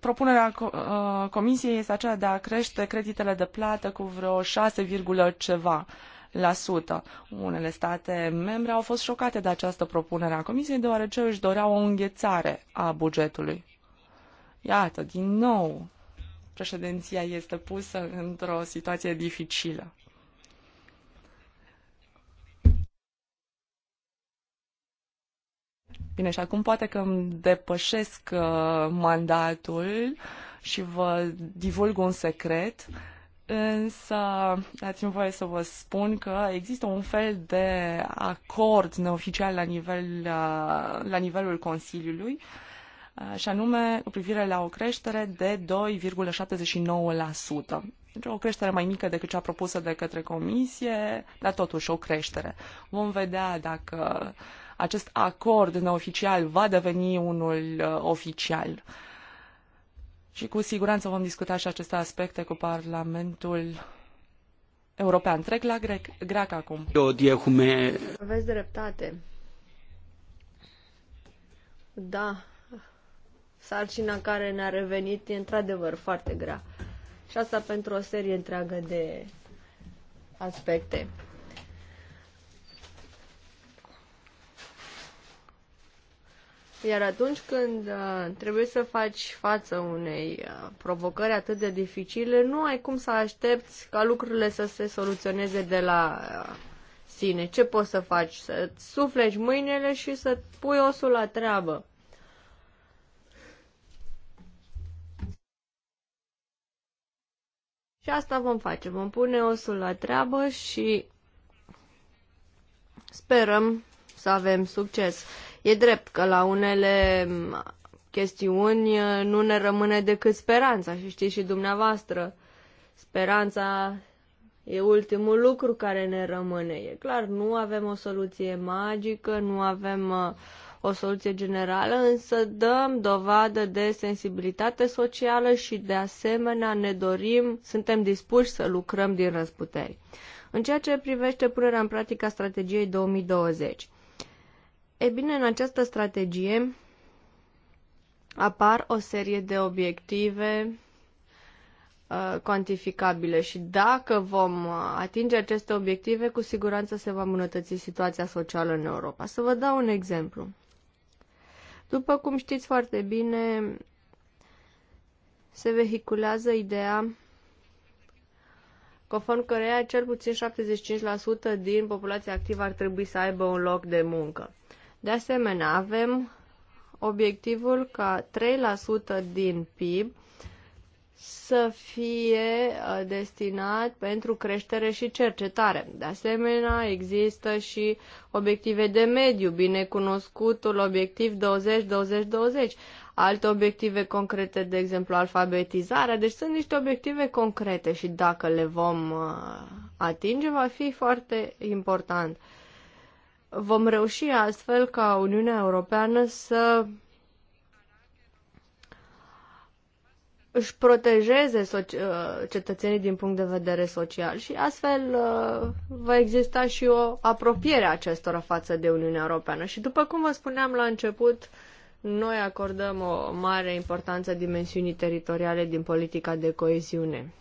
propunerea uh, Comisiei este aceea de a crește creditele de plată cu vreo 6, ceva la sută. Unele state membre au fost șocate de această propunere a Comisiei, deoarece își doreau o înghețare a bugetului. Iată, din nou, președinția este pusă într-o situație dificilă. Bine, și acum poate că îmi depășesc uh, mandatul și vă divulg un secret, însă dați-mi voie să vă spun că există un fel de acord neoficial la, nivel, uh, la nivelul Consiliului uh, și anume cu privire la o creștere de 2,79% deci o creștere mai mică decât cea propusă de către comisie, dar totuși o creștere. Vom vedea dacă uh, acest acord neoficial va deveni unul uh, oficial. Și cu siguranță vom discuta și aceste aspecte cu Parlamentul European. Trec la grec, greacă acum. Aveți dreptate. Da, sarcina care ne-a revenit e într-adevăr foarte grea. Și asta pentru o serie întreagă de aspecte. Iar atunci când uh, trebuie să faci față unei uh, provocări atât de dificile, nu ai cum să aștepți ca lucrurile să se soluționeze de la uh, sine. Ce poți să faci? să suflești sufleci mâinile și să pui osul la treabă. Și asta vom face. Vom pune osul la treabă și sperăm să avem succes. E drept că la unele chestiuni nu ne rămâne decât speranța și știți și dumneavoastră, speranța e ultimul lucru care ne rămâne. E clar, nu avem o soluție magică, nu avem o soluție generală, însă dăm dovadă de sensibilitate socială și de asemenea ne dorim, suntem dispuși să lucrăm din răsputeri. În ceea ce privește punerea în practică a strategiei 2020, E bine, în această strategie apar o serie de obiective uh, cuantificabile și dacă vom uh, atinge aceste obiective, cu siguranță se va îmbunătăți situația socială în Europa. Să vă dau un exemplu. După cum știți foarte bine, se vehiculează ideea conform căreia cel puțin 75% din populația activă ar trebui să aibă un loc de muncă. De asemenea, avem obiectivul ca 3% din PIB să fie uh, destinat pentru creștere și cercetare. De asemenea, există și obiective de mediu, binecunoscutul obiectiv 20-20-20, alte obiective concrete, de exemplu alfabetizarea, deci sunt niște obiective concrete și dacă le vom uh, atinge va fi foarte important. Vom reuși astfel ca Uniunea Europeană să își protejeze uh, cetățenii din punct de vedere social și astfel uh, va exista și o apropiere a acestora față de Uniunea Europeană. Și după cum vă spuneam la început, noi acordăm o mare importanță dimensiunii teritoriale din politica de coeziune.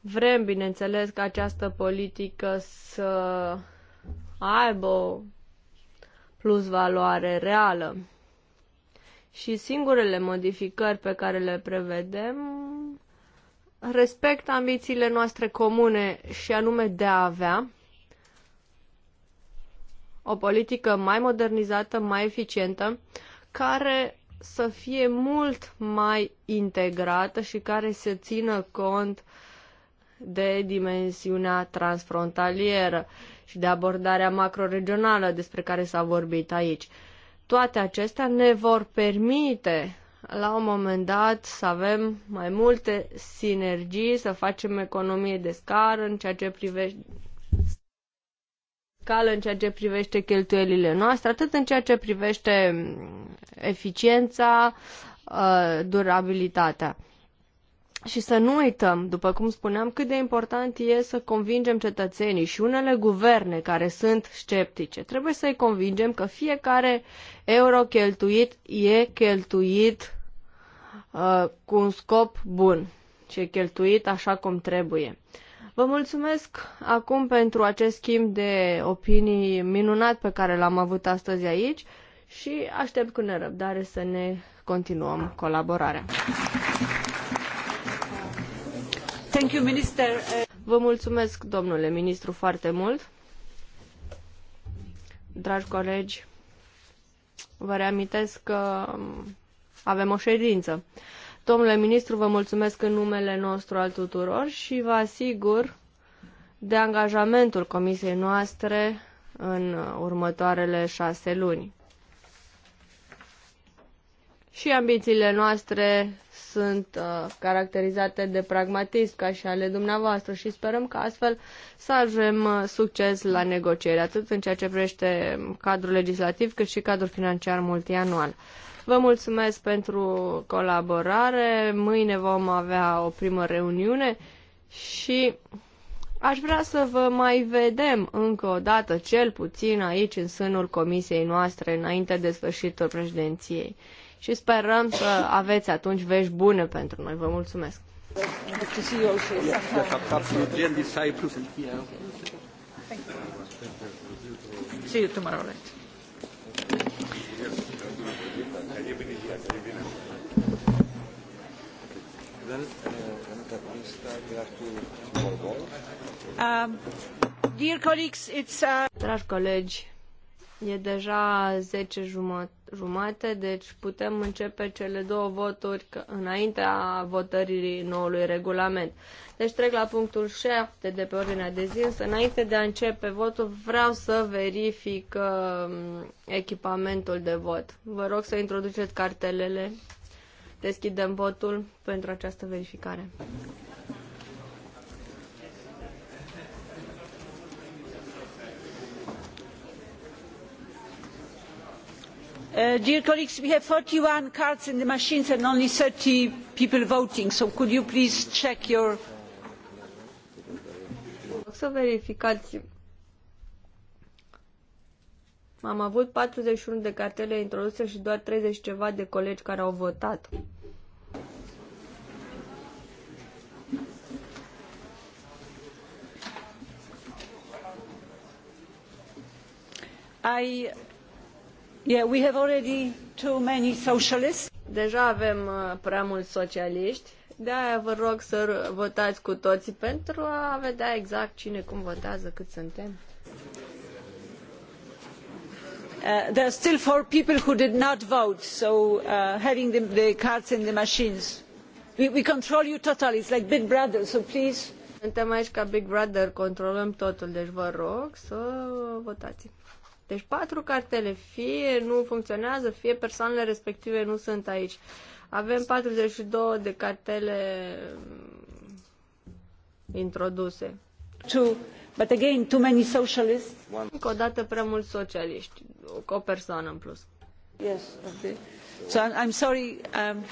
Vrem, bineînțeles, ca această politică să aibă o plus valoare reală. Și singurele modificări pe care le prevedem respect ambițiile noastre comune și anume de a avea o politică mai modernizată, mai eficientă, care să fie mult mai integrată și care să țină cont de dimensiunea transfrontalieră și de abordarea macroregională despre care s-a vorbit aici. Toate acestea ne vor permite la un moment dat să avem mai multe sinergii, să facem economie de scară în ceea ce privește scală în ceea ce privește cheltuielile noastre, atât în ceea ce privește eficiența, uh, durabilitatea. Și să nu uităm, după cum spuneam, cât de important e să convingem cetățenii și unele guverne care sunt sceptice. Trebuie să-i convingem că fiecare euro cheltuit e cheltuit uh, cu un scop bun și e cheltuit așa cum trebuie. Vă mulțumesc acum pentru acest schimb de opinii minunat pe care l-am avut astăzi aici și aștept cu nerăbdare să ne continuăm colaborarea. Thank you, Minister. Vă mulțumesc, domnule ministru, foarte mult. Dragi colegi, vă reamintesc că avem o ședință. Domnule ministru, vă mulțumesc în numele nostru al tuturor și vă asigur de angajamentul comisiei noastre în următoarele șase luni. Și ambițiile noastre sunt uh, caracterizate de pragmatism ca și ale dumneavoastră și sperăm că astfel să avem uh, succes la negocieri, atât în ceea ce privește cadrul legislativ cât și cadrul financiar multianual. Vă mulțumesc pentru colaborare, mâine vom avea o primă reuniune și aș vrea să vă mai vedem încă o dată, cel puțin aici în sânul comisiei noastre, înainte de sfârșitul președinției și sperăm să aveți atunci vești bune pentru noi. Vă mulțumesc! See you tomorrow night. Um, dear colleagues, it's, uh... Dragi colegi, e deja zece jumătate jumate, deci putem începe cele două voturi înaintea votării noului regulament. Deci trec la punctul 7 de pe ordinea de zi, însă înainte de a începe votul vreau să verific uh, echipamentul de vot. Vă rog să introduceți cartelele. Deschidem votul pentru această verificare. Uh, dear colleagues we have forty one cards in the machines and only thirty people voting so could you please check your să verificați. Am avut 41 de cartele introduse și doar 30 ceva de colegi care au votat. I Yeah, we Deja avem uh, prea mulți socialiști. De aia vă rog să votați cu toții pentru a vedea exact cine cum votează, cât suntem. Uh, there are still four people who did not vote, so uh, having the, the cards in the machines. We, we control you totally. It's like Big Brother, so please. Suntem aici ca Big Brother, controlăm totul, deci vă rog să votați. Deci patru cartele, fie nu funcționează, fie persoanele respective nu sunt aici. Avem 42 de cartele mm, introduse. Two, but again, too many socialists. Încă o dată prea mulți socialiști, o persoană în plus. Yes, okay. So I'm, I'm sorry, um,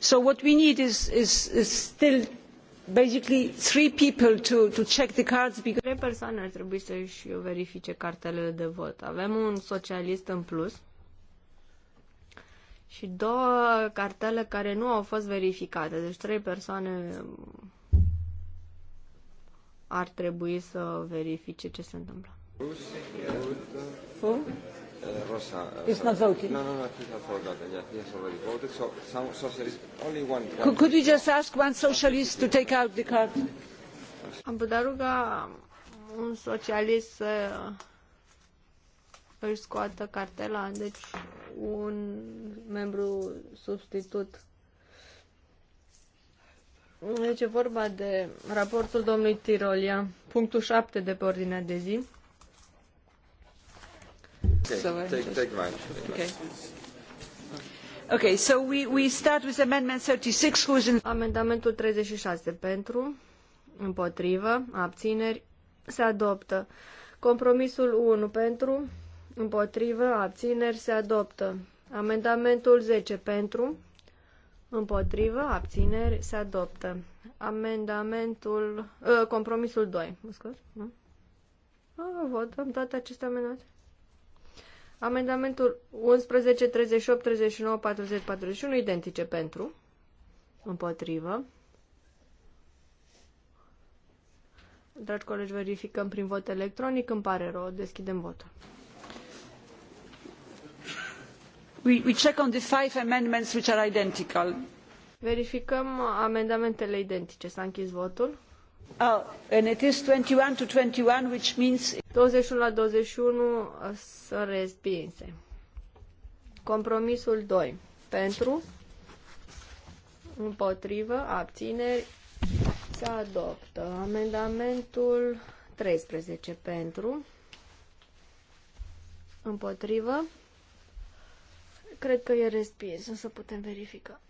so what we need is, is, is still basically three people to, to check the cards because... Trei persoane ar trebui să își verifice cartelele de vot. Avem un socialist în plus și două cartele care nu au fost verificate. Deci trei persoane ar trebui să verifice ce se întâmplă. Who? Eh, Rosa, eh, it's sorry. not voting. No, no, no, he's not forgotten. Yeah, he has already voted. So, some socialists, only one. one. Could, could we just ask one socialist to take out the card? Am putea ruga un socialist să își scoată cartela, deci un membru substitut. Deci e vorba de raportul domnului Tirolia, punctul 7 de pe ordinea de zi. Okay, so uh, take, mine. Okay. Okay, so we, we start with amendment 36, who's in... Amendamentul 36 pentru, împotrivă, abțineri, se adoptă. Compromisul 1 pentru, împotrivă, abțineri, se adoptă. Amendamentul 10 pentru, împotrivă, abțineri, se adoptă. Amendamentul, uh, compromisul 2, mă scuze, nu? Uh, votăm toate aceste amendamente. Amendamentul 11, 38, 39, 40, 41 identice pentru, împotrivă. Dragi colegi, verificăm prin vot electronic. Îmi pare rău, deschidem votul. We, we check on the five amendments which are identical. Verificăm amendamentele identice. S-a închis votul. Oh, sunt uh, respinse. Compromisul 2. Pentru, împotrivă, abțineri, se adoptă. Amendamentul 13 pentru, împotrivă, cred că e respins, însă putem verifica.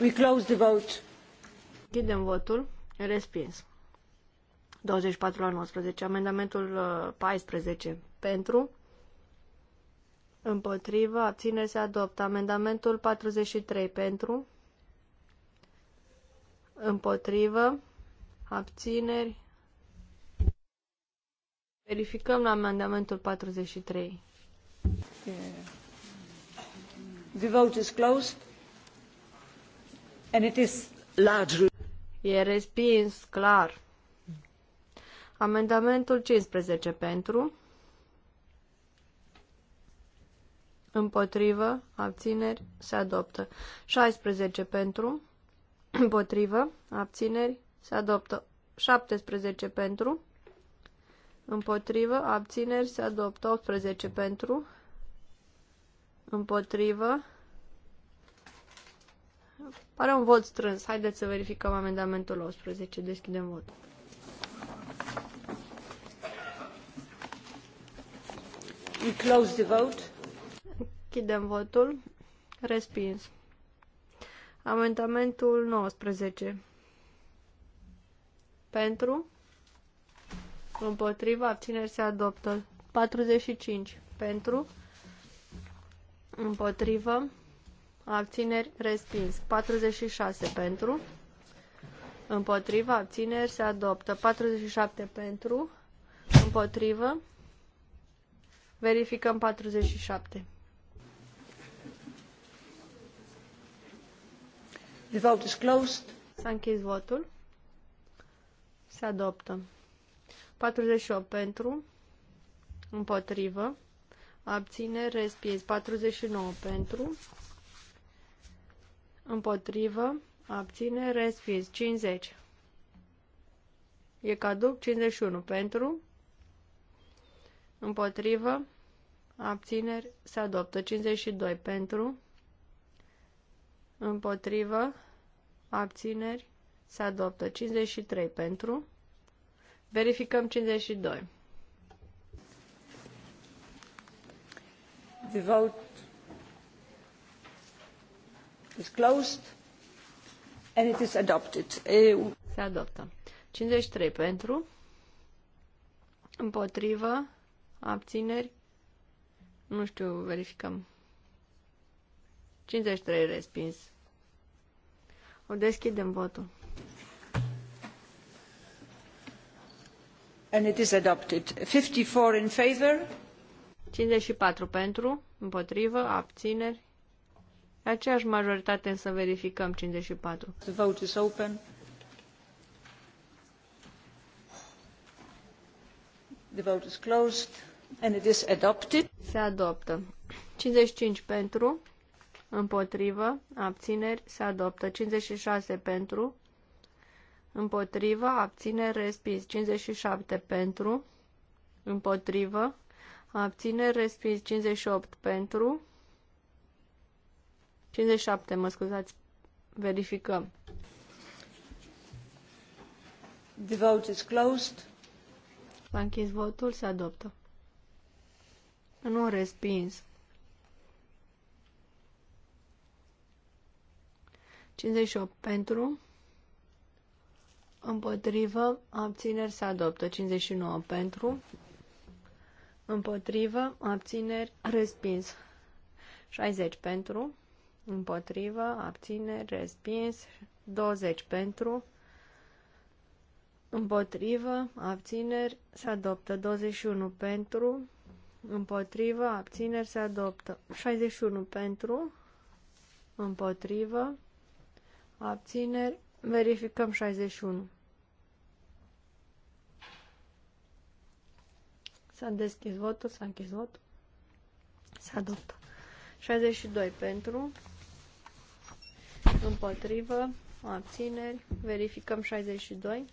We close the vote. Închidem votul. Respins. 24 la 19. Amendamentul 14 uh, pentru. Împotrivă. Abțineri se adoptă. Amendamentul 43 pentru. Împotrivă. Abțineri. Verificăm la amendamentul 43. The vote is closed. And it is largely... E respins, clar. Amendamentul 15 pentru. Împotrivă. Abțineri. Se adoptă. 16 pentru. Împotrivă. Abțineri. Se adoptă. 17 pentru. Împotrivă. Abțineri. Se adoptă. 18 pentru. Împotrivă. Pare un vot strâns. Haideți să verificăm amendamentul 18. Deschidem votul. We close the vote. Închidem votul. Respins. Amendamentul 19. Pentru. Împotriva. Abțineri se adoptă. 45. Pentru. Împotrivă abțineri, respins. 46 pentru, împotrivă, abțineri, se adoptă. 47 pentru, împotrivă, verificăm 47. The vote is closed. S-a închis votul. Se adoptă. 48 pentru, împotrivă, abțineri, respins. 49 pentru, împotrivă, abține, respins. 50. E caduc 51 pentru, împotrivă, abțineri, se adoptă 52 pentru, împotrivă, abțineri, se adoptă 53 pentru, verificăm 52. The vote is closed and it is Se adoptă. 53 pentru, împotrivă, abțineri, nu știu, verificăm. 53 respins. O deschidem votul. And it is adopted. 54 in favor. 54 pentru, împotrivă, abțineri, Aceeași majoritate însă verificăm 54. The vote is open. The vote is closed and it is adopted. Se adoptă. 55 pentru, împotrivă, abțineri, se adoptă. 56 pentru, împotrivă, abțineri, respins. 57 pentru, împotrivă, abțineri, respins. 58 pentru, 57, mă scuzați, verificăm. The vote is closed. S-a închis votul, se adoptă. Nu respins. 58 pentru, împotrivă, abțineri se adoptă. 59 pentru, împotrivă, abțineri, respins. 60 pentru, împotrivă, abțineri, respins, 20 pentru, împotrivă, abțineri, se adoptă, 21 pentru, împotrivă, abțineri, se adoptă, 61 pentru, împotrivă, abțineri, verificăm 61. S-a deschis votul, s-a închis votul, se adoptă. 62 pentru, Împotrivă. Abțineri. Verificăm 62.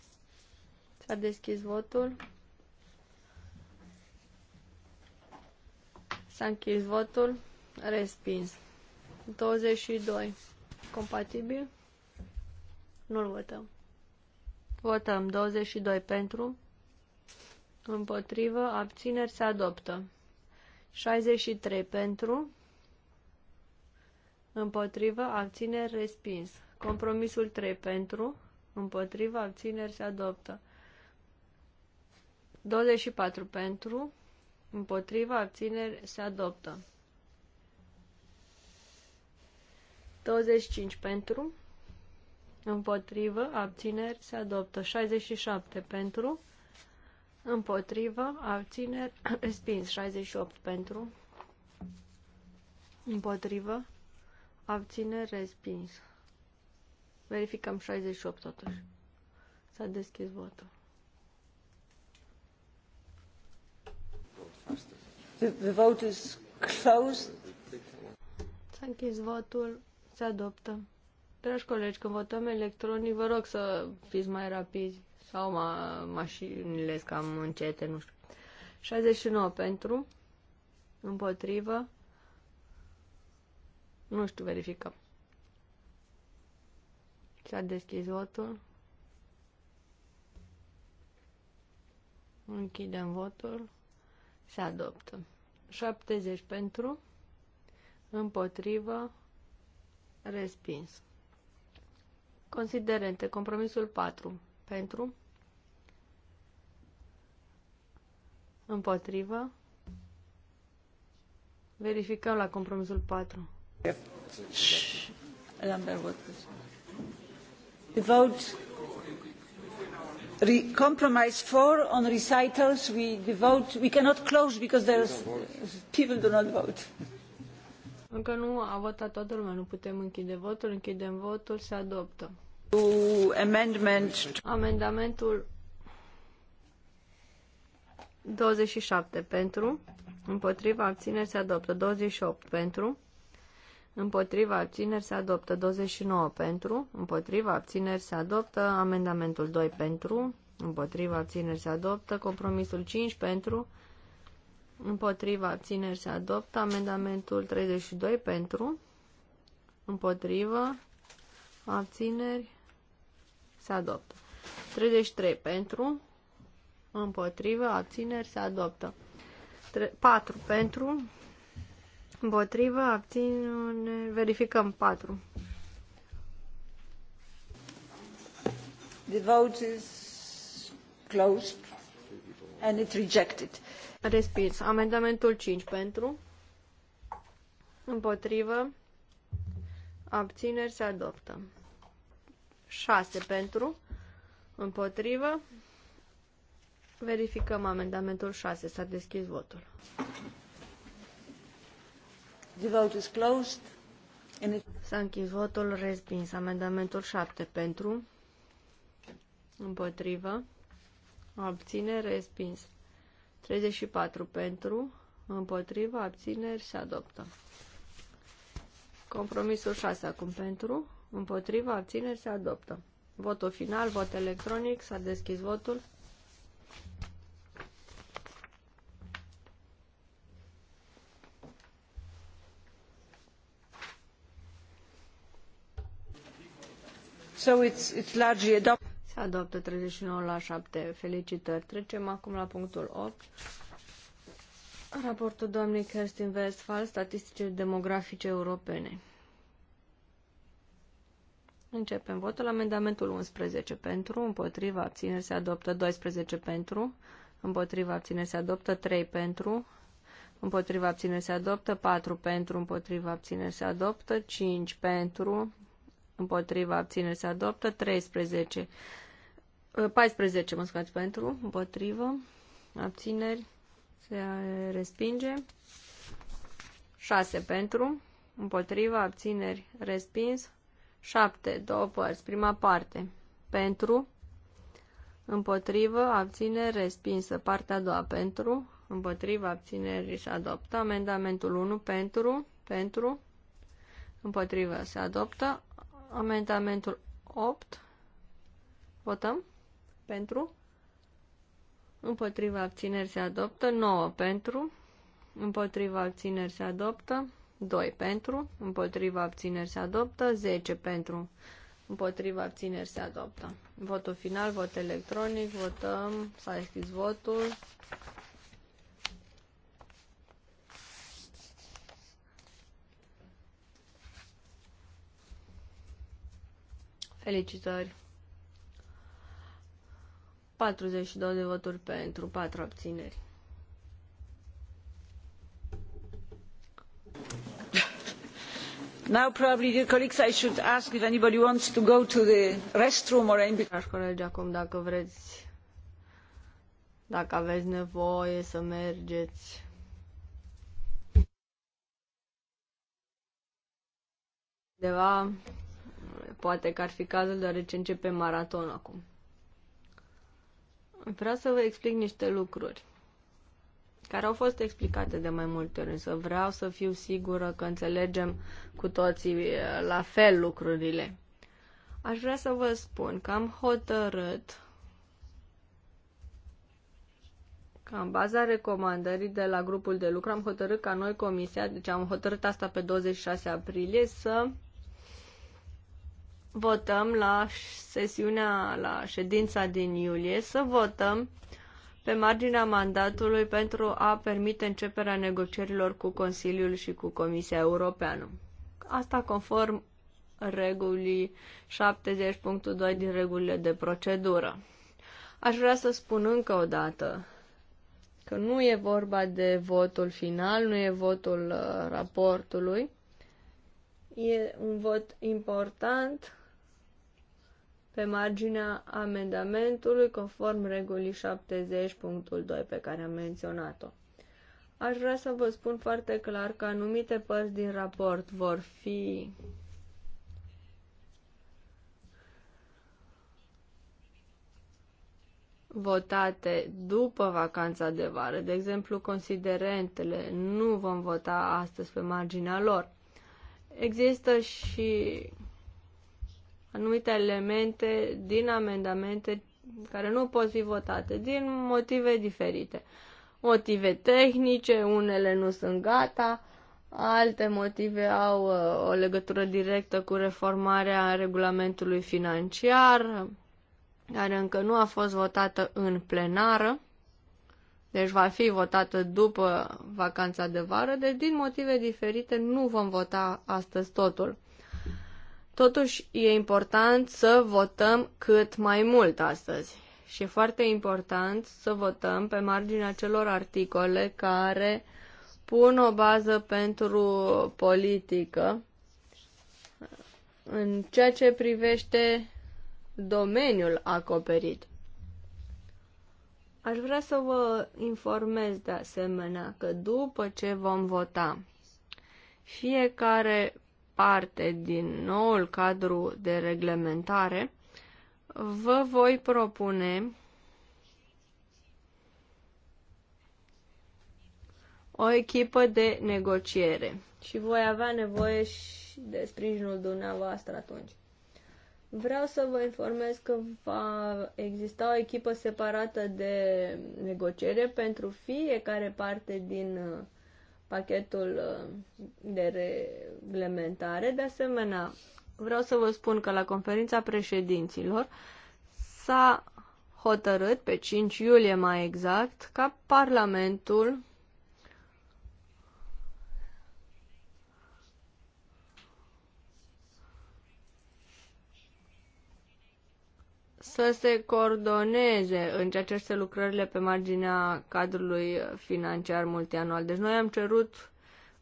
S-a deschis votul. S-a închis votul. Respins. 22. Compatibil? Nu-l votăm. Votăm 22 pentru. Împotrivă. Abțineri se adoptă. 63 pentru. Împotrivă, abțineri, respins. Compromisul 3 pentru. Împotrivă, abțineri, se adoptă. 24 pentru. Împotrivă, abțineri, se adoptă. 25 pentru. Împotrivă, abțineri, se adoptă. 67 pentru. Împotrivă, abțineri, respins. 68 pentru. Împotrivă, Abțineri respins. Verificăm 68 totuși. S-a deschis votul. The, the vote is closed. S-a închis votul. Se adoptă. Dragi colegi, când votăm electronic, vă rog să fiți mai rapizi. Sau ma- mașinile cam încete, nu știu. 69 pentru. Împotrivă. Nu știu, verificăm. S-a deschis votul. Închidem votul. Se adoptă. 70 pentru, împotrivă, respins. Considerente, compromisul 4, pentru, împotrivă, verificăm la compromisul 4. The vote Re compromise four on recitals we devote we cannot close because there's people do not vote. Încă nu a votat toată lumea, nu putem închide votul, închidem votul, se adoptă. To amendment. Amendamentul 27 pentru, împotriva abțineri se adoptă, 28 pentru, împotriva abțineri se adoptă 29 pentru, împotriva abțineri se adoptă amendamentul 2 pentru, împotriva abțineri se adoptă compromisul 5 pentru, împotriva abțineri se adoptă amendamentul 32 pentru, împotriva abțineri se adoptă 33 pentru, împotriva abțineri se adoptă 4 pentru, Împotrivă, abținere, verificăm 4. The vote is closed and it's rejected. Respins. Amendamentul 5 pentru. Împotrivă. Abțineri se adoptă. 6 pentru. Împotrivă. Verificăm amendamentul 6. S-a deschis votul. The vote is closed. S-a închis votul respins. Amendamentul 7 pentru. Împotrivă. Abține respins. 34 pentru. Împotrivă. Abțineri se adoptă. Compromisul 6 acum pentru. Împotrivă. Abțineri se adoptă. Votul final, vot electronic. S-a deschis votul. Se adoptă 39 la 7. Felicitări. Trecem acum la punctul 8. Raportul doamnei Kerstin Westphal, statisticile demografice europene. Începem votul. Amendamentul 11 pentru, împotriva, abțineri se adoptă 12 pentru, împotriva, abțineri se adoptă 3 pentru, împotriva, abțineri se adoptă 4 pentru, împotriva, abțineri se adoptă 5 pentru, împotriva abțineri se adoptă, 13, 14, uh, mă scuzați, pentru, împotrivă, abțineri se respinge, 6 pentru, împotriva, abțineri, respins, 7, două părți, prima parte, pentru, împotrivă, abțineri, respinsă, partea a doua, pentru, împotriva, abțineri, se adoptă, amendamentul 1, pentru, pentru, împotrivă, se adoptă, Amendamentul 8. Votăm. Pentru. Împotriva abțineri se adoptă. 9 pentru. Împotriva abțineri se adoptă. 2 pentru. Împotriva abțineri se adoptă. 10 pentru. Împotriva abțineri se adoptă. Votul final, vot electronic, votăm, s-a deschis votul. Felicitări! 42 de voturi pentru, 4 abțineri. Now probably, dear colleagues, I should ask if anybody wants to go to the restroom or anything. Dragi colegi, acum dacă vreți, dacă aveți nevoie să mergeți undeva, Poate că ar fi cazul deoarece începe maraton acum. Vreau să vă explic niște lucruri care au fost explicate de mai multe ori, însă vreau să fiu sigură că înțelegem cu toții eh, la fel lucrurile. Aș vrea să vă spun că am hotărât că în baza recomandării de la grupul de lucru am hotărât ca noi comisia, deci am hotărât asta pe 26 aprilie, să votăm la sesiunea, la ședința din iulie, să votăm pe marginea mandatului pentru a permite începerea negocierilor cu Consiliul și cu Comisia Europeană. Asta conform regulii 70.2 din regulile de procedură. Aș vrea să spun încă o dată că nu e vorba de votul final, nu e votul uh, raportului. E un vot important pe marginea amendamentului conform regulii 70.2 pe care am menționat-o. Aș vrea să vă spun foarte clar că anumite părți din raport vor fi votate după vacanța de vară. De exemplu, considerentele nu vom vota astăzi pe marginea lor. Există și anumite elemente din amendamente care nu pot fi votate din motive diferite. Motive tehnice, unele nu sunt gata, alte motive au uh, o legătură directă cu reformarea regulamentului financiar, care încă nu a fost votată în plenară, deci va fi votată după vacanța de vară, deci din motive diferite nu vom vota astăzi totul. Totuși, e important să votăm cât mai mult astăzi. Și e foarte important să votăm pe marginea celor articole care pun o bază pentru politică în ceea ce privește domeniul acoperit. Aș vrea să vă informez de asemenea că după ce vom vota, fiecare parte din noul cadru de reglementare, vă voi propune o echipă de negociere și voi avea nevoie și de sprijinul dumneavoastră atunci. Vreau să vă informez că va exista o echipă separată de negociere pentru fiecare parte din uh, pachetul uh, de reglementare. De asemenea, vreau să vă spun că la conferința președinților s-a hotărât pe 5 iulie mai exact ca Parlamentul să se coordoneze în ceea ce este lucrările pe marginea cadrului financiar multianual. Deci noi am cerut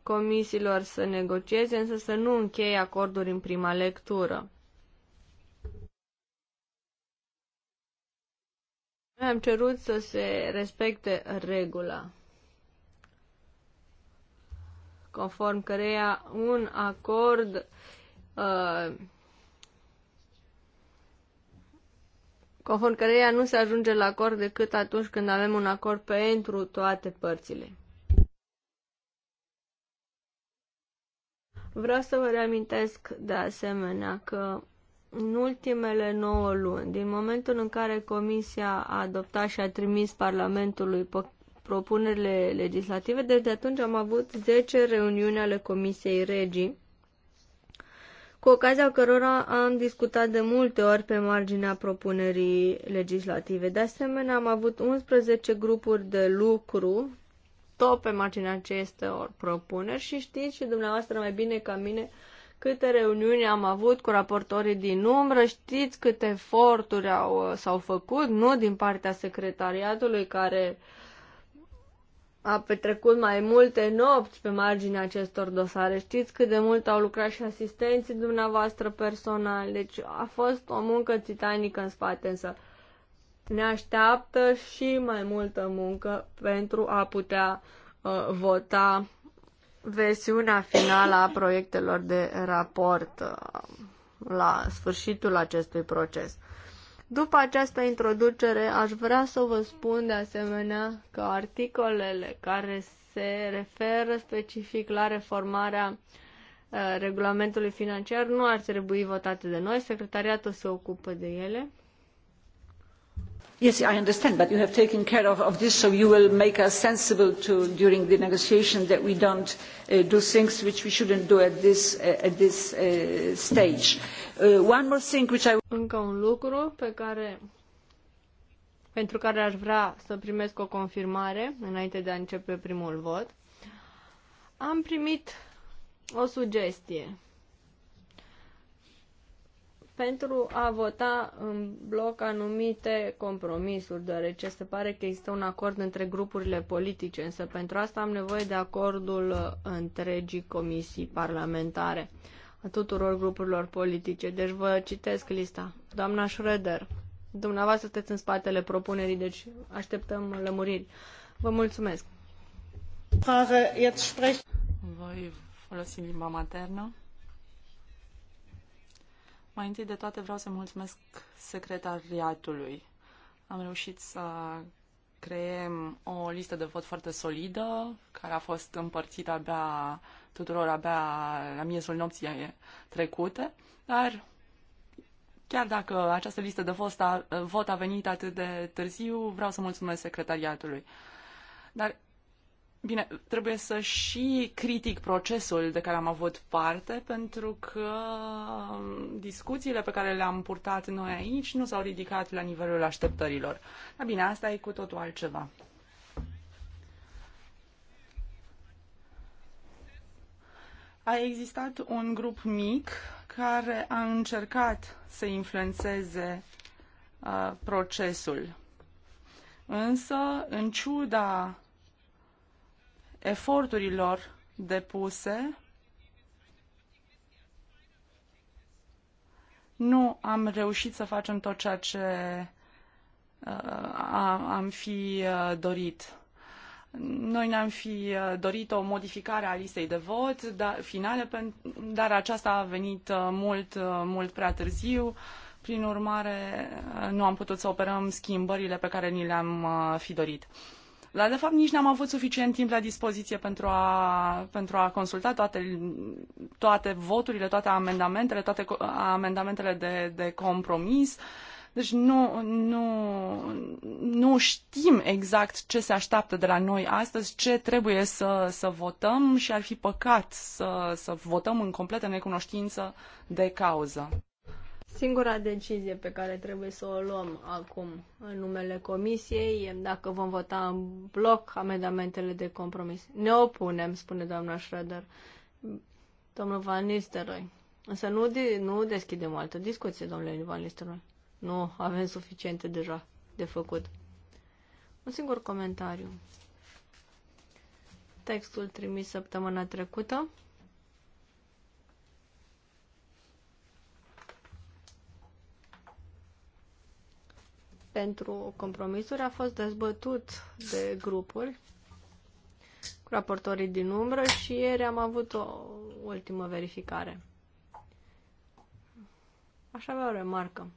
comisiilor să negocieze, însă să nu încheie acorduri în prima lectură. Noi am cerut să se respecte regula conform căreia un acord uh, conform căreia nu se ajunge la acord decât atunci când avem un acord pentru toate părțile. Vreau să vă reamintesc de asemenea că în ultimele 9 luni, din momentul în care Comisia a adoptat și a trimis Parlamentului propunerile legislative, deci de atunci am avut 10 reuniuni ale Comisiei Regii cu ocazia cărora am discutat de multe ori pe marginea propunerii legislative. De asemenea, am avut 11 grupuri de lucru tot pe marginea acestor propuneri și știți și dumneavoastră mai bine ca mine câte reuniuni am avut cu raportorii din umbră, știți câte eforturi au, s-au făcut, nu din partea secretariatului care uh, a petrecut mai multe nopți pe marginea acestor dosare. Știți cât de mult au lucrat și asistenții dumneavoastră personal. Deci a fost o muncă titanică în spate, însă ne așteaptă și mai multă muncă pentru a putea uh, vota versiunea finală a proiectelor de raport uh, la sfârșitul acestui proces. După această introducere, aș vrea să vă spun de asemenea că articolele care se referă specific la reformarea uh, regulamentului financiar nu ar trebui votate de noi, secretariatul se ocupă de ele. Yes, I understand, but you have taken care of, of this, so you will make us sensible to, during the negotiation that we don't uh, do things which we shouldn't do at this, uh, at this uh, stage. Uh, one more thing which I... Încă un lucru pe care, pentru care aș vrea să primesc o confirmare înainte de a începe primul vot. Am primit o sugestie pentru a vota în bloc anumite compromisuri, deoarece se pare că există un acord între grupurile politice, însă pentru asta am nevoie de acordul uh, întregii comisii parlamentare a tuturor grupurilor politice. Deci vă citesc lista. Doamna Schroeder, dumneavoastră sunteți în spatele propunerii, deci așteptăm lămuriri. Vă mulțumesc. Voi folosi limba maternă. Mai întâi de toate vreau să mulțumesc secretariatului. Am reușit să creem o listă de vot foarte solidă, care a fost împărțită abia tuturor abia la miezul nopții trecute, dar chiar dacă această listă de vot a, vot a venit atât de târziu, vreau să mulțumesc secretariatului. Dar Bine, trebuie să și critic procesul de care am avut parte, pentru că discuțiile pe care le-am purtat noi aici nu s-au ridicat la nivelul așteptărilor. Dar bine, asta e cu totul altceva. A existat un grup mic care a încercat să influențeze uh, procesul. Însă, în ciuda eforturilor depuse. Nu am reușit să facem tot ceea ce uh, am fi uh, dorit. Noi ne-am fi uh, dorit o modificare a listei de vot dar, finale, dar aceasta a venit mult, mult prea târziu. Prin urmare, nu am putut să operăm schimbările pe care ni le-am fi dorit. Dar, de fapt, nici n-am avut suficient timp la dispoziție pentru a, pentru a consulta toate, toate voturile, toate amendamentele, toate amendamentele de, de compromis. Deci nu, nu, nu știm exact ce se așteaptă de la noi astăzi, ce trebuie să, să votăm și ar fi păcat să, să votăm în completă necunoștință de cauză. Singura decizie pe care trebuie să o luăm acum în numele comisiei e dacă vom vota în bloc amendamentele de compromis. Ne opunem, spune doamna Schroeder. Domnul Van Nistelrooy. Însă nu, de, nu deschidem o altă discuție, domnule Van Nistelrooy. Nu, avem suficiente deja de făcut. Un singur comentariu. Textul trimis săptămâna trecută pentru compromisuri a fost dezbătut de grupuri cu raportorii din umbră și ieri am avut o ultimă verificare. Aș avea o remarcă.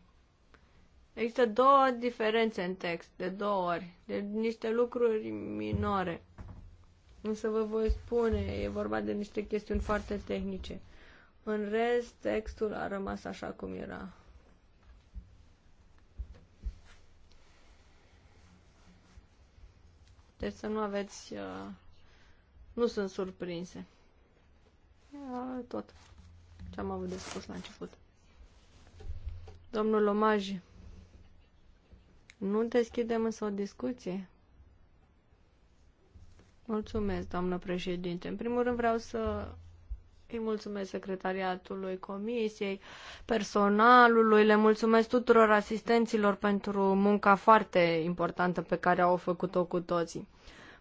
Există două diferențe în text, de două ori, de niște lucruri minore. Însă vă voi spune, e vorba de niște chestiuni foarte tehnice. În rest, textul a rămas așa cum era. Deci să nu aveți... Uh, nu sunt surprinse. Tot ce am avut de spus la început. Domnul Omaj, nu deschidem însă o discuție? Mulțumesc, doamnă președinte. În primul rând vreau să îi mulțumesc secretariatului comisiei, personalului, le mulțumesc tuturor asistenților pentru munca foarte importantă pe care au făcut-o cu toții.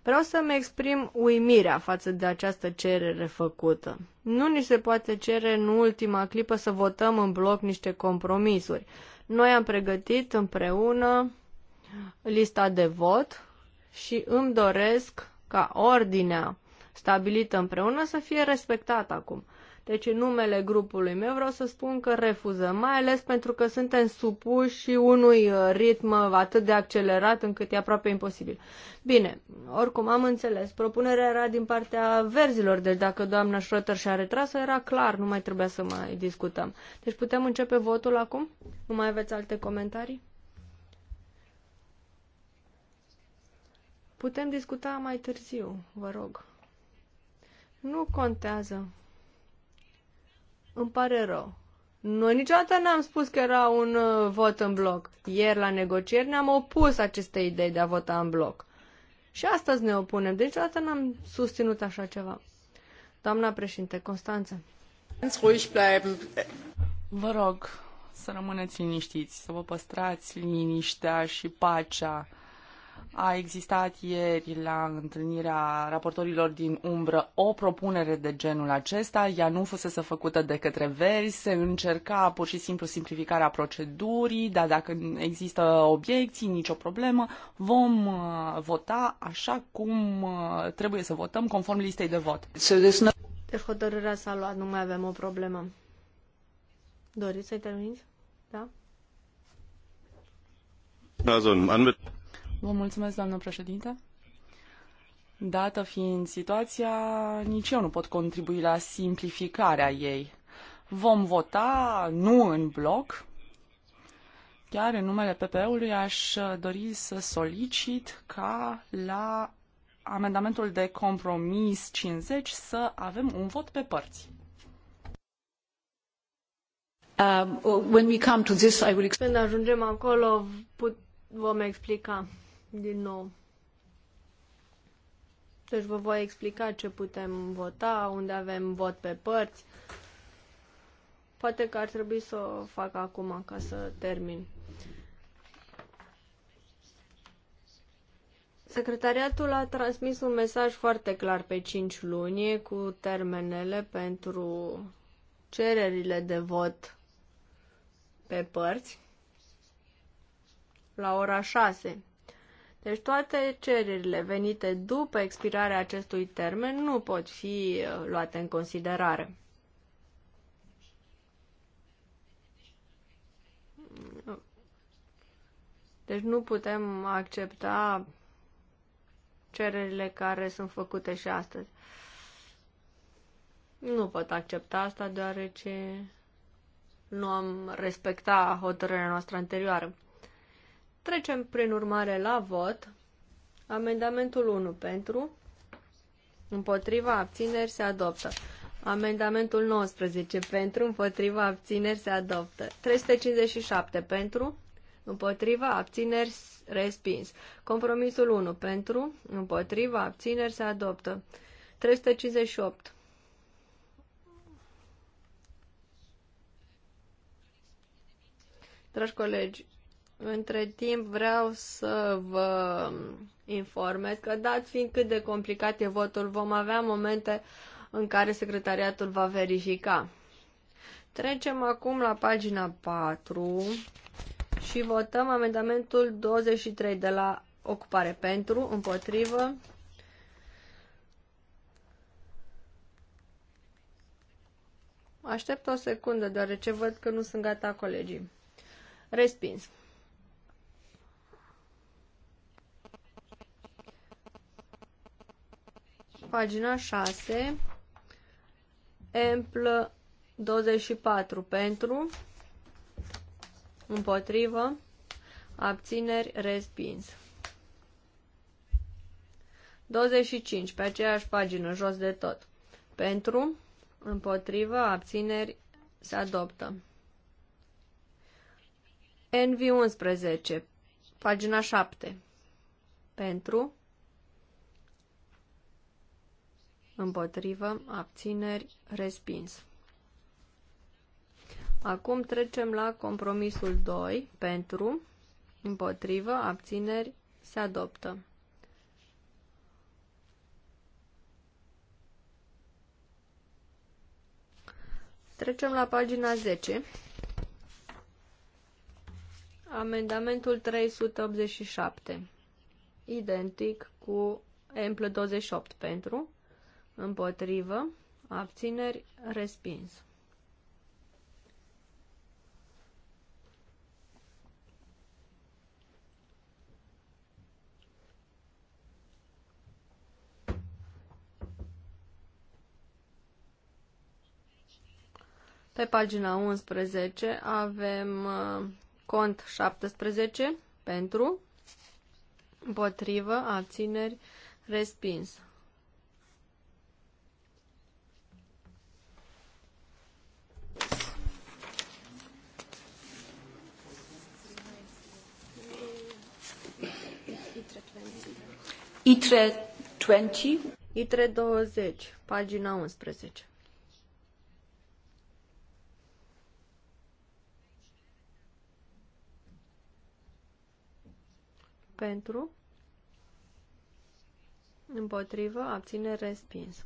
Vreau să-mi exprim uimirea față de această cerere făcută. Nu ni se poate cere în ultima clipă să votăm în bloc niște compromisuri. Noi am pregătit împreună lista de vot și îmi doresc ca ordinea stabilită împreună să fie respectată acum. Deci în numele grupului meu vreau să spun că refuzăm, mai ales pentru că suntem supuși unui uh, ritm atât de accelerat încât e aproape imposibil. Bine, oricum am înțeles, propunerea era din partea verzilor, deci dacă doamna Schroeter și-a retras era clar, nu mai trebuia să mai discutăm. Deci putem începe votul acum? Nu mai aveți alte comentarii? Putem discuta mai târziu, vă rog. Nu contează. Îmi pare rău. Noi niciodată n-am spus că era un uh, vot în bloc. Ieri la negocieri ne-am opus aceste idei de a vota în bloc. Și astăzi ne opunem. Deci niciodată n-am susținut așa ceva. Doamna președinte, Constanță. Vă rog să rămâneți liniștiți, să vă păstrați liniștea și pacea. A existat ieri la întâlnirea raportorilor din umbră o propunere de genul acesta. Ea nu fusese făcută de către verzi, se încerca pur și simplu simplificarea procedurii, dar dacă există obiecții, nicio problemă, vom uh, vota așa cum uh, trebuie să votăm, conform listei de vot. Deci hotărârea s-a luat, nu mai avem o problemă. Doriți să-i terminți? Da? Vă mulțumesc, doamnă președinte. Dată fiind situația, nici eu nu pot contribui la simplificarea ei. Vom vota nu în bloc. Chiar în numele PPE-ului aș dori să solicit ca la amendamentul de compromis 50 să avem un vot pe părți. Uh, when we come to this, I will... Când ajungem acolo, put, vom explica din nou. Deci vă voi explica ce putem vota, unde avem vot pe părți. Poate că ar trebui să o fac acum ca să termin. Secretariatul a transmis un mesaj foarte clar pe 5 luni cu termenele pentru cererile de vot pe părți la ora 6 deci toate cererile venite după expirarea acestui termen nu pot fi uh, luate în considerare. Deci nu putem accepta cererile care sunt făcute și astăzi. Nu pot accepta asta deoarece nu am respectat hotărârea noastră anterioară. Trecem prin urmare la vot. Amendamentul 1 pentru, împotriva, abțineri, se adoptă. Amendamentul 19 pentru, împotriva, abțineri, se adoptă. 357 pentru, împotriva, abțineri, respins. Compromisul 1 pentru, împotriva, abțineri, se adoptă. 358 Dragi colegi, între timp vreau să vă informez că, dat fiind cât de complicat e votul, vom avea momente în care secretariatul va verifica. Trecem acum la pagina 4 și votăm amendamentul 23 de la ocupare pentru, împotrivă. Aștept o secundă, deoarece văd că nu sunt gata colegii. Respins. pagina 6, empl 24 pentru, împotrivă, abțineri, respins. 25, pe aceeași pagină, jos de tot. Pentru, împotrivă, abțineri, se adoptă. NV11, pagina 7. Pentru, împotrivă, abțineri, respins. Acum trecem la compromisul 2, pentru, împotrivă, abțineri, se adoptă. Trecem la pagina 10. Amendamentul 387. Identic cu emplă 28 pentru, Împotrivă. Abțineri. Respins. Pe pagina 11 avem uh, cont 17 pentru, împotrivă, abțineri, respins. ITRE 20. ITRE 20, pagina 11. Pentru. Împotrivă, abține, respins.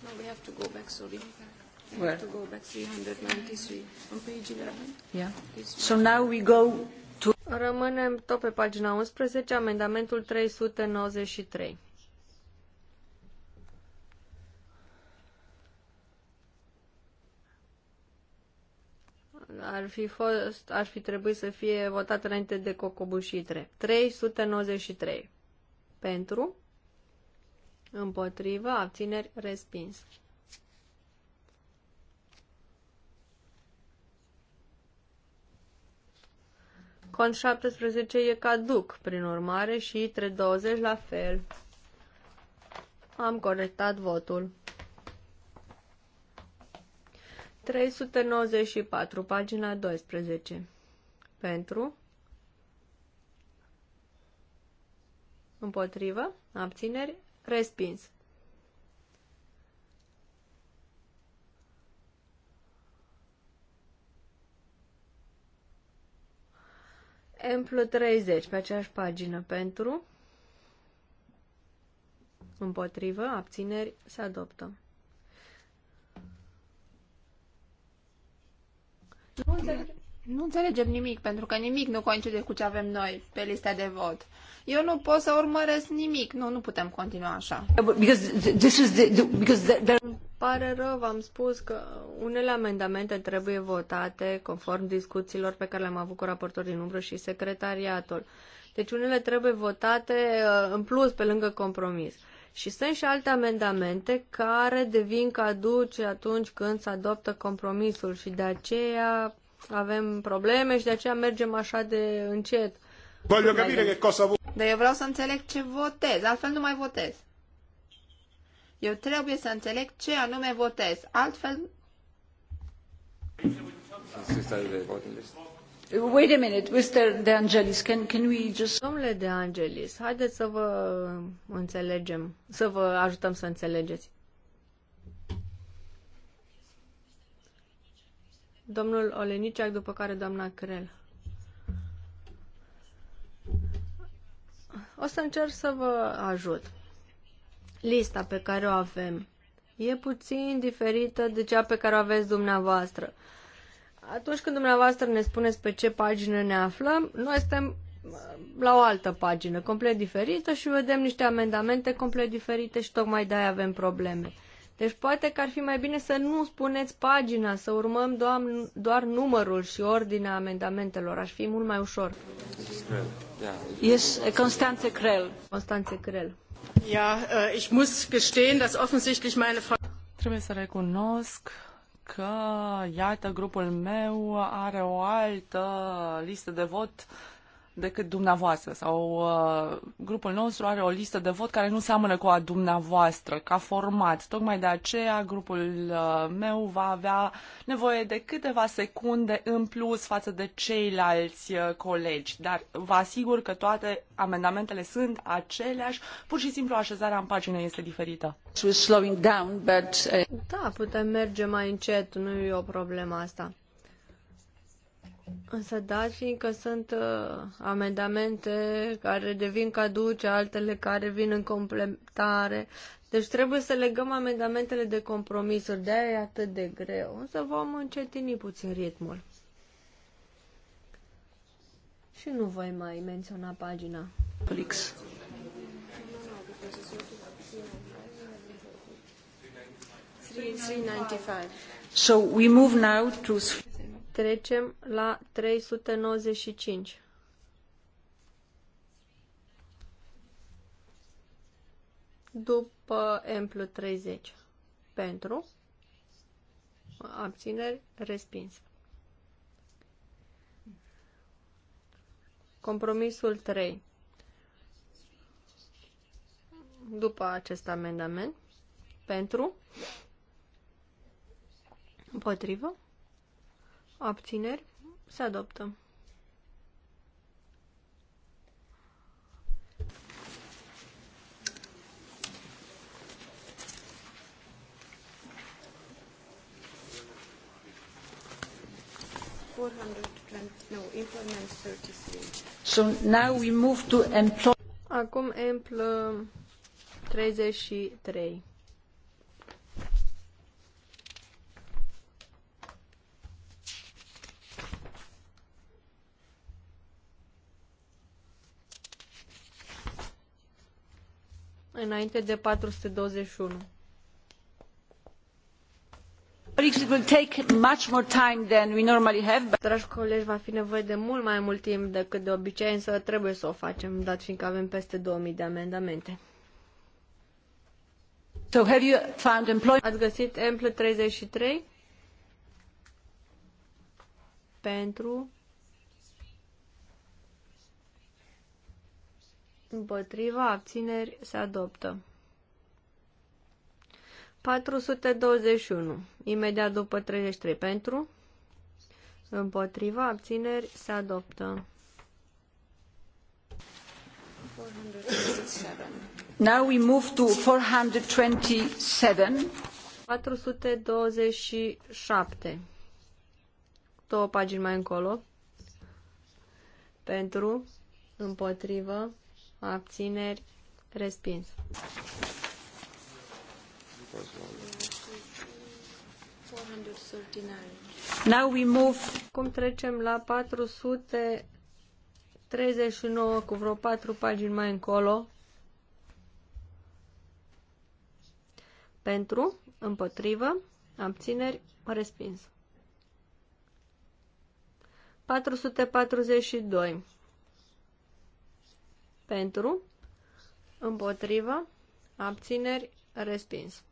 No, we have to go back, sorry. We Where? have to go back 393 on page 11. Yeah. So now we go Rămânem tot pe pagina 11, amendamentul 393. Ar fi, fost, ar fi trebuit să fie votat înainte de Cocobușitre. 393. Pentru. Împotrivă. Abțineri. Respins. Cont 17 e caduc, prin urmare, și 320 la fel. Am corectat votul. 394, pagina 12. Pentru. Împotrivă. Abțineri. Respins. Emplu 30, pe aceeași pagină, pentru, împotrivă, abțineri, se adoptă. Nu înțeleg. Nu înțelegem nimic, pentru că nimic nu coincide cu ce avem noi pe lista de vot. Eu nu pot să urmăresc nimic. Nu, nu putem continua așa. Îmi pare rău, am spus că unele amendamente trebuie votate conform discuțiilor pe care le-am avut cu raportorii din umbră și secretariatul. Deci unele trebuie votate uh, în plus pe lângă compromis. Și sunt și alte amendamente care devin caduce atunci când se adoptă compromisul și de aceea avem probleme și de aceea mergem așa de încet. Voglio capire che cosa Dar eu vreau să înțeleg ce votez, altfel nu mai votez. Eu trebuie să înțeleg ce anume votez, altfel... Wait a minute, Mr. De Angelis, can, can we just... Domnule De Angelis, haideți să vă înțelegem, să vă ajutăm să înțelegeți. domnul Oleniciac, după care doamna Crel. O să încerc să vă ajut. Lista pe care o avem e puțin diferită de cea pe care o aveți dumneavoastră. Atunci când dumneavoastră ne spuneți pe ce pagină ne aflăm, noi suntem uh, la o altă pagină, complet diferită și vedem niște amendamente complet diferite și tocmai de-aia avem probleme. Deci poate că ar fi mai bine să nu spuneți pagina, să urmăm doam, doar numărul și ordinea amendamentelor. Ar fi mult mai ușor. Yes, eh, Constanze Krell. Constanze Krell. Ja, eh, ich muss gestehen, dass offensichtlich meine Frau... Trebuie să recunosc că, iată, grupul meu are o altă listă de vot decât dumneavoastră sau uh, grupul nostru are o listă de vot care nu seamănă cu a dumneavoastră ca format. Tocmai de aceea grupul uh, meu va avea nevoie de câteva secunde în plus față de ceilalți uh, colegi, dar vă asigur că toate amendamentele sunt aceleași, pur și simplu așezarea în pagină este diferită. Uh, da, putem merge mai încet, nu e o problemă asta. Însă da, fiindcă sunt uh, amendamente care devin caduce, altele care vin în completare. Deci trebuie să legăm amendamentele de compromisuri, de aia e atât de greu. Însă vom încetini puțin ritmul. Și nu voi mai menționa pagina. Felix. So we move now to trecem la 395. După M plus 30. Pentru. Abțineri. Respins. Compromisul 3. După acest amendament. Pentru. Împotrivă. Abțineri? Se adoptă. So now we move to employ Acum employ 33. înainte de 421. Dragi colegi, va fi nevoie de mult mai mult timp decât de obicei, însă trebuie să o facem, dat fiindcă avem peste 2000 de amendamente. So have you found employment? Ați găsit Emple 33? Pentru împotriva, abțineri, se adoptă. 421, imediat după 33, pentru, împotriva, abțineri, se adoptă. Now we move to 427. 427. Două pagini mai încolo. Pentru, împotrivă, abțineri, respins. Now we move. Cum trecem la 439 cu vreo 4 pagini mai încolo. Pentru, împotrivă, abțineri, respins. 442 pentru, împotrivă, abțineri, respins.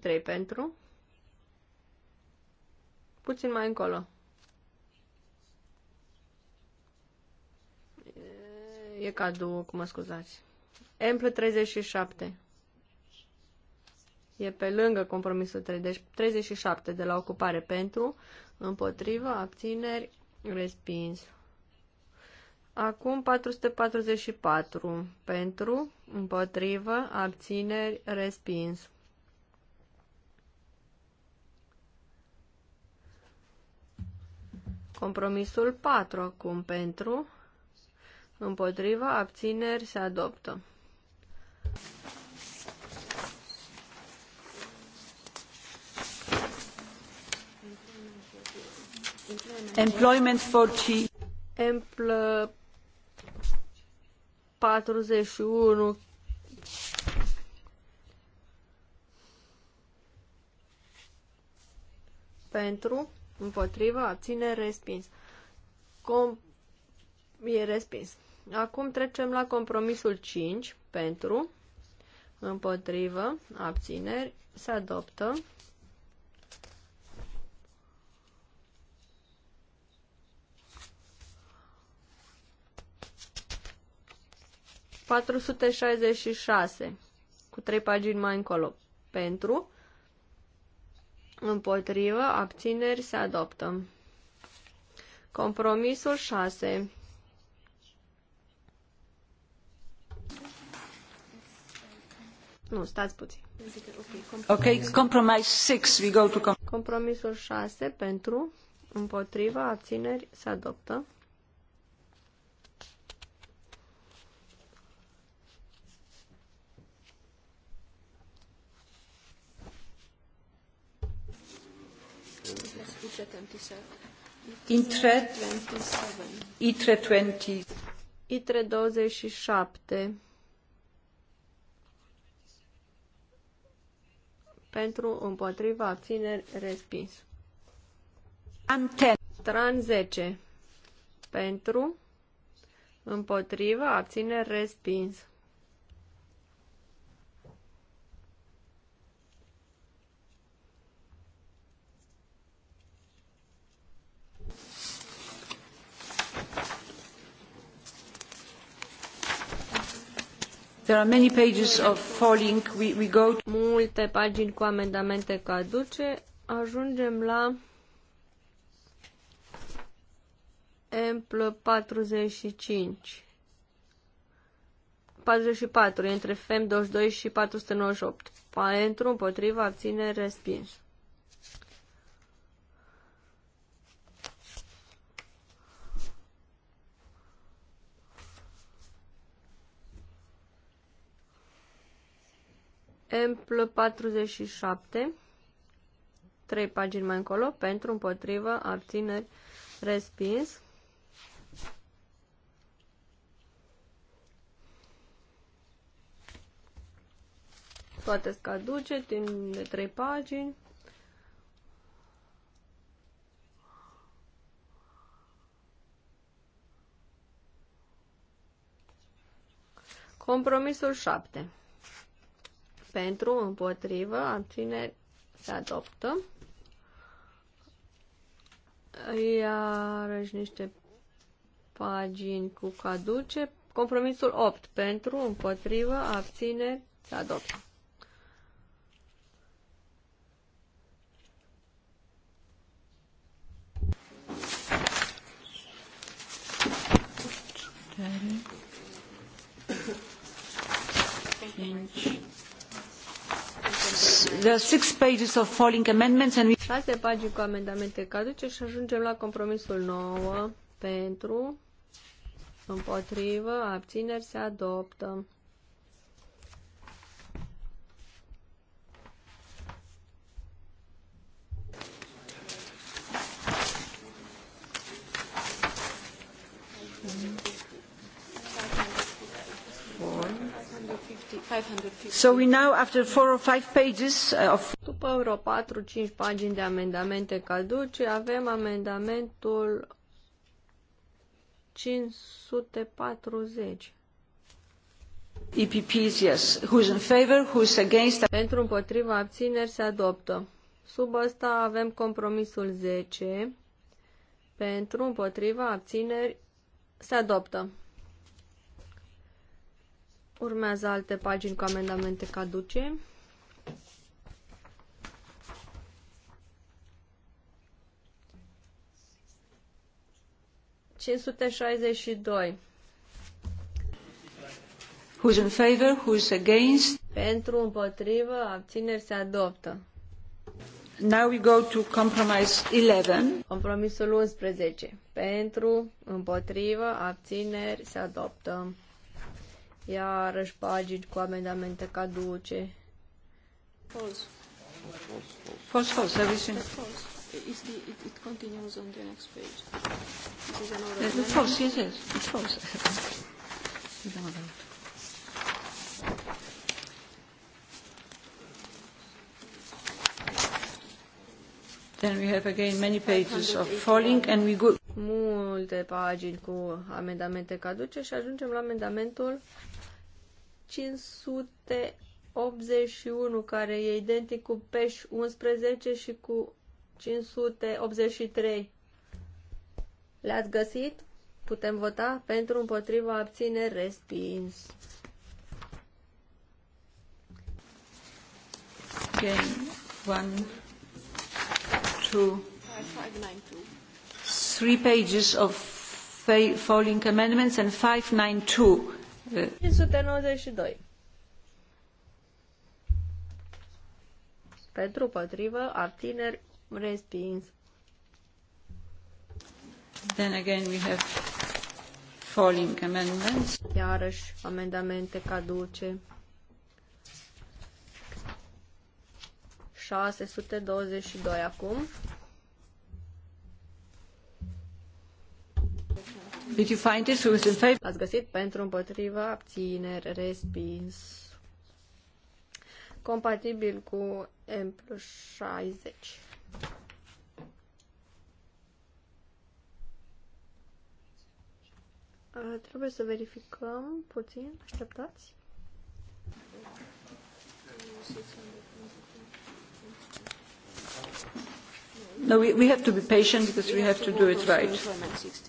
trei pentru, puțin mai încolo. E cadou, cum mă scuzați. Emplă 37 E pe lângă compromisul 3. Deci 37 de la ocupare pentru, împotrivă, abțineri, respins. Acum 444 pentru, împotrivă, abțineri, respins. Compromisul 4 acum pentru, împotriva, abțineri, se adoptă. 41. Pentru, împotriva, abține, respins. Com e respins. Acum trecem la compromisul 5, pentru, împotrivă, abțineri, se adoptă. 466, cu trei pagini mai încolo. Pentru, împotrivă, abțineri, se adoptă. Compromisul 6. Nu, stați puțin. Ok, compromise 6, we go to compromisul 6 pentru, împotriva, abțineri, se adoptă. Intre 27. Pentru, împotriva, abțineri, respins. Anten. Tran 10. Pentru, împotriva, abțineri, respins. Multe pagini cu amendamente caduce. Ajungem la Emplă 45. 44, între FEM 22 și 498. Pentru, împotriva, abține, respins. Empl 47, trei pagini mai încolo, pentru, împotrivă, abțineri, respins. Poate scaduce din de trei pagini. Compromisul 7 pentru, împotrivă, abțineri, se adoptă. Iarăși niște pagini cu caduce. Compromisul 8 pentru, împotrivă, abțineri, se adoptă. Șase pagini cu amendamente caduce și ajungem la compromisul nouă pentru, împotrivă, abțineri se adoptă. So we now, after four or five pages uh, of... După vreo 4-5 pagini de amendamente caduce, avem amendamentul 540. EPPs, yes. Who's in favor, who's against... Pentru împotriva abțineri se adoptă. Sub asta avem compromisul 10. Pentru împotriva abțineri se adoptă. Urmează alte pagini cu amendamente caduce. doi. Who's in favor? Who's against? Pentru, împotrivă, abțineri se adoptă. Now we go to compromise 11. Compromisul 11. Pentru, împotrivă, abțineri se adoptă iarăși pagini cu amendamente caduce. fals fals false, everything. False. It's the, it, it continues on the next page. is another it's false, yes, yes, it's false. Then we have again many pages of falling and we go multe pagini cu amendamente caduce și ajungem la amendamentul 581 care e identic cu peș 11 și cu 583. Le-ați găsit? Putem vota pentru, împotriva, abține, respins. Again, one, two, three pages of falling amendments and 592 592. Pentru, potrivă, tineri respins. Then again we have falling amendments. Iarăși amendamente caduce. 622 acum. Ați găsit pentru împotriva abțineri respins. Compatibil cu M plus 60. trebuie să verificăm puțin. Așteptați. Nu No, we, we have to be patient because we have to do it right.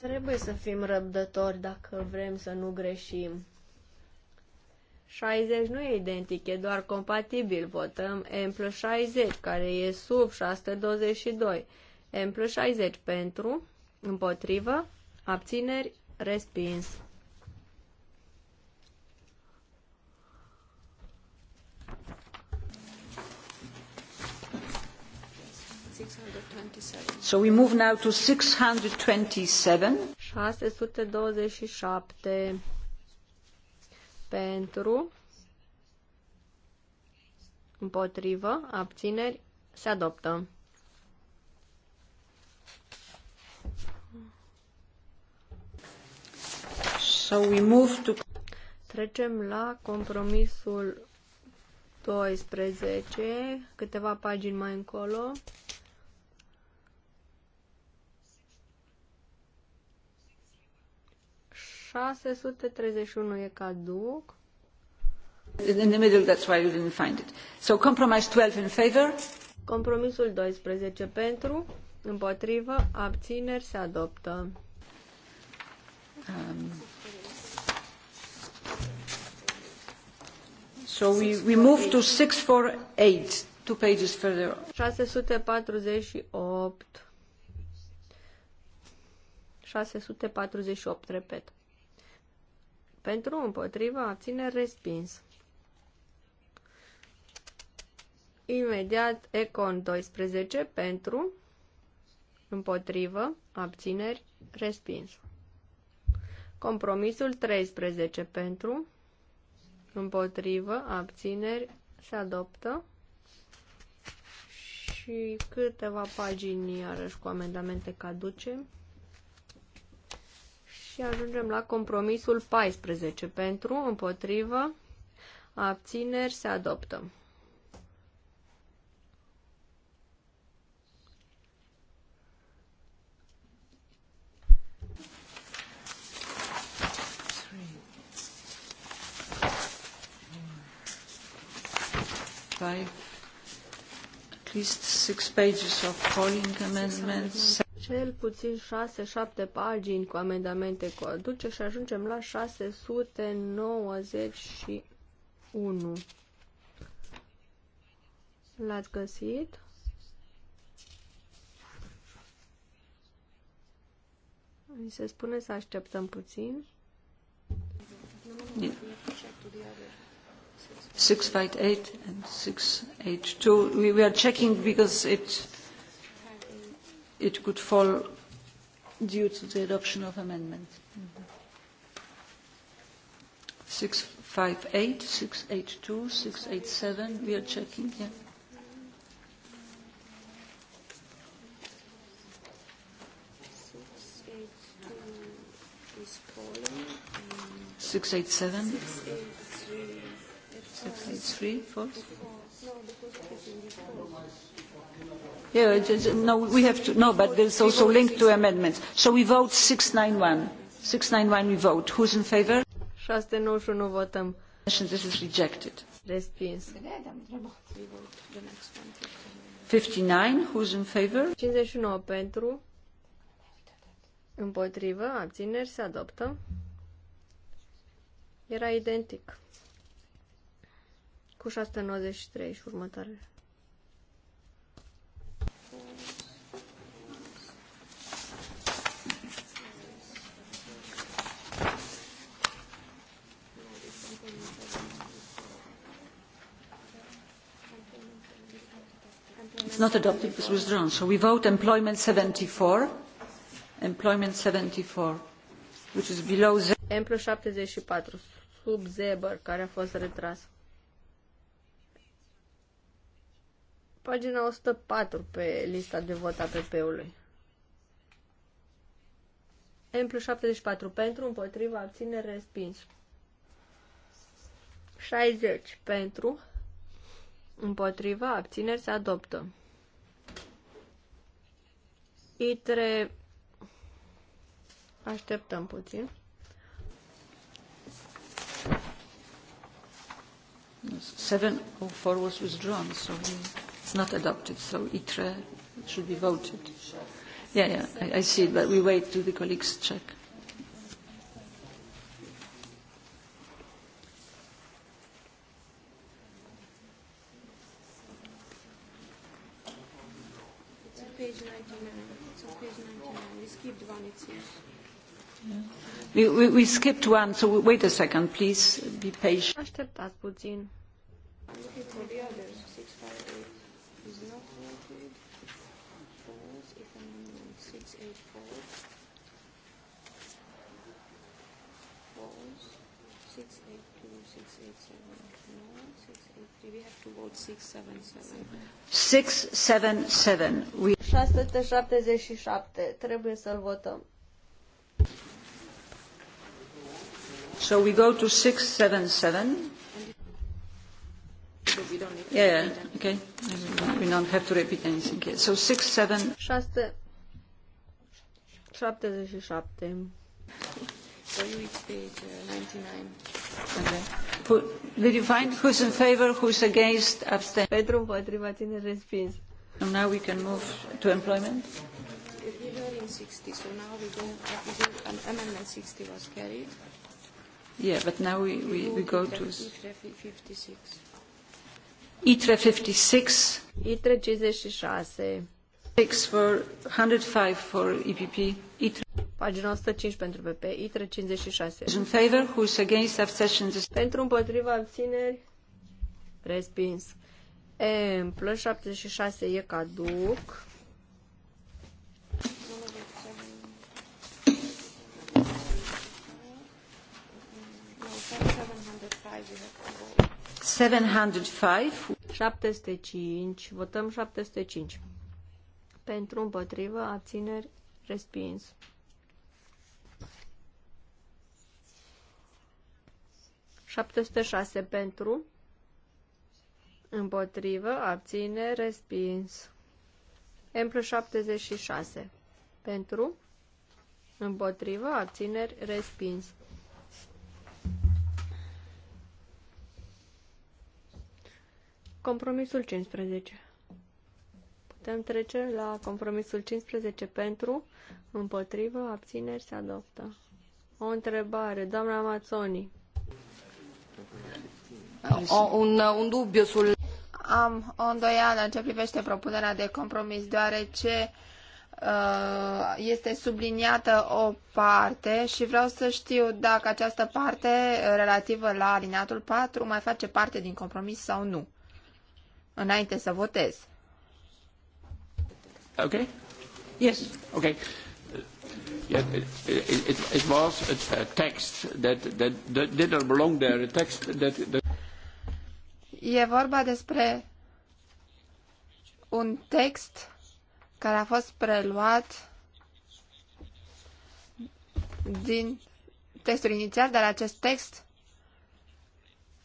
Trebuie să fim răbdători dacă vrem să nu greșim. 60 nu e identic, e doar compatibil. Votăm M plus 60, care e sub 622. M plus 60 pentru, împotrivă, abțineri, respins. So we move now to 627. 627 pentru împotrivă, abțineri, se adoptă. So we move to... Trecem la compromisul 12, câteva pagini mai încolo. 631 e caduc. In the middle, that's why you didn't find it. So compromise 12 in favor. Compromisul 12 pentru, împotrivă, abțineri se adoptă. Um, so we, we move to 648, two pages further. 648. 648, repet. Pentru, împotriva, abțineri, respins. Imediat, Econ 12, pentru, împotrivă, abțineri, respins. Compromisul 13, pentru, împotrivă, abțineri, se adoptă. Și câteva pagini, iarăși, cu amendamente caduce. Și ajungem la compromisul 14. Pentru, împotrivă, abțineri, se adoptă. five, at least six pages of calling amendments cel puțin 6-7 pagini cu amendamente cu aduce și ajungem la 691. L-ați găsit? Mi se spune să așteptăm puțin. 658 and 682. We, we are checking because it's it could fall due to the adoption of amendment. Mm -hmm. 658, 682, 687, we are checking, yeah. Six eight seven. Six eight three. False. No, because it is in default. Yeah, no, we have to, no, but there's also linked to amendments. So we vote 691. 691 we vote. Who's in favor? 691 votăm. This is rejected. Respins. 59, who's in favor? 59 pentru. Împotrivă, abțineri, se adoptă. Era identic. Cu 693 și următoarele. It's not adopted, it was withdrawn. So we vote employment 74. Employment 74, which is below Z. M 74, sub Zeber, care a fost retras. Pagina 104 pe lista de vot a PP-ului. M plus 74 pentru, împotriva, abține, respins. 60 pentru, împotriva, abțineri, se adoptă. ITRE Așteptăm puțin. Seven oh four was withdrawn, so it's not adopted. So ITRE should be voted. Yeah, yeah, I, I see, but we wait till the colleagues check. We, we, we skipped one, so wait a second, please be patient. Așteptați puțin. Six seven seven seven seven. We. 677. Trebuie să-l votăm. So we go to 677. Yeah, yeah, okay. We don't have to repeat anything here. So 677. 677. So you reach page uh, 99. Okay. Who, did you find who's in favor, who's against, abstain? Pentru împotriva ține respins. And now we can move to employment. We were in 60, so now we go, amendment 60 was carried. Yeah, but now we, we, we go to... ITRE 56. ITRE 56. 6 for 105 for EPP. ITRE. Pagina 105 pentru PP. ITRE 56. In favor, is against abstentions? Pentru împotriva abțineri, respins. E, plus 76 e caduc. 705. 705. Votăm 705. Pentru, împotrivă, abțineri, respins. șase pentru, împotrivă, abține, respins. M plus 76 pentru, împotrivă, abțineri, respins. Compromisul 15. Putem trece la compromisul 15 pentru, împotrivă, abțineri, se adoptă. O întrebare, doamna Mazzoni. O, un, un dubiu sul... Am o îndoială în ce privește propunerea de compromis, deoarece uh, este subliniată o parte și vreau să știu dacă această parte relativă la alineatul 4 mai face parte din compromis sau nu înainte să votez. Ok? Yes. Ok. Yeah, uh, it, it, it was a, a text that, that, that didn't belong there, a text that, that... E vorba despre un text care a fost preluat din textul inițial, dar acest text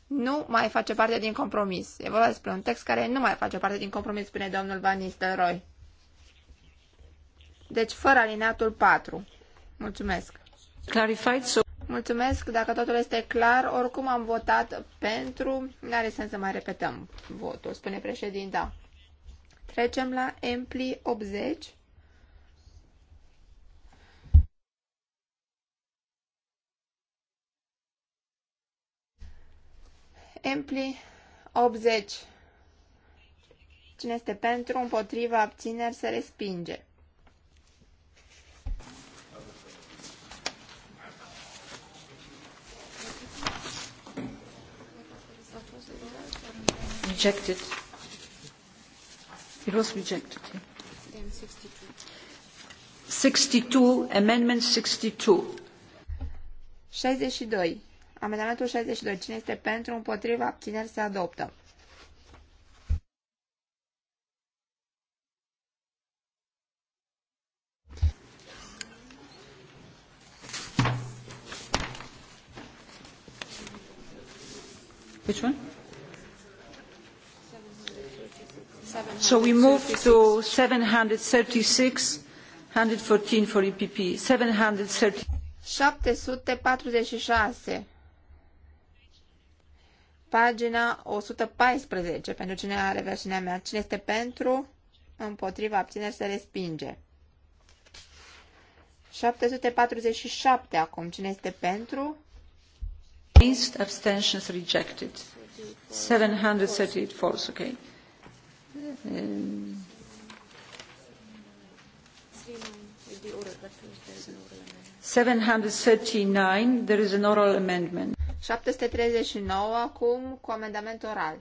nu mai face parte din compromis. E vorba despre un text care nu mai face parte din compromis, spune domnul Van Nistelrooy. Deci, fără alineatul 4. Mulțumesc. Clarified, so Mulțumesc, dacă totul este clar, oricum am votat pentru, Nu are sens să mai repetăm votul, spune președinta. Trecem la Empli 80. Empli 80. Cine este pentru, împotriva, abțineri, se respinge. Rejected. It was rejected. 62, amendment 62. 62. Amendamentul 62. Cine este pentru, împotriva, abțineri, se adoptă. Which one? So we move to 736, 114 for EPP. 736. Pagina 114, pentru cine are versiunea mea. Cine este pentru, împotriva, abține se respinge. 747 acum. Cine este pentru? Against, abstentions rejected. 738 false, ok. Um, Seven hundred thirty nine. There is an oral amendment. 739 acum cu amendament oral.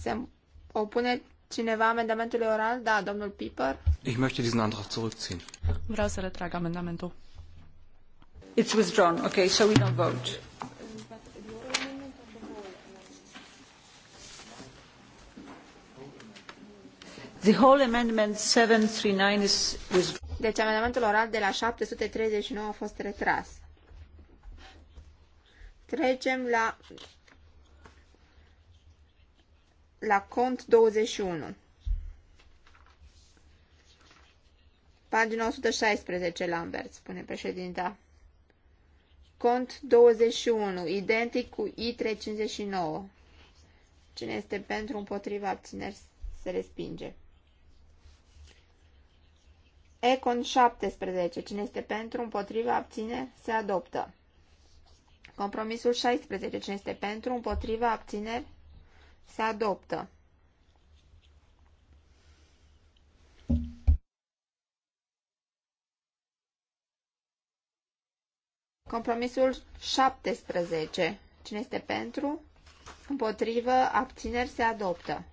Se opune cineva amendamentului oral? Da, domnul Piper. Ich möchte diesen Antrag zurückziehen. Vreau să retrag amendamentul. It's withdrawn. Okay, so we don't vote. The whole amendment 739 is withdrawn. Deci amendamentul oral de la 739 a fost retras. Trecem la, la cont 21. Pagina 116, Lambert, spune președinta. Cont 21, identic cu I359. Cine este pentru, împotriva, abțineri, se respinge. Econ 17. Cine este pentru, împotriva, abține, se adoptă. Compromisul 16. Cine este pentru? Împotriva? Abțineri? Se adoptă. Compromisul 17. Cine este pentru? Împotrivă? Abțineri? Se adoptă.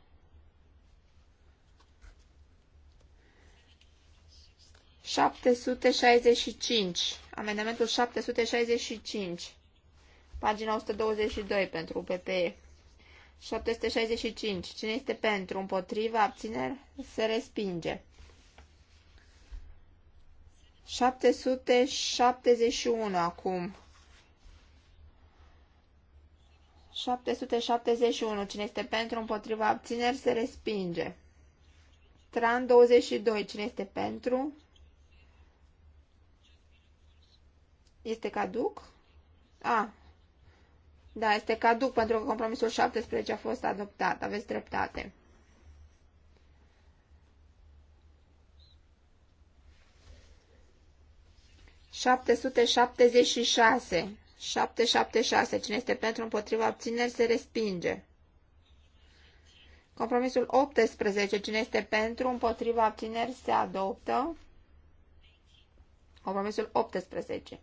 Șapte sute șaizeci și cinci. Amendamentul șapte sute șaizeci și cinci. Pagina 122 pentru PPE. 765. Cine este pentru? Împotriva? Abțineri? Se respinge. 771 acum. 771. Cine este pentru, împotriva, abțineri, se respinge. Tran 22. Cine este pentru? Este caduc? A, da, este caduc pentru că compromisul 17 a fost adoptat. Aveți dreptate. șapte sute și șase. șase Cine este pentru împotriva abțineri se respinge. Compromisul 18. Cine este pentru împotriva abțineri se adoptă. Compromisul 18.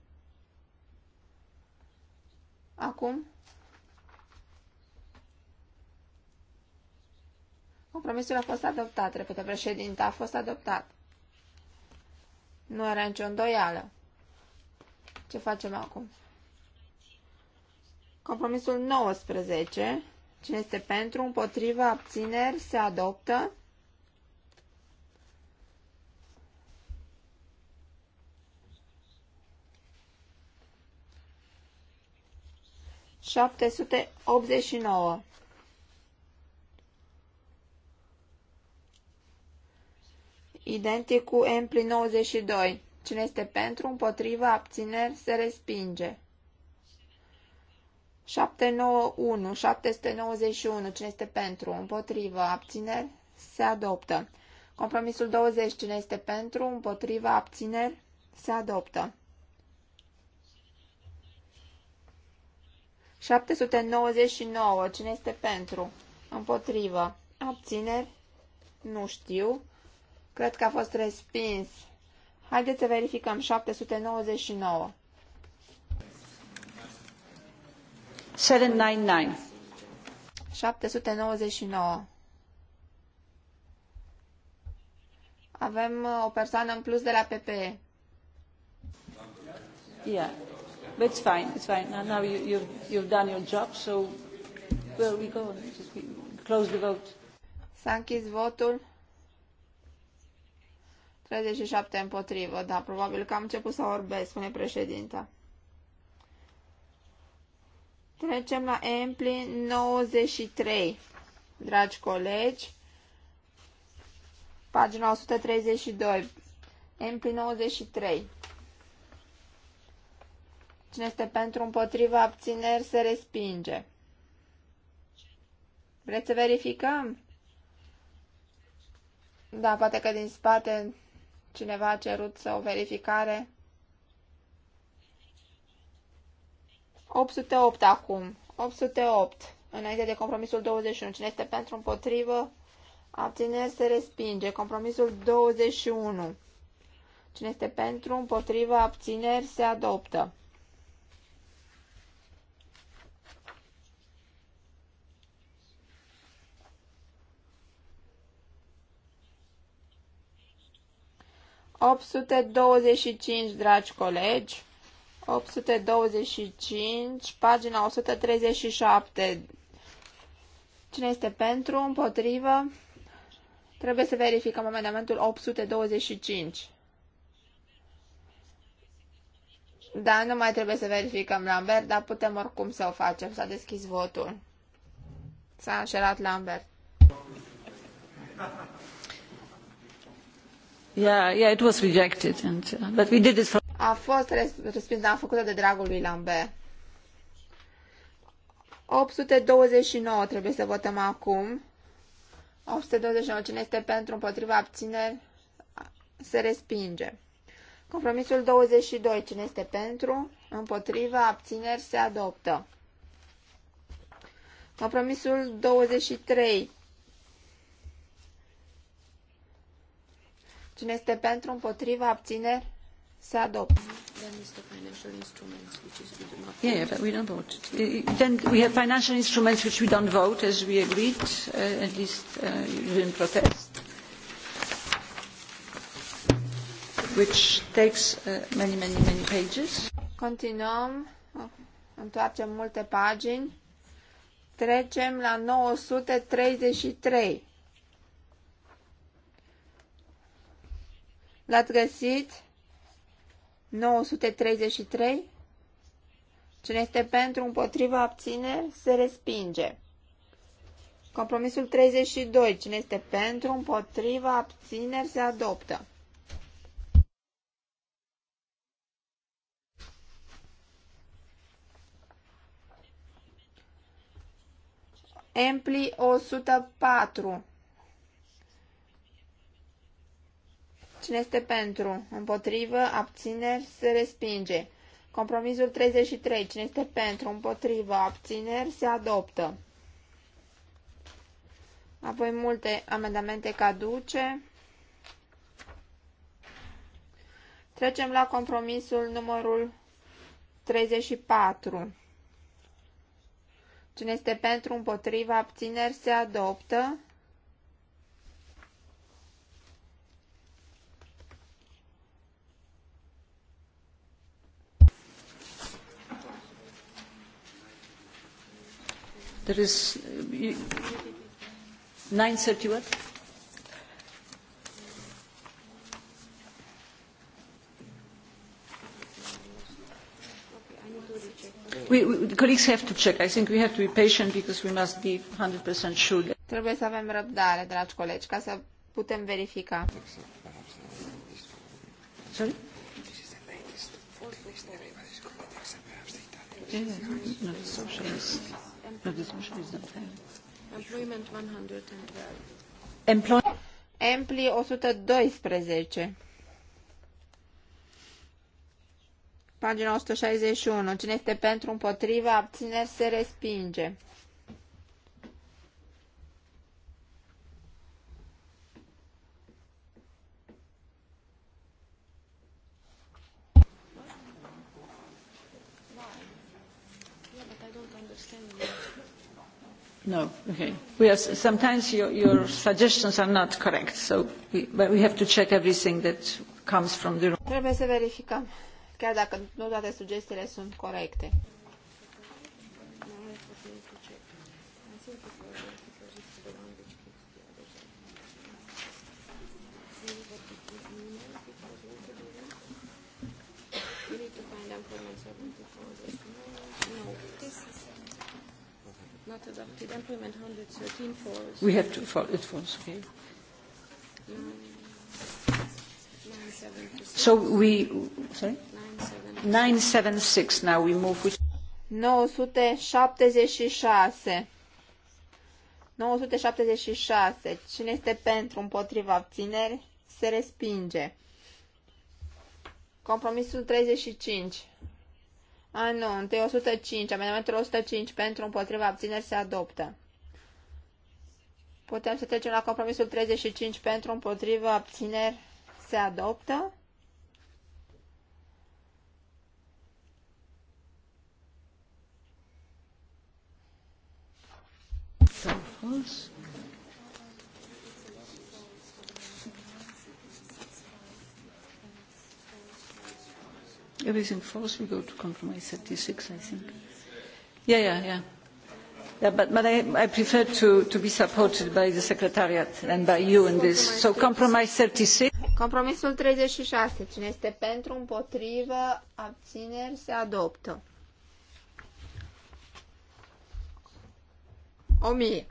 Acum Compromisul a fost adoptat, repetă președinte, a fost adoptat. Nu era nicio îndoială. Ce facem acum? Compromisul 19. Cine este pentru, împotriva, abțineri, se adoptă. Șapte sute optzeci și nouă. identic cu Empli 92. Cine este pentru, împotriva, abțineri, se respinge. 791, 791, cine este pentru, împotriva, abțineri, se adoptă. Compromisul 20, cine este pentru, împotriva, abțineri, se adoptă. 799, cine este pentru, împotriva, abțineri, nu știu. Cred că a fost respins. Haideți să verificăm. 799. 799. 799. Avem uh, o persoană în plus de la PPE. Yeah, but it's fine, it's fine. Now, now you, you've, you've done your job, so where we go? Just close the vote. S-a închis votul. 37 împotrivă, da, probabil că am început să orbesc, spune președinta. Trecem la Empli 93, dragi colegi. Pagina 132. Empli 93. Cine este pentru împotriva abțineri se respinge. Vreți să verificăm? Da, poate că din spate Cineva a cerut să o verificare. 808 acum. 808. Înainte de compromisul 21. Cine este pentru împotrivă? Abțineri se respinge. Compromisul 21. Cine este pentru împotrivă? Abțineri se adoptă. 825, dragi colegi, 825, pagina 137. Cine este pentru, împotrivă? Trebuie să verificăm amendamentul 825. Da, nu mai trebuie să verificăm Lambert, dar putem oricum să o facem. S-a deschis votul. S-a înșelat Lambert. A fost respins, dar am făcut-o de dragul lui Lambert. 829 trebuie să votăm acum. 829, cine este pentru, împotriva, abțineri, se respinge. Compromisul 22, cine este pentru, împotriva, abțineri, se adoptă. Compromisul 23, Cine este pentru, împotriva, abțineri, se adoptă. Yeah, yeah, but we don't vote. Uh, then we have financial instruments which we don't vote, as we agreed. Uh, at least uh, you didn't protest. Which takes uh, many, many, many pages. Continuăm, întoarcem multe pagini. Trecem la 933. L-ați găsit? 933? Cine este pentru, împotriva, abțineri, se respinge. Compromisul 32. Cine este pentru, împotriva, abțineri, se adoptă. Empli 104. Cine este pentru? Împotrivă? Abțineri? Se respinge. Compromisul 33. Cine este pentru? Împotrivă? Abțineri? Se adoptă. Apoi multe amendamente caduce. Trecem la compromisul numărul 34. Cine este pentru, împotriva, abțineri, se adoptă. There is 930 what? colleagues have to check. I think we have to be patient because we must be 100% sure. Trebuie să avem răbdare, dragi colegi, ca să putem verifica. Sorry? Yeah, mm-hmm. no, socialist. Employment 112. Employ- Empli 112. Pagina 161. Cine este pentru, împotriva, abțineri, se respinge. No, okay. We sometimes your, your suggestions are not correct, so we, but we have to check everything that comes from the room. Trebuie să verificăm, chiar dacă nu toate sugestiile sunt corecte. not adopted. Employment 113 falls. We have to fall. It falls. Okay. So we, sorry? 976 now we move. with. 976. 976. Cine este pentru, împotriva, abțineri, se respinge. Compromisul 35. A, nu, întâi 105, amendamentul 105 pentru împotriva abțineri se adoptă. Putem să trecem la compromisul 35 pentru împotriva abțineri se adoptă. să false. Everything falls, we go to compromise 36, I think. Yeah, yeah, yeah. Yeah, but, but I, I prefer to, to be supported by the Secretariat and by you in this. So compromise 36. Compromisul 36. Cine este pentru, împotrivă, abțineri, se adoptă. 1000.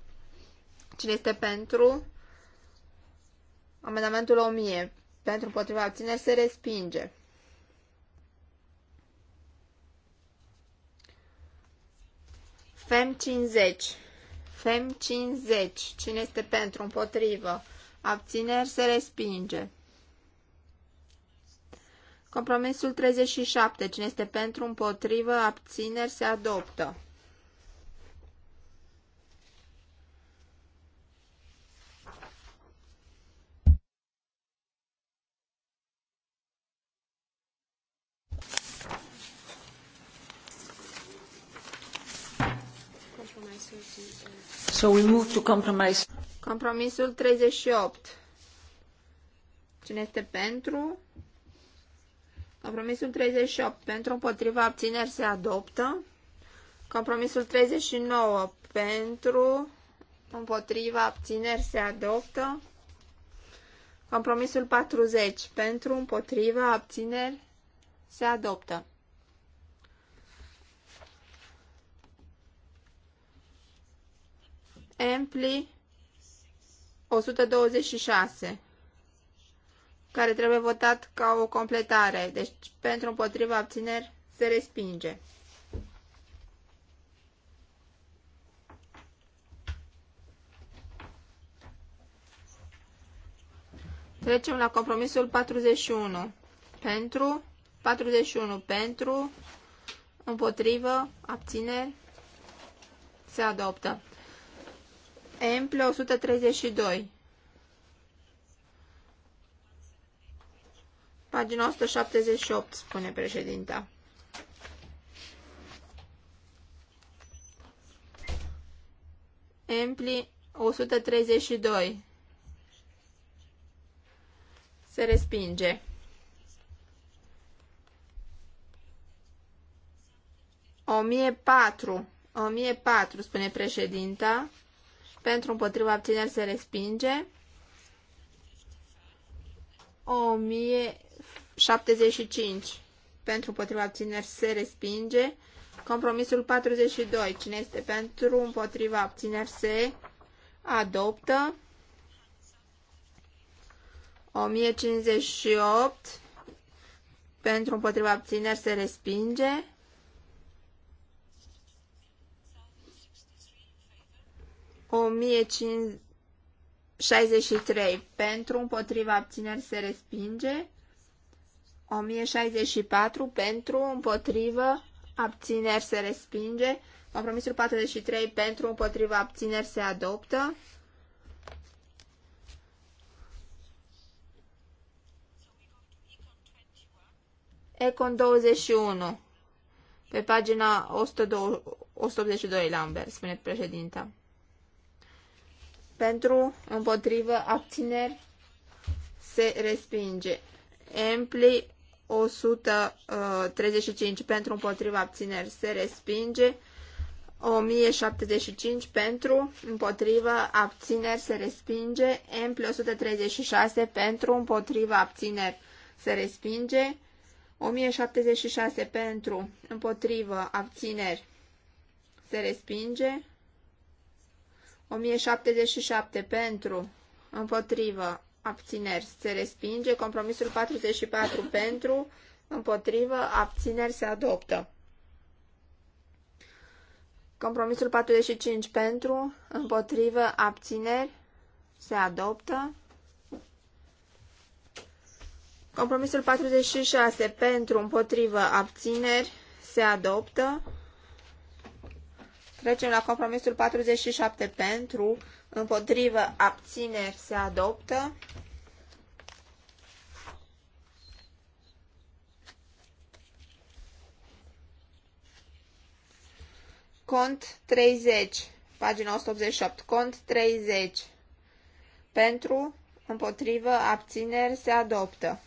Cine este pentru? Amendamentul 1000. Pentru, împotrivă, abțineri, se respinge. FEM 50. FEM 50. Cine este pentru? Împotrivă. Abțineri se respinge. Compromisul 37. Cine este pentru? Împotrivă. Abțineri se adoptă. So we move to compromise. Compromisul 38. Cine este pentru? Compromisul 38. Pentru împotriva abțineri se adoptă. Compromisul 39. Pentru împotriva abțineri se adoptă. Compromisul 40. Pentru împotriva abțineri se adoptă. Ampli 126 care trebuie votat ca o completare. Deci, pentru împotriva abțineri, se respinge. Trecem la compromisul 41. Pentru, 41 pentru, împotrivă, abțineri, se adoptă. Emple 132. Pagina 178, spune președinta. Empli 132. Se respinge. O O mie patru. mie patru spune președinta pentru împotriva abțineri se respinge. 1075 pentru împotriva abțineri se respinge. Compromisul 42. Cine este pentru împotriva abțineri se adoptă. 1058 pentru împotriva abțineri se respinge. 1063 pentru, împotriva abțineri se respinge. 1064 pentru, împotriva abțineri se respinge. Compromisul 43 pentru, împotriva abțineri se adoptă. Econ 21, pe pagina 182, Lambert, spune președinta pentru, împotrivă, abțineri, se respinge. Empli 135 pentru, împotrivă, abțineri, se respinge. 1075 pentru, împotrivă, abțineri, se respinge. Empli 136 pentru, împotrivă, abțineri, se respinge. 1076 pentru, împotrivă, abțineri, se respinge. 1077 pentru, împotrivă, abțineri se respinge. Compromisul 44 pentru, împotrivă, abțineri se adoptă. Compromisul 45 pentru, împotrivă, abțineri se adoptă. Compromisul 46 pentru, împotrivă, abțineri se adoptă. Trecem la compromisul 47 pentru, împotrivă, abțineri se adoptă. Cont 30, pagina 188, cont 30, pentru, împotrivă, abțineri se adoptă.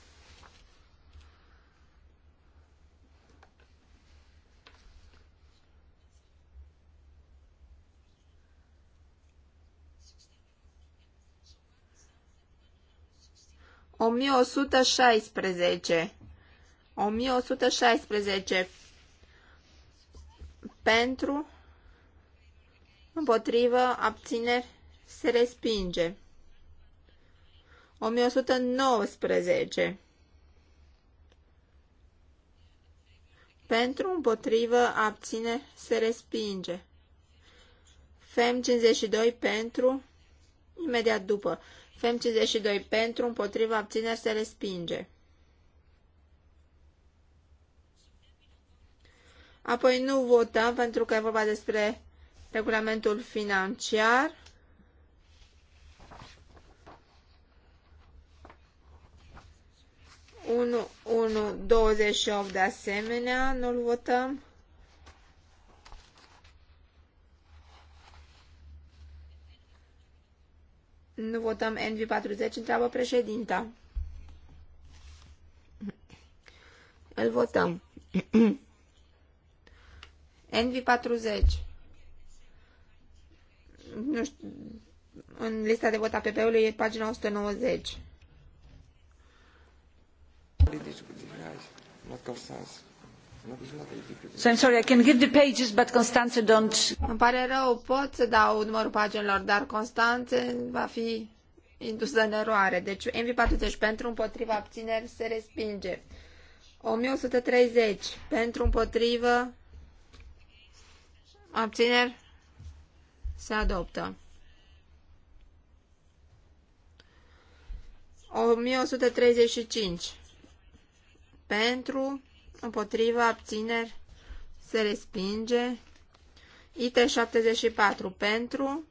1116. 1116. Pentru, împotrivă, abțineri, se respinge. 1119. Pentru, împotrivă, abține, se respinge. Fem 52 pentru, imediat după. FEM 52 pentru, împotriva abțineri se respinge. Apoi nu votăm pentru că e vorba despre regulamentul financiar. Unu, unu, opt de asemenea, nu-l votăm. Nu votăm NV40, întreabă președinta. Îl votăm. NV40. Nu știu, în lista de vot a PP-ului e pagina 190. Nu So I'm sorry, I can give the pages, but Constanze don't... Îmi pare rău, pot să dau numărul paginilor, dar Constanze va fi indusă în eroare. Deci MV40 pentru împotriva abțineri se respinge. 1130 pentru împotrivă abțineri se adoptă. 1135 pentru împotriva, abțineri, se respinge. IT74 pentru,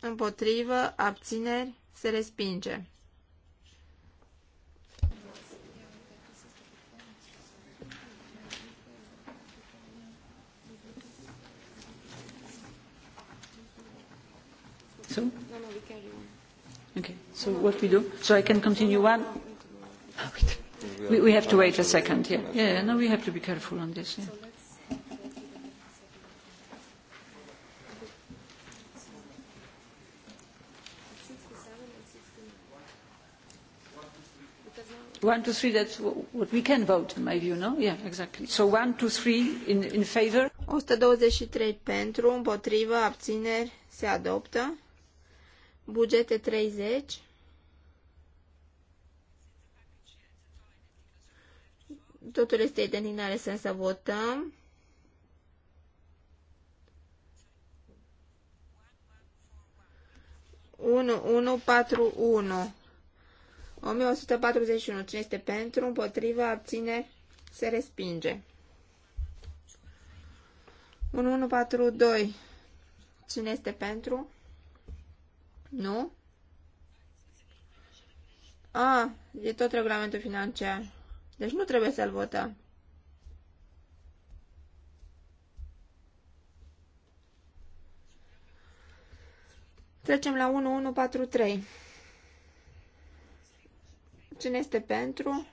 împotrivă, abțineri, se respinge. So? No, no, we carry on. Okay, so what we do? So I can continue one? Oh, we We, we have to wait a second. Yeah, yeah. No, we have to be careful on this. Yeah. One, two, three, that's what we can vote, in my view, no? Yeah, exactly. So one, two, three, in, in favor? 123 pentru, împotrivă, abțineri, se adoptă. Bugete 30 Totul este identic, nu are sens să votăm. Unu, unu, patru, unu. 1141. Cine este pentru, împotriva, abține, se respinge. 1142. Cine este pentru? Nu? A, e tot regulamentul financiar. Deci nu trebuie să-l votăm. Trecem la 1143. Cine este pentru?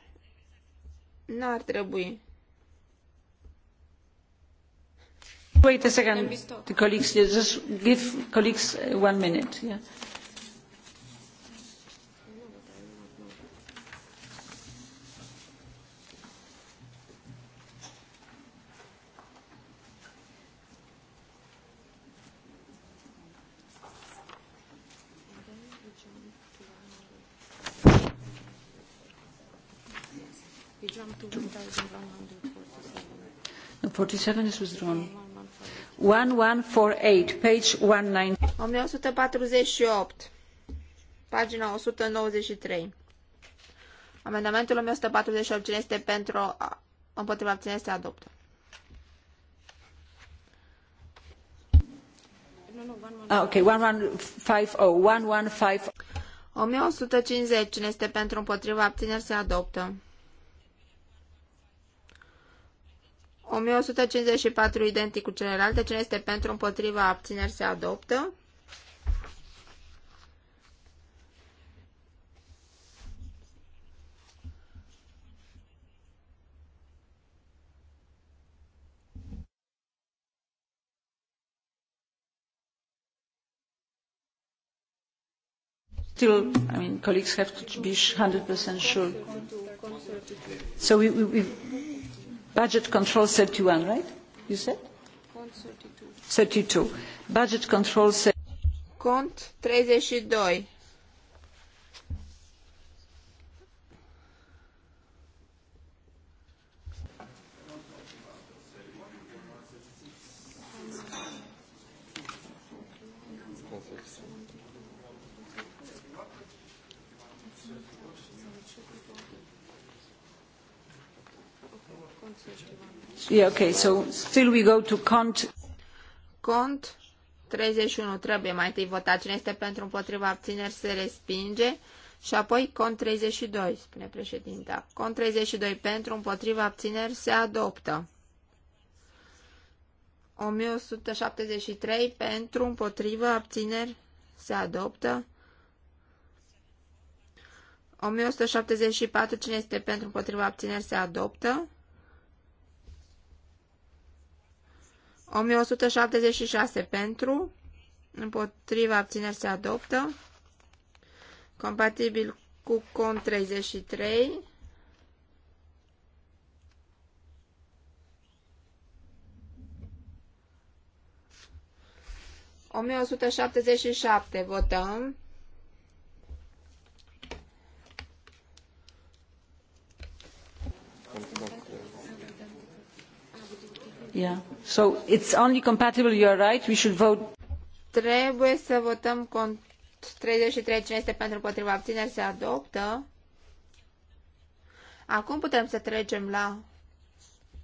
N-ar trebui. Wait a second, the colleagues, just give colleagues uh, one minute. Yeah. 1148, page 19. 1148, pagina 193. Amendamentul 1148, cine este pentru, a, împotriva abținere, se adoptă. Ah, ok, 1150, 1150. 1150, cine este pentru, împotriva abțineri, se adoptă. 1154 identic cu celelalte. Cine este pentru, împotriva, abțineri se adoptă. still I mean colleagues have to be 100% sure so we, we, we budget control 31, right? You said? Cont 32. 32. Budget control... Cont 32. Yeah, okay, so still we go to cont. Cont 31 trebuie mai întâi vota. cine este pentru împotriva abțineri se respinge și apoi cont 32, spune președinta. Cont 32 pentru împotriva abțineri se adoptă. 1173 pentru împotriva abțineri se adoptă. 1174 cine este pentru împotriva abțineri se adoptă. 1176 pentru, împotriva abțineri se adoptă, compatibil cu CON 33, o mie votăm Trebuie să votăm cont 33 cine este pentru împotriva abțineri se adoptă. Acum putem să trecem la...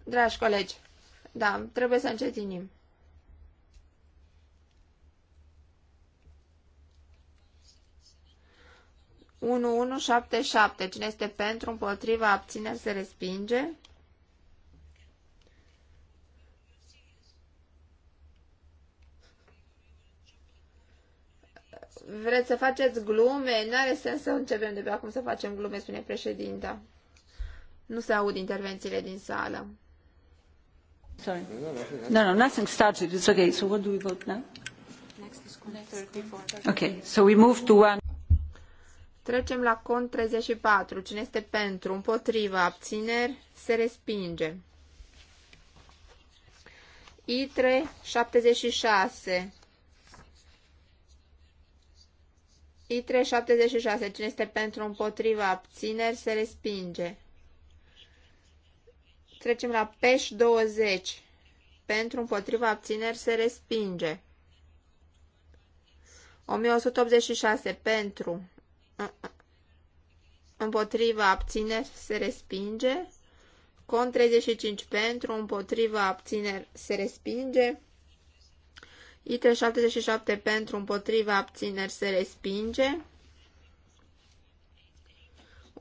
Dragi colegi, da, trebuie să încetinim. Unu, unu, șapte, șapte. Cine este pentru, împotriva, abțineri, se respinge. vreți să faceți glume? N-are sens să începem de pe acum să facem glume, spune președinta. Nu se aud intervențiile din sală. Sorry. No, no, nothing started. It's okay. So what do we vote now? Okay, so we move to one. Trecem la cont 34. Cine este pentru, împotrivă, abțineri, se respinge. ITRE 76. ITRE 76. Cine este pentru împotriva abțineri se respinge. Trecem la PEș 20. Pentru împotriva abțineri se respinge. 1186. Pentru împotriva abțineri se respinge. Con 35. Pentru împotriva abțineri se respinge. ITRE 77 pentru, împotriva, abțineri, se respinge.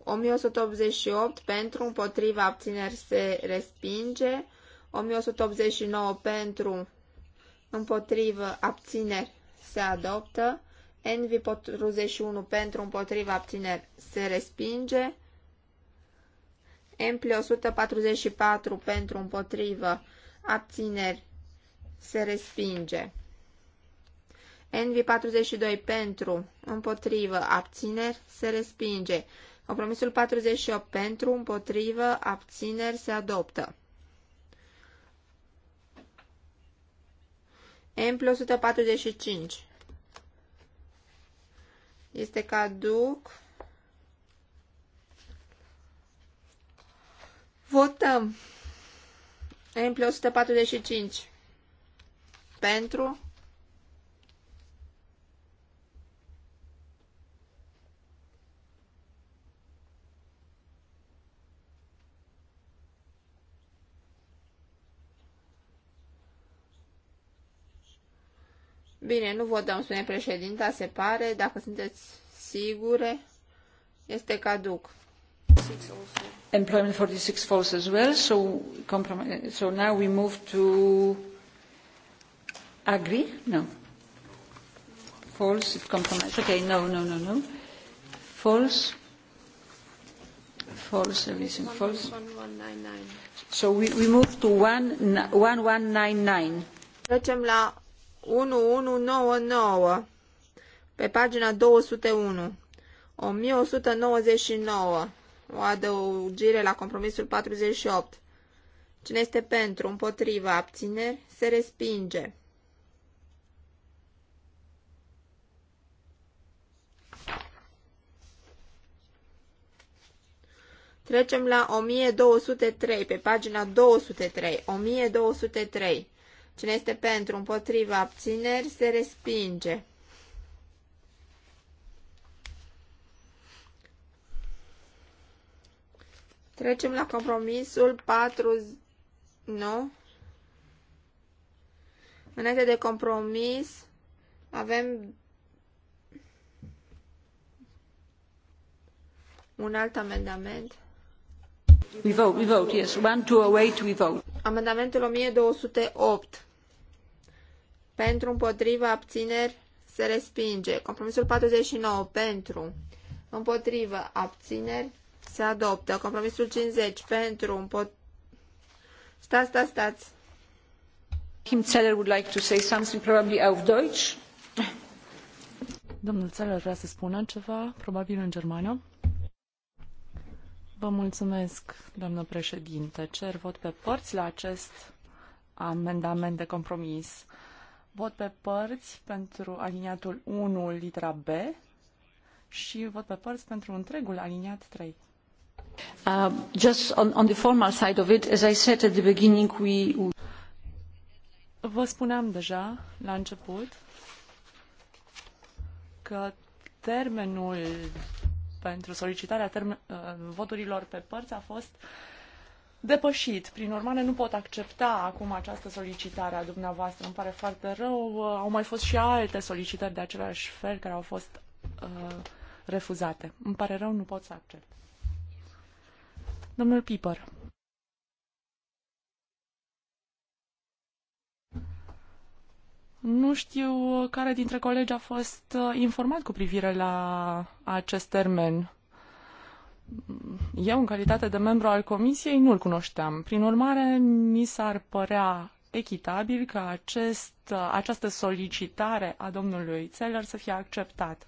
1188 pentru, împotriva, abțineri, se respinge. 1189 pentru, împotriva abțineri, se adoptă. NV 41 pentru, împotriva, abțineri, se respinge. MP 144 pentru, împotriva abțineri, se respinge. NV42 pentru, împotrivă, abțineri, se respinge. Compromisul 48 pentru, împotrivă, abțineri, se adoptă. M plus 145 este caduc. Votăm. M plus 145 pentru Bine, nu votăm, spune președinta, se pare. Dacă sunteți sigure, este caduc. Employment 46 falls as well, so, so now we move to agree? No. False, if compromise. Okay, no, no, no, no. False. False, everything false. So we, we move to 1199. Trecem la 1199 pe pagina 201 1199 o adăugire la compromisul 48 Cine este pentru, împotriva, abțineri, se respinge. Trecem la 1203, pe pagina 203. 1203. Cine este pentru, împotriva, abțineri, se respinge. Trecem la compromisul 4, nu? Înainte de compromis avem un alt amendament. We vote, we vote, yes. Oh eight, we vote. Amendamentul 1208. Pentru, împotriva, abțineri, se respinge. Compromisul 49. Pentru, împotriva, abțineri, se adoptă. Compromisul 50. Pentru, împotriva... Stați, stați, stați. Kim Zeller would like to say something, probably auf Deutsch. Domnul Zeller vrea să spună ceva, probabil în germană. Vă mulțumesc, doamnă președinte. Cer vot pe părți la acest amendament de compromis. Vot pe părți pentru aliniatul 1, litera B și vot pe părți pentru întregul aliniat 3. Uh, just on, on the formal side of it, as I said at the beginning, we... Vă spuneam deja la început că termenul pentru solicitarea termen, uh, voturilor pe părți a fost depășit. Prin urmare, nu pot accepta acum această solicitare a dumneavoastră. Îmi pare foarte rău. Uh, au mai fost și alte solicitări de același fel care au fost uh, refuzate. Îmi pare rău, nu pot să accept. Domnul Piper. Nu știu uh, care dintre colegi a fost uh, informat cu privire la acest termen. Eu, în calitate de membru al comisiei, nu-l cunoșteam. Prin urmare, mi s-ar părea echitabil ca acest, uh, această solicitare a domnului Țeller să fie acceptat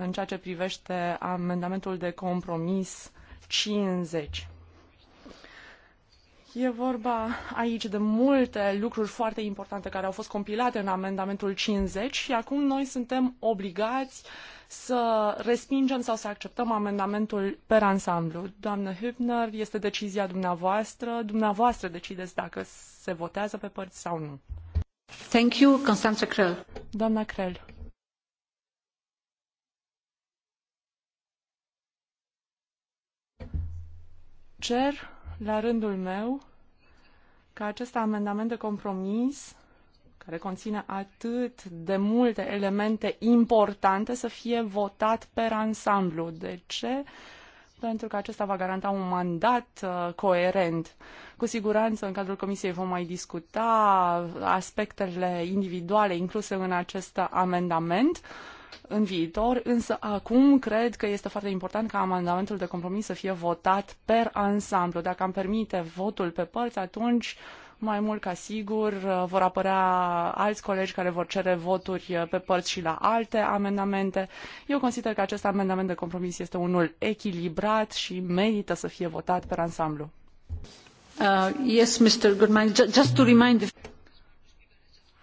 în ceea ce privește amendamentul de compromis 50. E vorba aici de multe lucruri foarte importante care au fost compilate în amendamentul 50 și acum noi suntem obligați să respingem sau să acceptăm amendamentul per ansamblu. Doamnă Hübner, este decizia dumneavoastră. Dumneavoastră decideți dacă se votează pe părți sau nu. Thank you, Constanța Krell. Doamna Krell. Cer la rândul meu că acest amendament de compromis care conține atât de multe elemente importante să fie votat per ansamblu. De ce? Pentru că acesta va garanta un mandat uh, coerent. Cu siguranță, în cadrul Comisiei vom mai discuta aspectele individuale incluse în acest amendament. Uh, în viitor, însă acum cred că este foarte important ca amendamentul de compromis să fie votat per ansamblu. Dacă îmi permite votul pe părți, atunci mai mult ca sigur vor apărea alți colegi care vor cere voturi pe părți și la alte amendamente. Eu consider că acest amendament de compromis este unul echilibrat și merită să fie votat per ansamblu. Uh, yes, Mr. Goodman, just to remind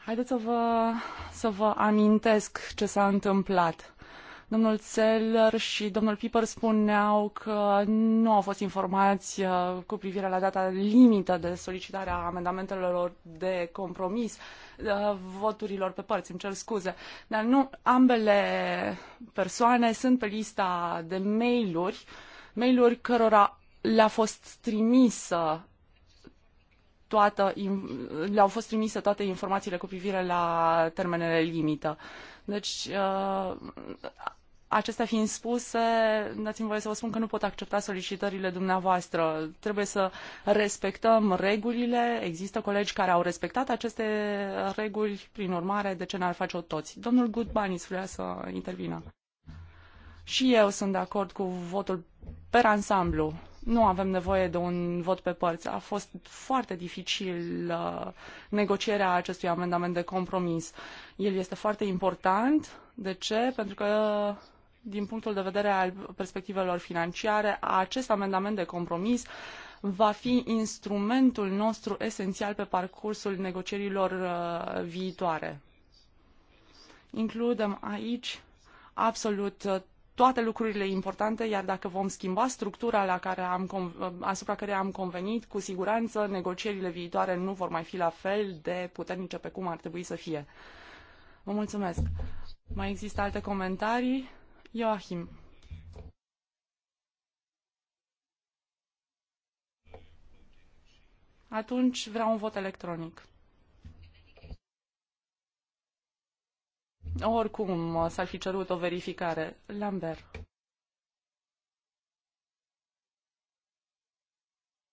Haideți să vă, să vă amintesc ce s-a întâmplat. Domnul Țeller și domnul Piper spuneau că nu au fost informați uh, cu privire la data limită de solicitare a amendamentelor de compromis, uh, voturilor pe părți, îmi cer scuze. Dar nu, ambele persoane sunt pe lista de mail-uri, mail-uri cărora le-a fost trimisă toată, le-au fost trimise toate informațiile cu privire la termenele limită. Deci, uh, acestea fiind spuse, dați-mi voie să vă spun că nu pot accepta solicitările dumneavoastră. Trebuie să respectăm regulile. Există colegi care au respectat aceste reguli, prin urmare, de ce n-ar face-o toți? Domnul Goodbanis vrea să intervină. Și eu sunt de acord cu votul per ansamblu nu avem nevoie de un vot pe părți. A fost foarte dificil uh, negocierea acestui amendament de compromis. El este foarte important. De ce? Pentru că din punctul de vedere al perspectivelor financiare, acest amendament de compromis va fi instrumentul nostru esențial pe parcursul negocierilor uh, viitoare. Includem aici absolut uh, toate lucrurile importante, iar dacă vom schimba structura la care am, asupra care am convenit, cu siguranță negocierile viitoare nu vor mai fi la fel de puternice pe cum ar trebui să fie. Vă mulțumesc. Mai există alte comentarii? Joachim. Atunci vreau un vot electronic. Oricum, s-ar fi cerut o verificare. Lambert.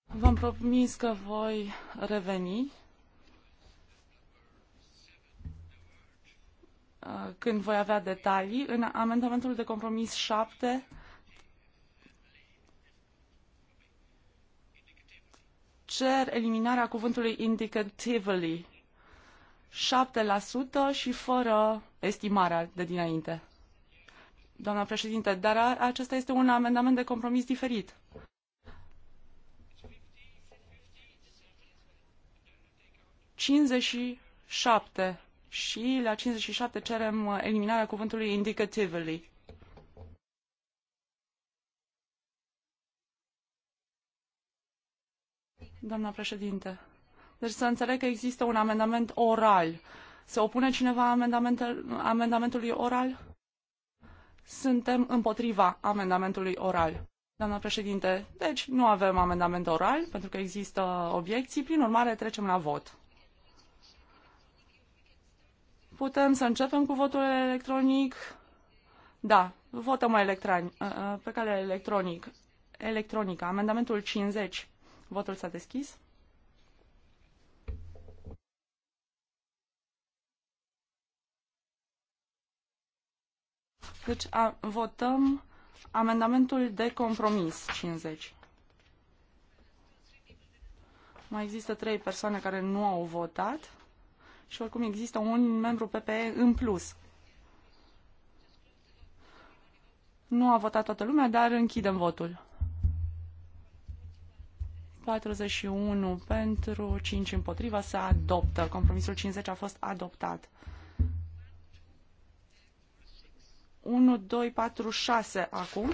V-am promis că voi reveni uh, când voi avea detalii. În amendamentul de compromis 7 cer eliminarea cuvântului indicatively 7% și fără estimarea de dinainte. Doamna președinte, dar acesta este un amendament de compromis diferit. Cincizeci șapte și la 57 cerem uh, eliminarea cuvântului indicatively. Doamna președinte, deci să înțeleg că există un amendament oral se opune cineva amendamentului oral? Suntem împotriva amendamentului oral. Doamna președinte, deci nu avem amendament oral pentru că există obiecții, prin urmare trecem la vot. Putem să începem cu votul electronic? Da, votăm electronic, uh, uh, pe cale electronic. Electronică, amendamentul 50. Votul s-a deschis. Deci a, votăm amendamentul de compromis 50. Mai există trei persoane care nu au votat și oricum există un membru PPE în plus. Nu a votat toată lumea, dar închidem votul. 41 pentru, 5 împotriva, se adoptă. Compromisul 50 a fost adoptat. 1, 2, 4, 6 acum.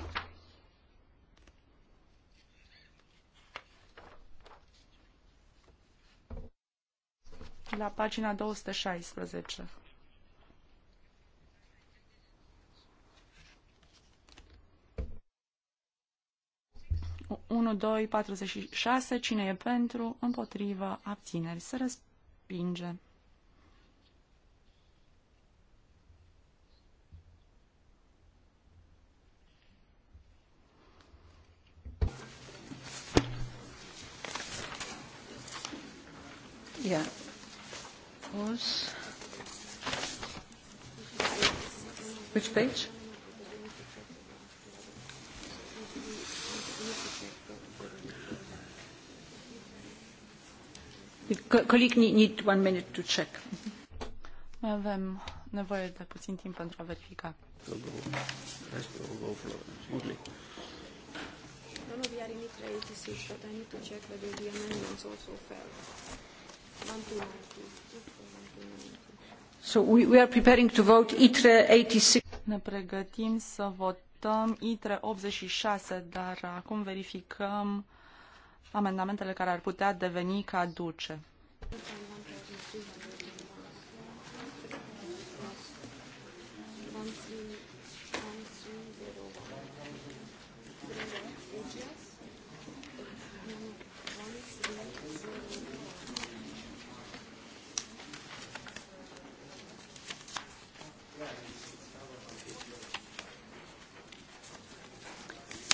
La pagina 216. Unu, doi, patruzeci și șase, cine e pentru, împotriva, abțineri, se respinge. Mai avem nevoie de puțin timp pentru a verifica. So we, we are preparing to vote ITRE 86. Ne pregătim să votăm ITRE 86, dar acum verificăm amendamentele care ar putea deveni caduce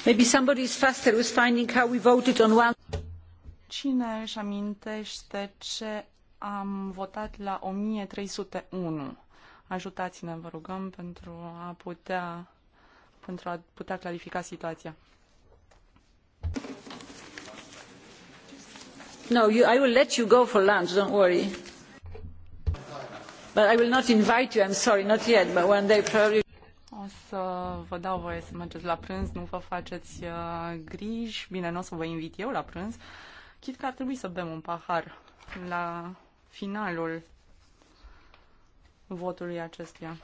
maybe somebody is faster with finding how we voted on one. Cine își amintește ce am votat la 1301? Ajutați-ne, vă rugăm, pentru a putea, pentru a putea clarifica situația. No, you, I will let you go for lunch, don't worry. But I will not invite you, I'm sorry, not yet, but one day probably... O să vă dau voie să mergeți la prânz, nu vă faceți uh, griji. Bine, nu o să vă invit eu la prânz. Uh, Chit că ar trebui să bem un pahar la finalul votului acestuia.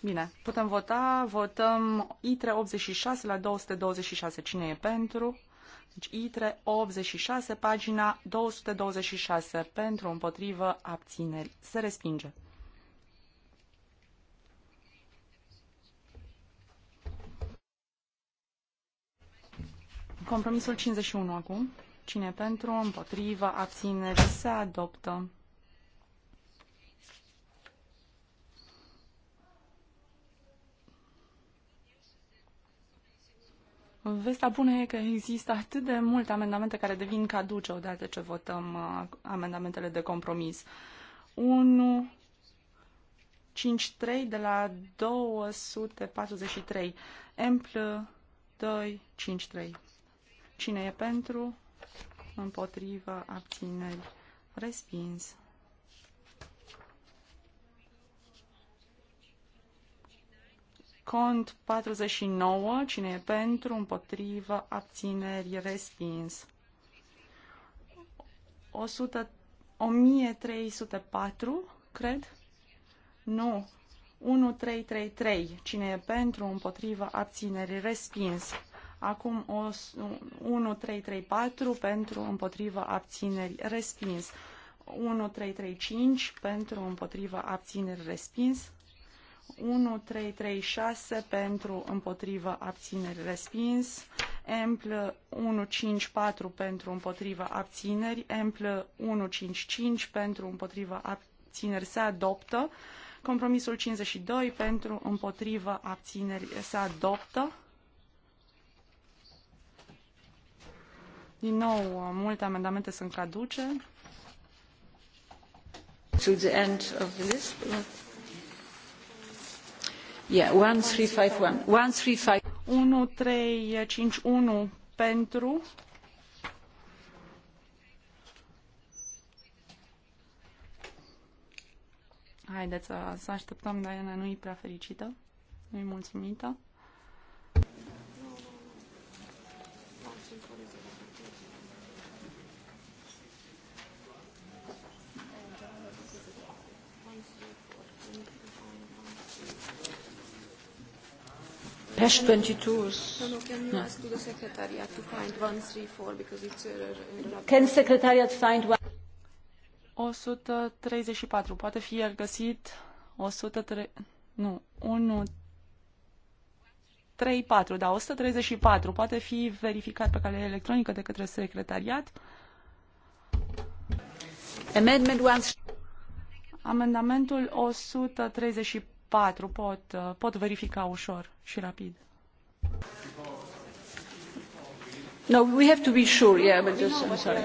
Bine, putem vota. Votăm ITRE 86 la 226. Cine e pentru? Deci ITRE 86, pagina 226. Pentru, împotrivă, abțineri. Se respinge. Compromisul 51 acum. Cine pentru, împotrivă, abțineri, se adoptă. Vestea bună e că există atât de multe amendamente care devin caduce odată ce votăm uh, amendamentele de compromis. 1, 5, 3 de la 243, ampl 2, 5, 3. Cine e pentru? Împotrivă, abțineri, respins. Cont 49, cine e pentru, împotrivă, abțineri, respins. 100, 1304, cred? Nu. 1333, cine e pentru, împotrivă, abțineri, respins. Acum 1334 pentru împotriva abțineri respins. 1335 pentru împotriva abțineri respins. 1336 pentru împotriva abțineri respins. Empl 154 pentru împotriva abțineri. Empl 155 pentru împotriva abțineri se adoptă. Compromisul 52 pentru împotriva abțineri se adoptă. Din nou, multe amendamente sunt caduce. To the end of the list. Yeah, 1351. 1, 1351 pentru. Haideți să, să așteptăm, Diana nu e prea fericită, nu e mulțumită. 22. No, can you no. ask to the secretariat to find 134 because it's error uh, in the Can secretariat find one? 134. Poate fi găsit 103... Nu, 1... 34, da, 134. Poate fi verificat pe cale electronică de către secretariat. Amendment 1... Amendamentul 134 patru pot, uh, pot verifica ușor și rapid. No, we have to be sure, yeah, but just, I'm sorry.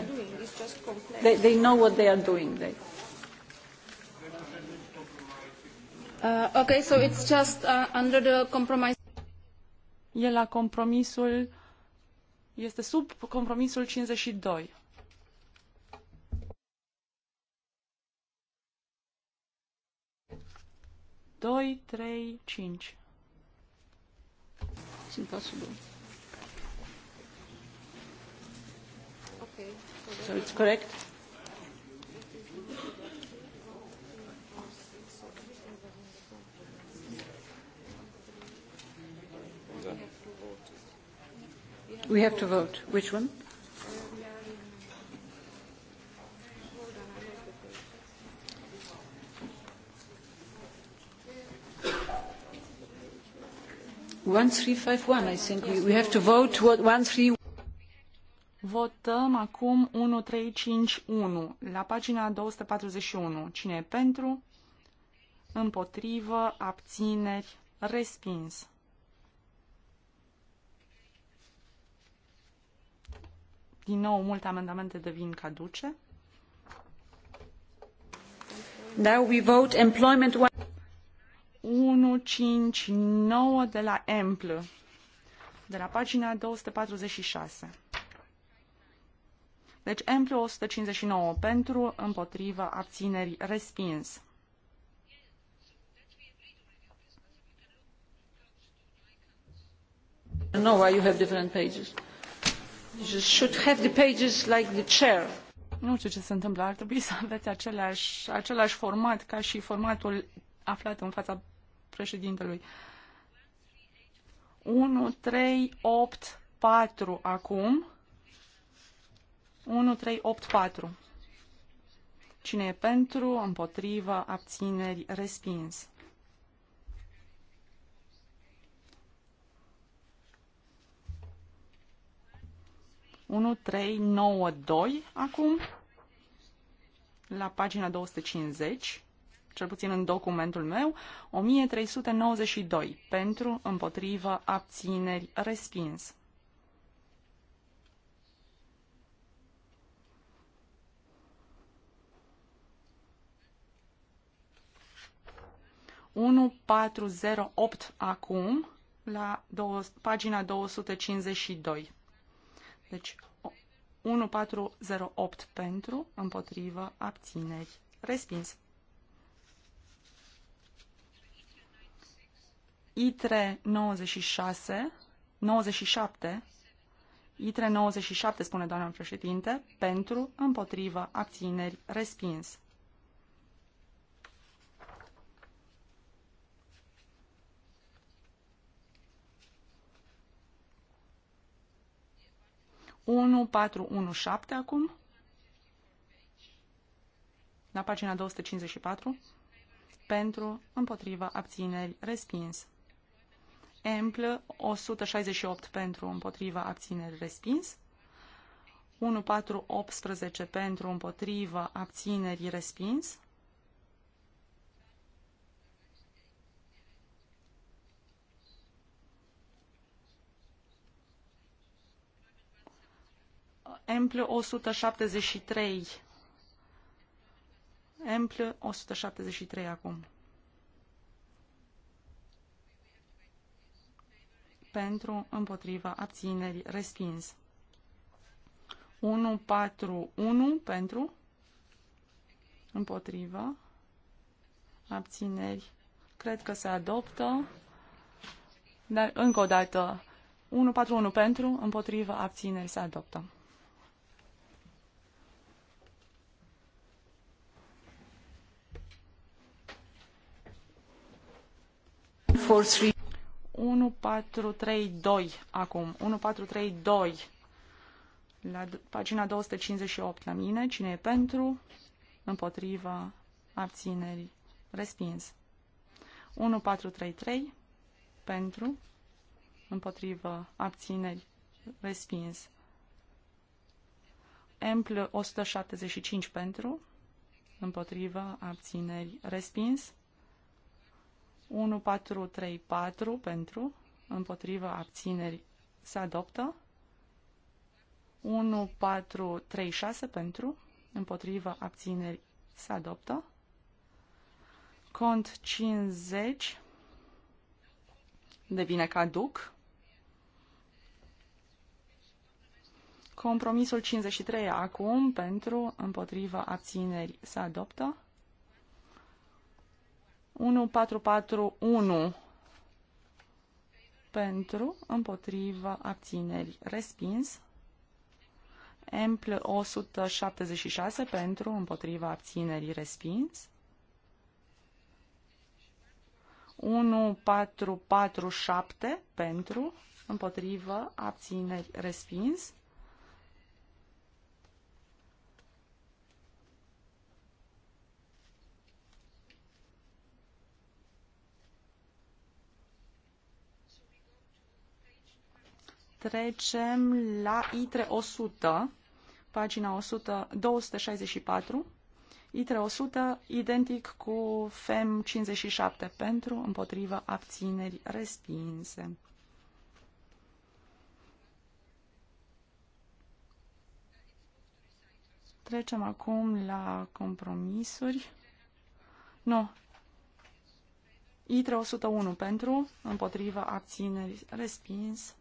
They, they know what they are doing. They... Uh, okay, so it's just uh, under the compromise. E la compromisul, este sub compromisul 52. 2, 3, 5. Sunt pasul 2. Ok. So it's correct? We have to vote. Which one? 1351, I think. We, we have to vote what 13 Votăm acum 1351 la pagina 241. Cine e pentru? Împotrivă, abțineri, respins. Din nou, multe amendamente devin caduce. Now we vote employment one. 159 de la Emplă, de la pagina 246. Deci Emplă 159 pentru, împotriva abțineri, respins. No, why you have different pages. You should have the pages like the chair. Nu știu ce se întâmplă. Ar trebui să aveți același, același format ca și formatul aflat în fața președintelui. 1, 3, 8, 4 acum. 1, 3, 8, 4. Cine e pentru, împotrivă, abțineri, respins. Unu, trei, nouă, doi, acum, la pagina 250 cel puțin în documentul meu, 1392 pentru, împotrivă, abțineri, respins. Unu patru zero opt acum la două, pagina 252. Deci 1408 pentru, împotrivă, abțineri, respins. ITRE 96, 97, ITRE 97, spune doamna președinte, pentru, împotrivă, abțineri, respins. Unu, patru, unu, șapte acum. La pagina 254. Pentru, împotriva abțineri, respins. Amplă 168 pentru împotriva abțineri respins. 1418 pentru împotriva abțineri respins. Amplă 173. Amplă 173 acum. pentru, împotriva, abțineri, respins. 1 pentru, împotriva, abțineri, cred că se adoptă, dar încă o dată, 1 pentru, împotriva, abțineri, se adoptă. for three. 1432 acum, 1432 la pagina 258 la mine, cine e pentru, împotriva, abțineri, respins. 1433 pentru, împotrivă, abțineri, respins. Ample 175 pentru, împotrivă, abțineri, respins. 1434 pentru, împotrivă, abțineri se adoptă. 1436 pentru, împotrivă, abțineri se adoptă. Cont 50 devine caduc. Compromisul 53 acum pentru, împotriva abțineri se adoptă. 1441 pentru, împotriva, abțineri, respins. Empl 176 pentru, împotriva, abținerii, respins. 1447 pentru, împotriva, abțineri, respins. trecem la ITRE 100, pagina 100, 264. ITRE 100, identic cu FEM 57 pentru, împotriva abțineri respinse. Trecem acum la compromisuri. Nu. ITRE 101 pentru, împotriva abțineri respinse.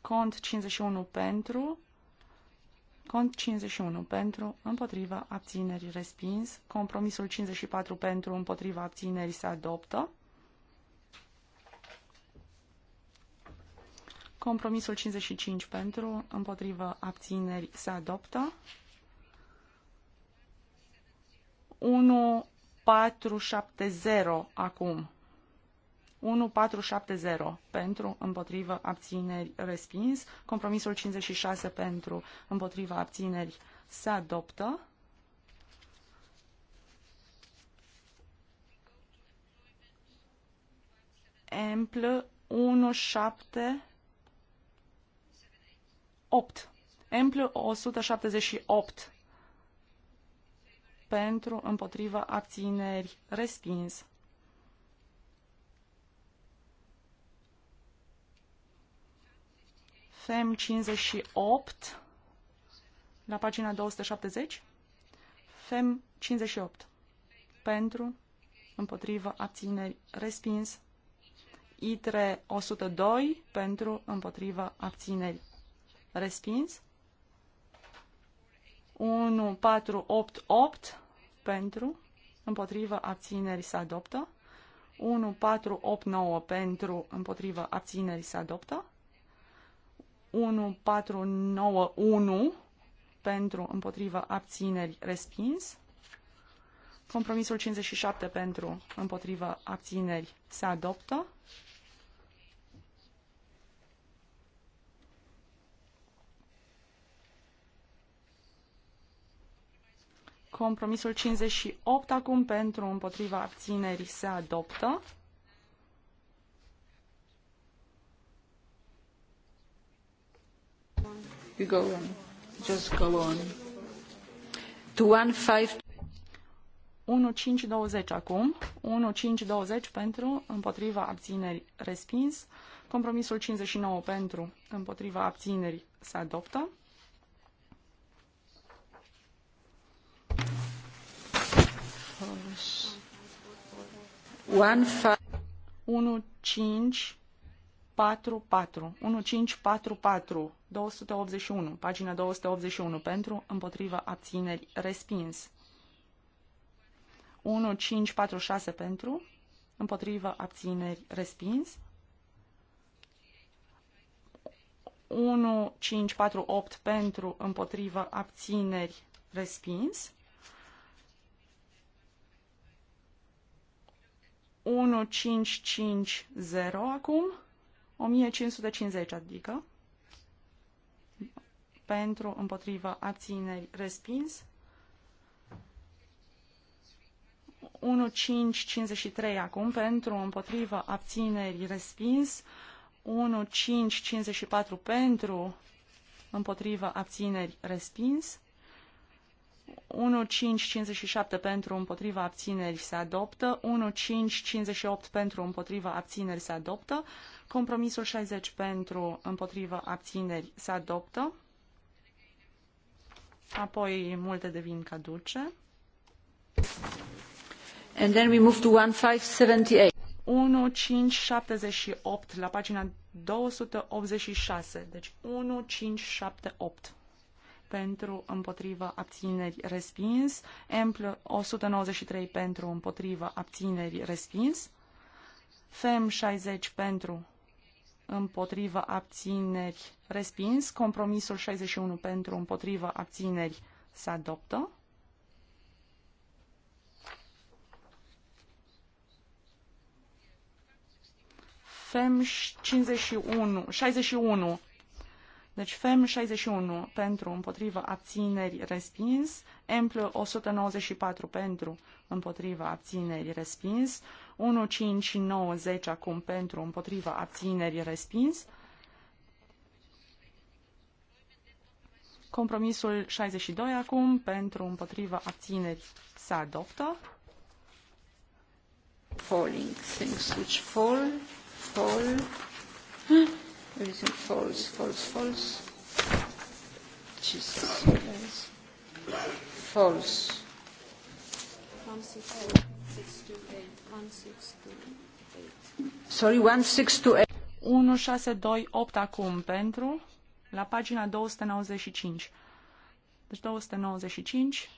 Cont 51 pentru. Cont 51 pentru, împotriva abținerii respins. Compromisul 54 pentru, împotriva abținerii se adoptă. Compromisul 55 pentru, împotriva abținerii se adoptă. 1470 acum. 1470 pentru, împotrivă, abțineri, respins. Compromisul 56 pentru, împotrivă, abțineri, se adoptă. Ample 178. Ample 178 pentru, împotrivă, abțineri, respins. FEM 58 la pagina 270. FEM 58 pentru, împotrivă, abțineri, respins. ITRE 102 pentru, împotrivă, abțineri, respins. 1488 pentru, împotrivă, abțineri, se adoptă. 1489 pentru, împotrivă, abțineri, se adoptă. 1491 pentru împotrivă abțineri respins. Compromisul 57 pentru împotrivă abțineri se adoptă. Compromisul 58 acum pentru împotriva abținerii se adoptă. You go on. Just go on. To 15... 1520 acum. 1520 pentru, împotriva abțineri respins. Compromisul 59 pentru, împotriva abțineri se adoptă. One five. 1, 5, 144, 1544, 281, pagina 281 pentru, împotriva abțineri, respins. 1546 pentru, împotriva abțineri, respins. 1548 pentru, împotriva abțineri, respins. 1550 acum 1550, adică pentru, împotriva abțineri, respins. 1553 acum, pentru, împotriva abțineri, respins. 1554 pentru, împotriva abțineri, respins. 1557 pentru împotriva abțineri se adoptă, 1558 pentru împotriva abțineri se adoptă, compromisul 60 pentru împotriva abțineri se adoptă, apoi multe devin caduce. And then we move to 1578. 1578 la pagina 286, deci 1578 pentru împotriva abțineri respins, Empl 193 pentru împotriva abțineri respins, FEM 60 pentru împotriva abțineri respins, compromisul 61 pentru împotriva abțineri se adoptă. FEM 51, 61 deci FEM 61 pentru, împotriva abțineri, respins. EMPL 194 pentru, împotriva abțineri, respins. 1590 acum pentru, împotriva abțineri, respins. Compromisul 62 acum pentru, împotriva abțineri, se adoptă. Falling things which fall, fall. Huh? Everything false, false, false. Jesus False. 1628. Sorry, 1628 acum pentru la pagina 295. Deci 295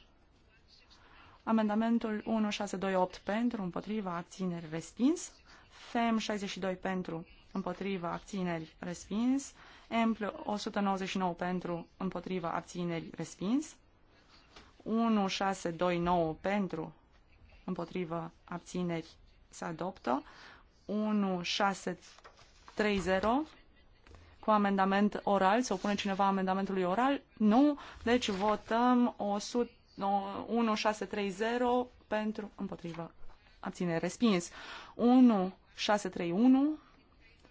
Amendamentul 1628 pentru, împotriva, abțineri, respins. FEM 62 pentru, împotriva abțineri respins, M 199 pentru împotriva abțineri respins, 1629 pentru împotriva abțineri se adoptă, 1630 cu amendament oral, se opune cineva amendamentului oral? Nu, deci votăm 1630 pentru împotriva abțineri respins, 1631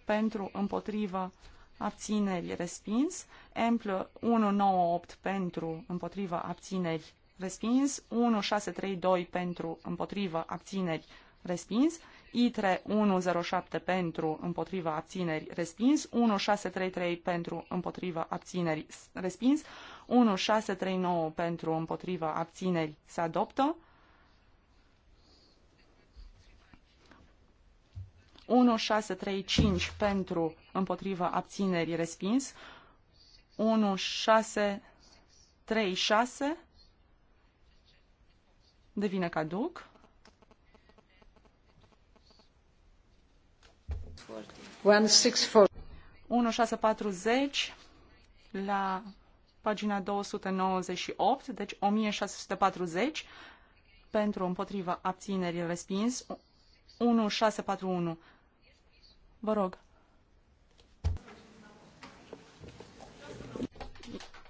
pentru, împotrivă, abțineri, respins. Amplă 198 pentru, împotrivă, abțineri, respins. 1632 pentru, împotrivă, abțineri, respins. ITRE 107 pentru, împotriva abțineri, respins. 1633 pentru, împotriva abțineri, respins. 1639 pentru, împotriva abțineri, se adoptă. 1635 pentru împotriva abținerii respins, 1636 devine caduc. One, six, 1640 la pagina 298, deci 1640 pentru împotriva abținerii respins, 1641. Vă rog.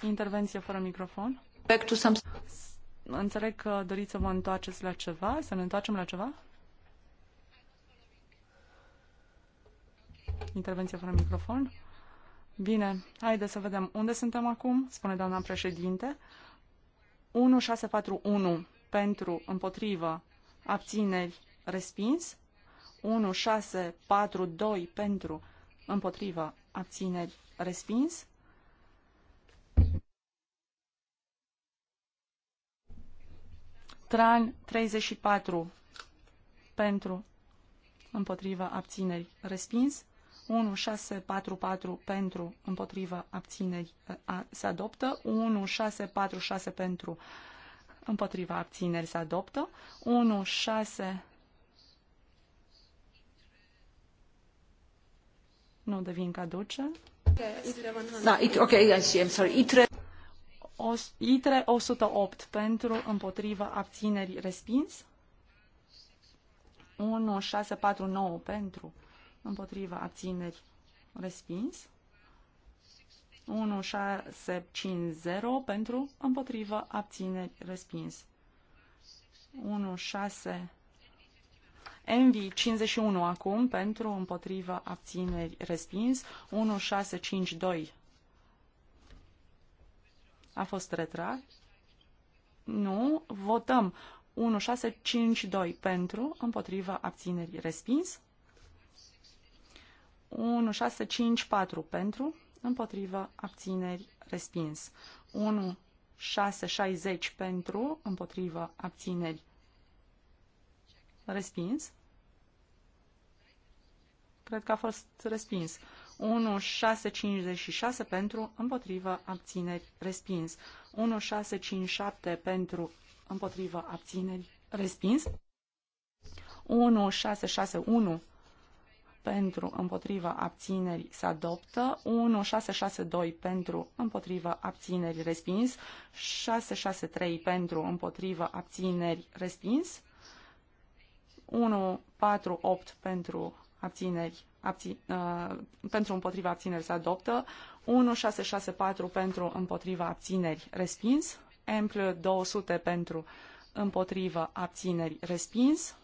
Intervenție fără microfon. Înțeleg că doriți să vă întoarceți la ceva, să ne întoarcem la ceva? Intervenție fără microfon. Bine, haideți să vedem unde suntem acum, spune doamna președinte. 1641 pentru, împotrivă, abțineri, respins. 2 pentru împotriva abțineri respins. Tran 34 pentru împotriva abțineri respins. 4 pentru împotriva abțineri a, se adoptă, 6 pentru împotriva abțineri se adoptă, 6 nu devin caduce. Da, it, ok, I see, I'm sorry. ITRE... os, ITRE 108 pentru, împotriva abțineri, respins. 1649 pentru, împotriva abțineri, respins. 1650 pentru, împotriva abțineri, respins. 16 Envy 51 acum pentru împotriva abțineri respins. 1652 a fost retras. Nu, votăm 1652 pentru împotriva abțineri respins. 1654 pentru împotriva abțineri respins. 1660 pentru împotriva abțineri Respins. Cred că a fost respins. 1656 pentru, împotrivă, abțineri, respins. 1657 pentru, împotrivă, abțineri, respins. 1661 pentru, împotrivă, abțineri, se adoptă. 1662 pentru, împotrivă, abțineri, respins. 663 pentru, împotrivă, abțineri, respins. 1, 4, 8 pentru abțineri, abți, uh, pentru împotriva abțineri se adoptă, 1, 6, 6, 4 pentru împotriva abțineri respins, M 200 pentru împotriva abțineri respins,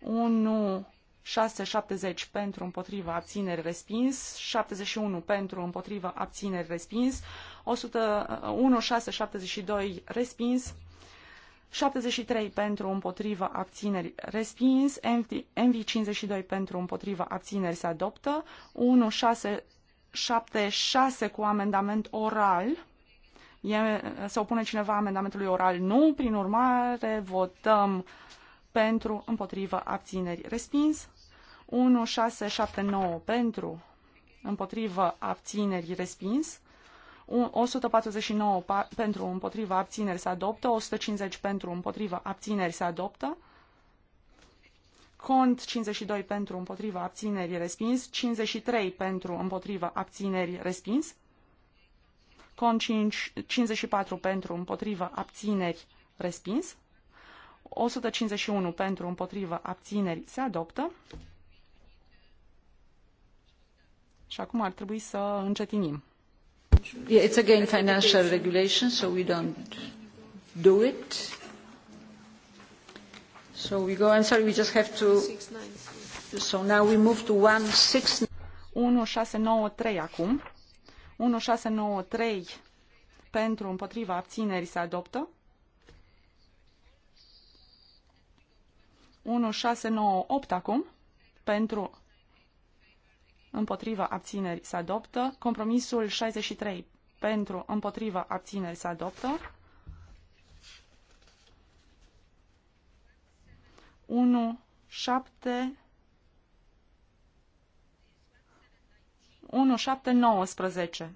1, 670 pentru împotriva abțineri respins, 71 pentru împotriva abțineri respins, 1672 uh, respins, 73 pentru împotriva abțineri respins, MV 52 pentru împotriva abțineri se adoptă, 1676 cu amendament oral. E, se opune cineva amendamentului oral? Nu. Prin urmare, votăm pentru împotriva abțineri respins, 1679 pentru împotriva abțineri respins, 149 pentru împotriva abțineri se adoptă, 150 pentru împotriva abțineri se adoptă, cont 52 pentru împotriva abțineri respins, 53 pentru împotriva abțineri respins, cont 5, 54 pentru împotriva abțineri respins, 151 pentru împotriva abțineri se adoptă. Și acum ar trebui să încetinim. Yeah, it's again financial regulation, so we don't do it. So we go, I'm sorry, we just have to, so now we move to 1693 acum. 1693 pentru împotriva abținerii se adoptă. 1698 acum pentru împotrivă, abțineri, se adoptă. Compromisul 63 pentru, împotrivă, abțineri, se adoptă. 1, 7, 1, 7, 19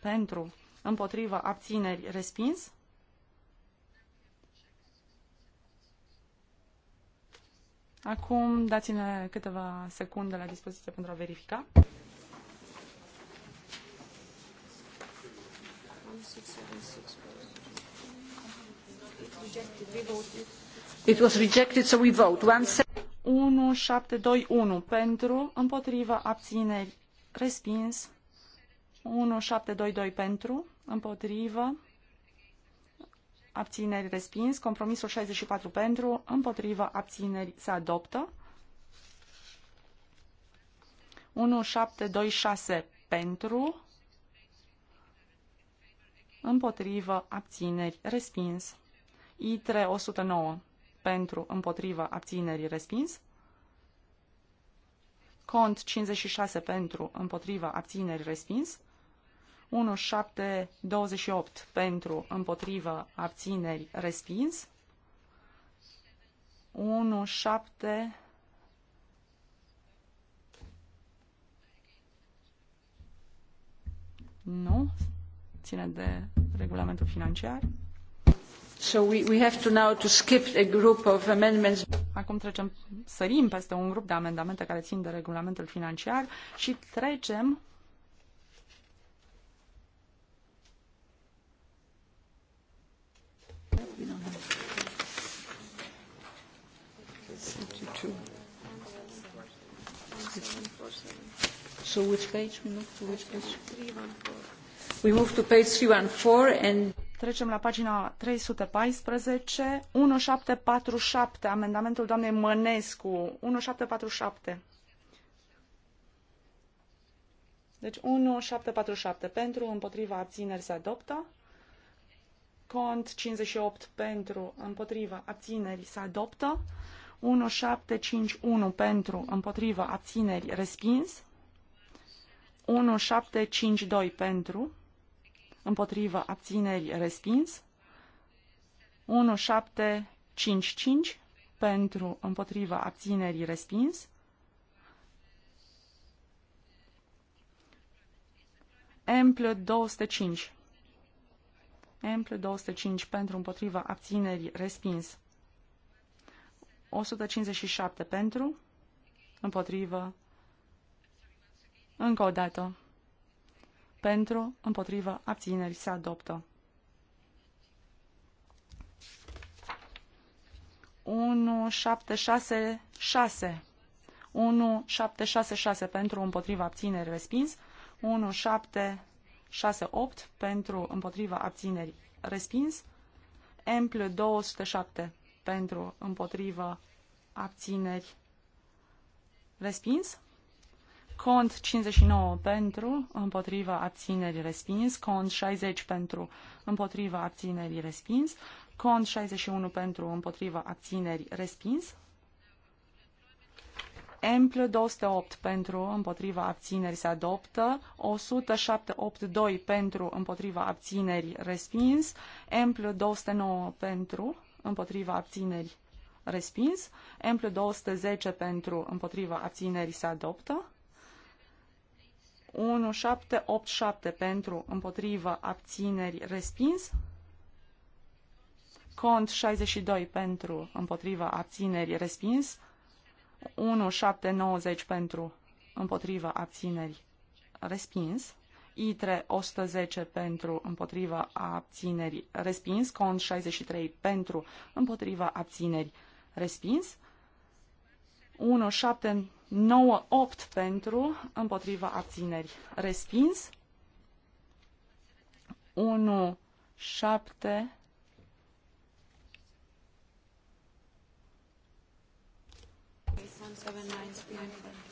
pentru, împotrivă, abțineri, respins. Acum dați-ne câteva secunde la dispoziție pentru a verifica. It was rejected, so we vote. One, 1721 pentru, împotriva abțineri, respins. 1722 pentru, împotriva abțineri respins, compromisul 64 pentru, împotrivă, abțineri se adoptă. 1726 pentru, împotrivă, abțineri, respins. I3 109 pentru, împotrivă, abțineri, respins. Cont 56 pentru, împotrivă, abțineri, respins. 1728 pentru, împotrivă, abțineri, respins. 17 Nu, ține de regulamentul financiar. So we, we have to now to skip a group of amendments. Acum trecem, sărim peste un grup de amendamente care țin de regulamentul financiar și trecem So which page we move to which page? We move to page 314 and Trecem la pagina 314, 1747, amendamentul doamnei Mănescu, 1747. Deci 1747 pentru, împotriva abțineri se adoptă. Cont 58 pentru, împotriva abțineri se adoptă. 1751 pentru, împotriva abțineri respins. 1752 pentru, împotrivă, abțineri, respins. 1755 pentru, împotrivă, abținerii, respins. Ample 205. Ample 205 pentru, împotriva, abținerii, respins. 157 pentru, împotriva încă o dată. Pentru, împotrivă, abțineri se adoptă. 1766. 1766 pentru împotriva abțineri respins, 1768 pentru împotriva abțineri respins, Empl 207 pentru împotriva abțineri respins, Cont 59 pentru, împotriva abținerii respins. Cont 60 pentru, împotriva abținerii respins. Cont 61 pentru, împotriva abținerii respins. Ample 208 pentru, împotriva abținerii se adoptă, 1782 pentru, împotriva abținerii respins, Ample 209 pentru, împotriva abținerii respins, Ample 210 pentru, împotriva abținerii se adoptă, 1787 pentru împotrivă abțineri respins. Cont 62 pentru împotrivă abțineri respins. 1790 pentru împotrivă abțineri respins. ITRE 110 pentru împotriva abțineri respins, cont 63 pentru împotriva abțineri respins, 1, 7, 9, 8 pentru, împotriva abțineri, respins. 1, 7,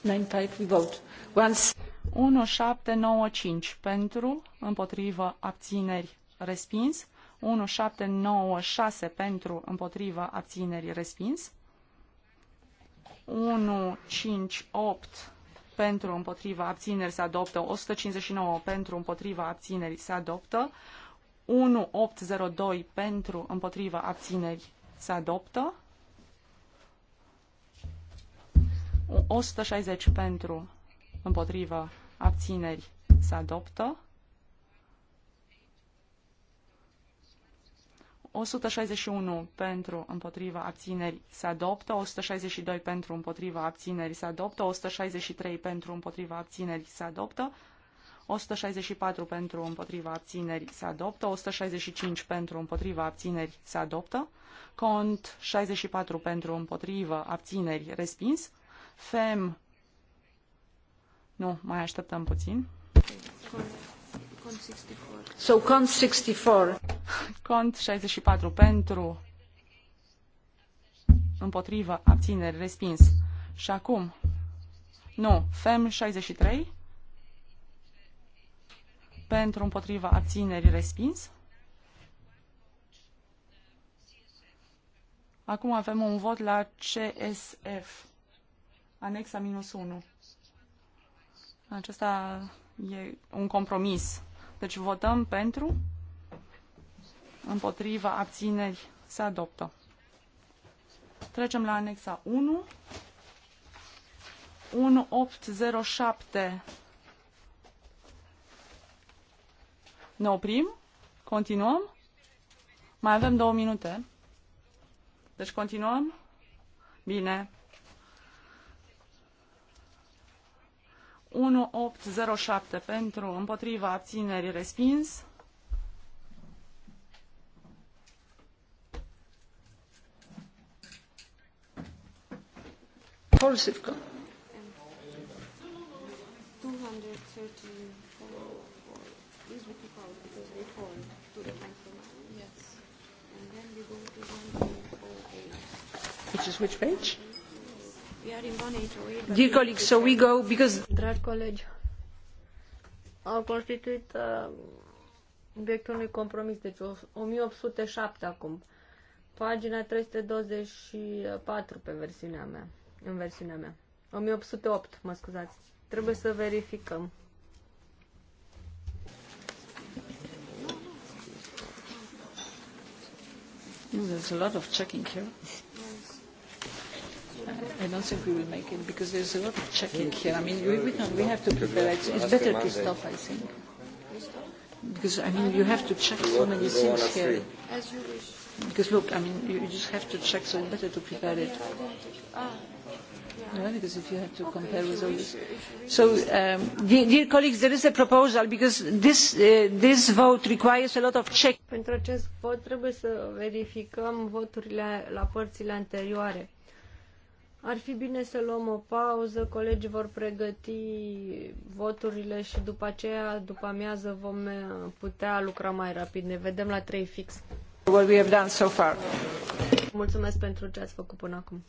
Nine type we vote. 1795 pentru, împotriva abțineri, respins. 1796 pentru, împotriva abțineri, respins. 1, 5, 8 pentru împotriva abțineri se adoptă, 159 pentru împotriva abțineri se adoptă, 1802 pentru împotriva abțineri se adoptă, 160 pentru împotriva abțineri se adoptă, 161 pentru împotriva abțineri se adoptă, 162 pentru împotriva abțineri se adoptă, 163 pentru împotriva abțineri se adoptă, 164 pentru împotriva abțineri se adoptă, 165 pentru împotriva abțineri se adoptă, cont 64 pentru împotriva abțineri respins, FEM, nu, mai așteptăm puțin. So cont 64. Cont 64 pentru, împotrivă, abțineri, respins. Și acum, nu, FEM 63 pentru, împotrivă, abțineri, respins. Acum avem un vot la CSF, anexa minus 1. Acesta e un compromis. Deci votăm pentru, împotriva, abțineri, se adoptă. Trecem la anexa 1. 1807 Ne oprim? Continuăm? Mai avem două minute. Deci continuăm? Bine. 1807 pentru împotriva abținerii respins. repulsive. Which is which page? We are in Dear colleagues, so we go because. Drag colegi, au constituit uh, obiectul unui compromis, deci 1807 acum. Pagina 324 pe versiunea mea în versiunea mea. 1808, mă scuzați. Trebuie să verificăm. There's a lot of checking here. I don't think we will make it because there's a lot of checking here. I mean, we, we, don't, we have to prepare. It's, it's better to stop, I think. Because, I mean, you have to check so many things here. As you wish. Because, look, I mean, you, just have to check, so it's better to prepare it. Ah. No, because if you to okay, compare with So, um, dear, dear colleagues, there is a proposal because this, uh, this vote requires a lot of check. Pentru acest vot trebuie să verificăm voturile la părțile anterioare. Ar fi bine să luăm o pauză, colegii vor pregăti voturile și după aceea, după amiază, vom uh, putea lucra mai rapid. Ne vedem la trei fix. What we have done so far. Mulțumesc pentru ce ați făcut până acum.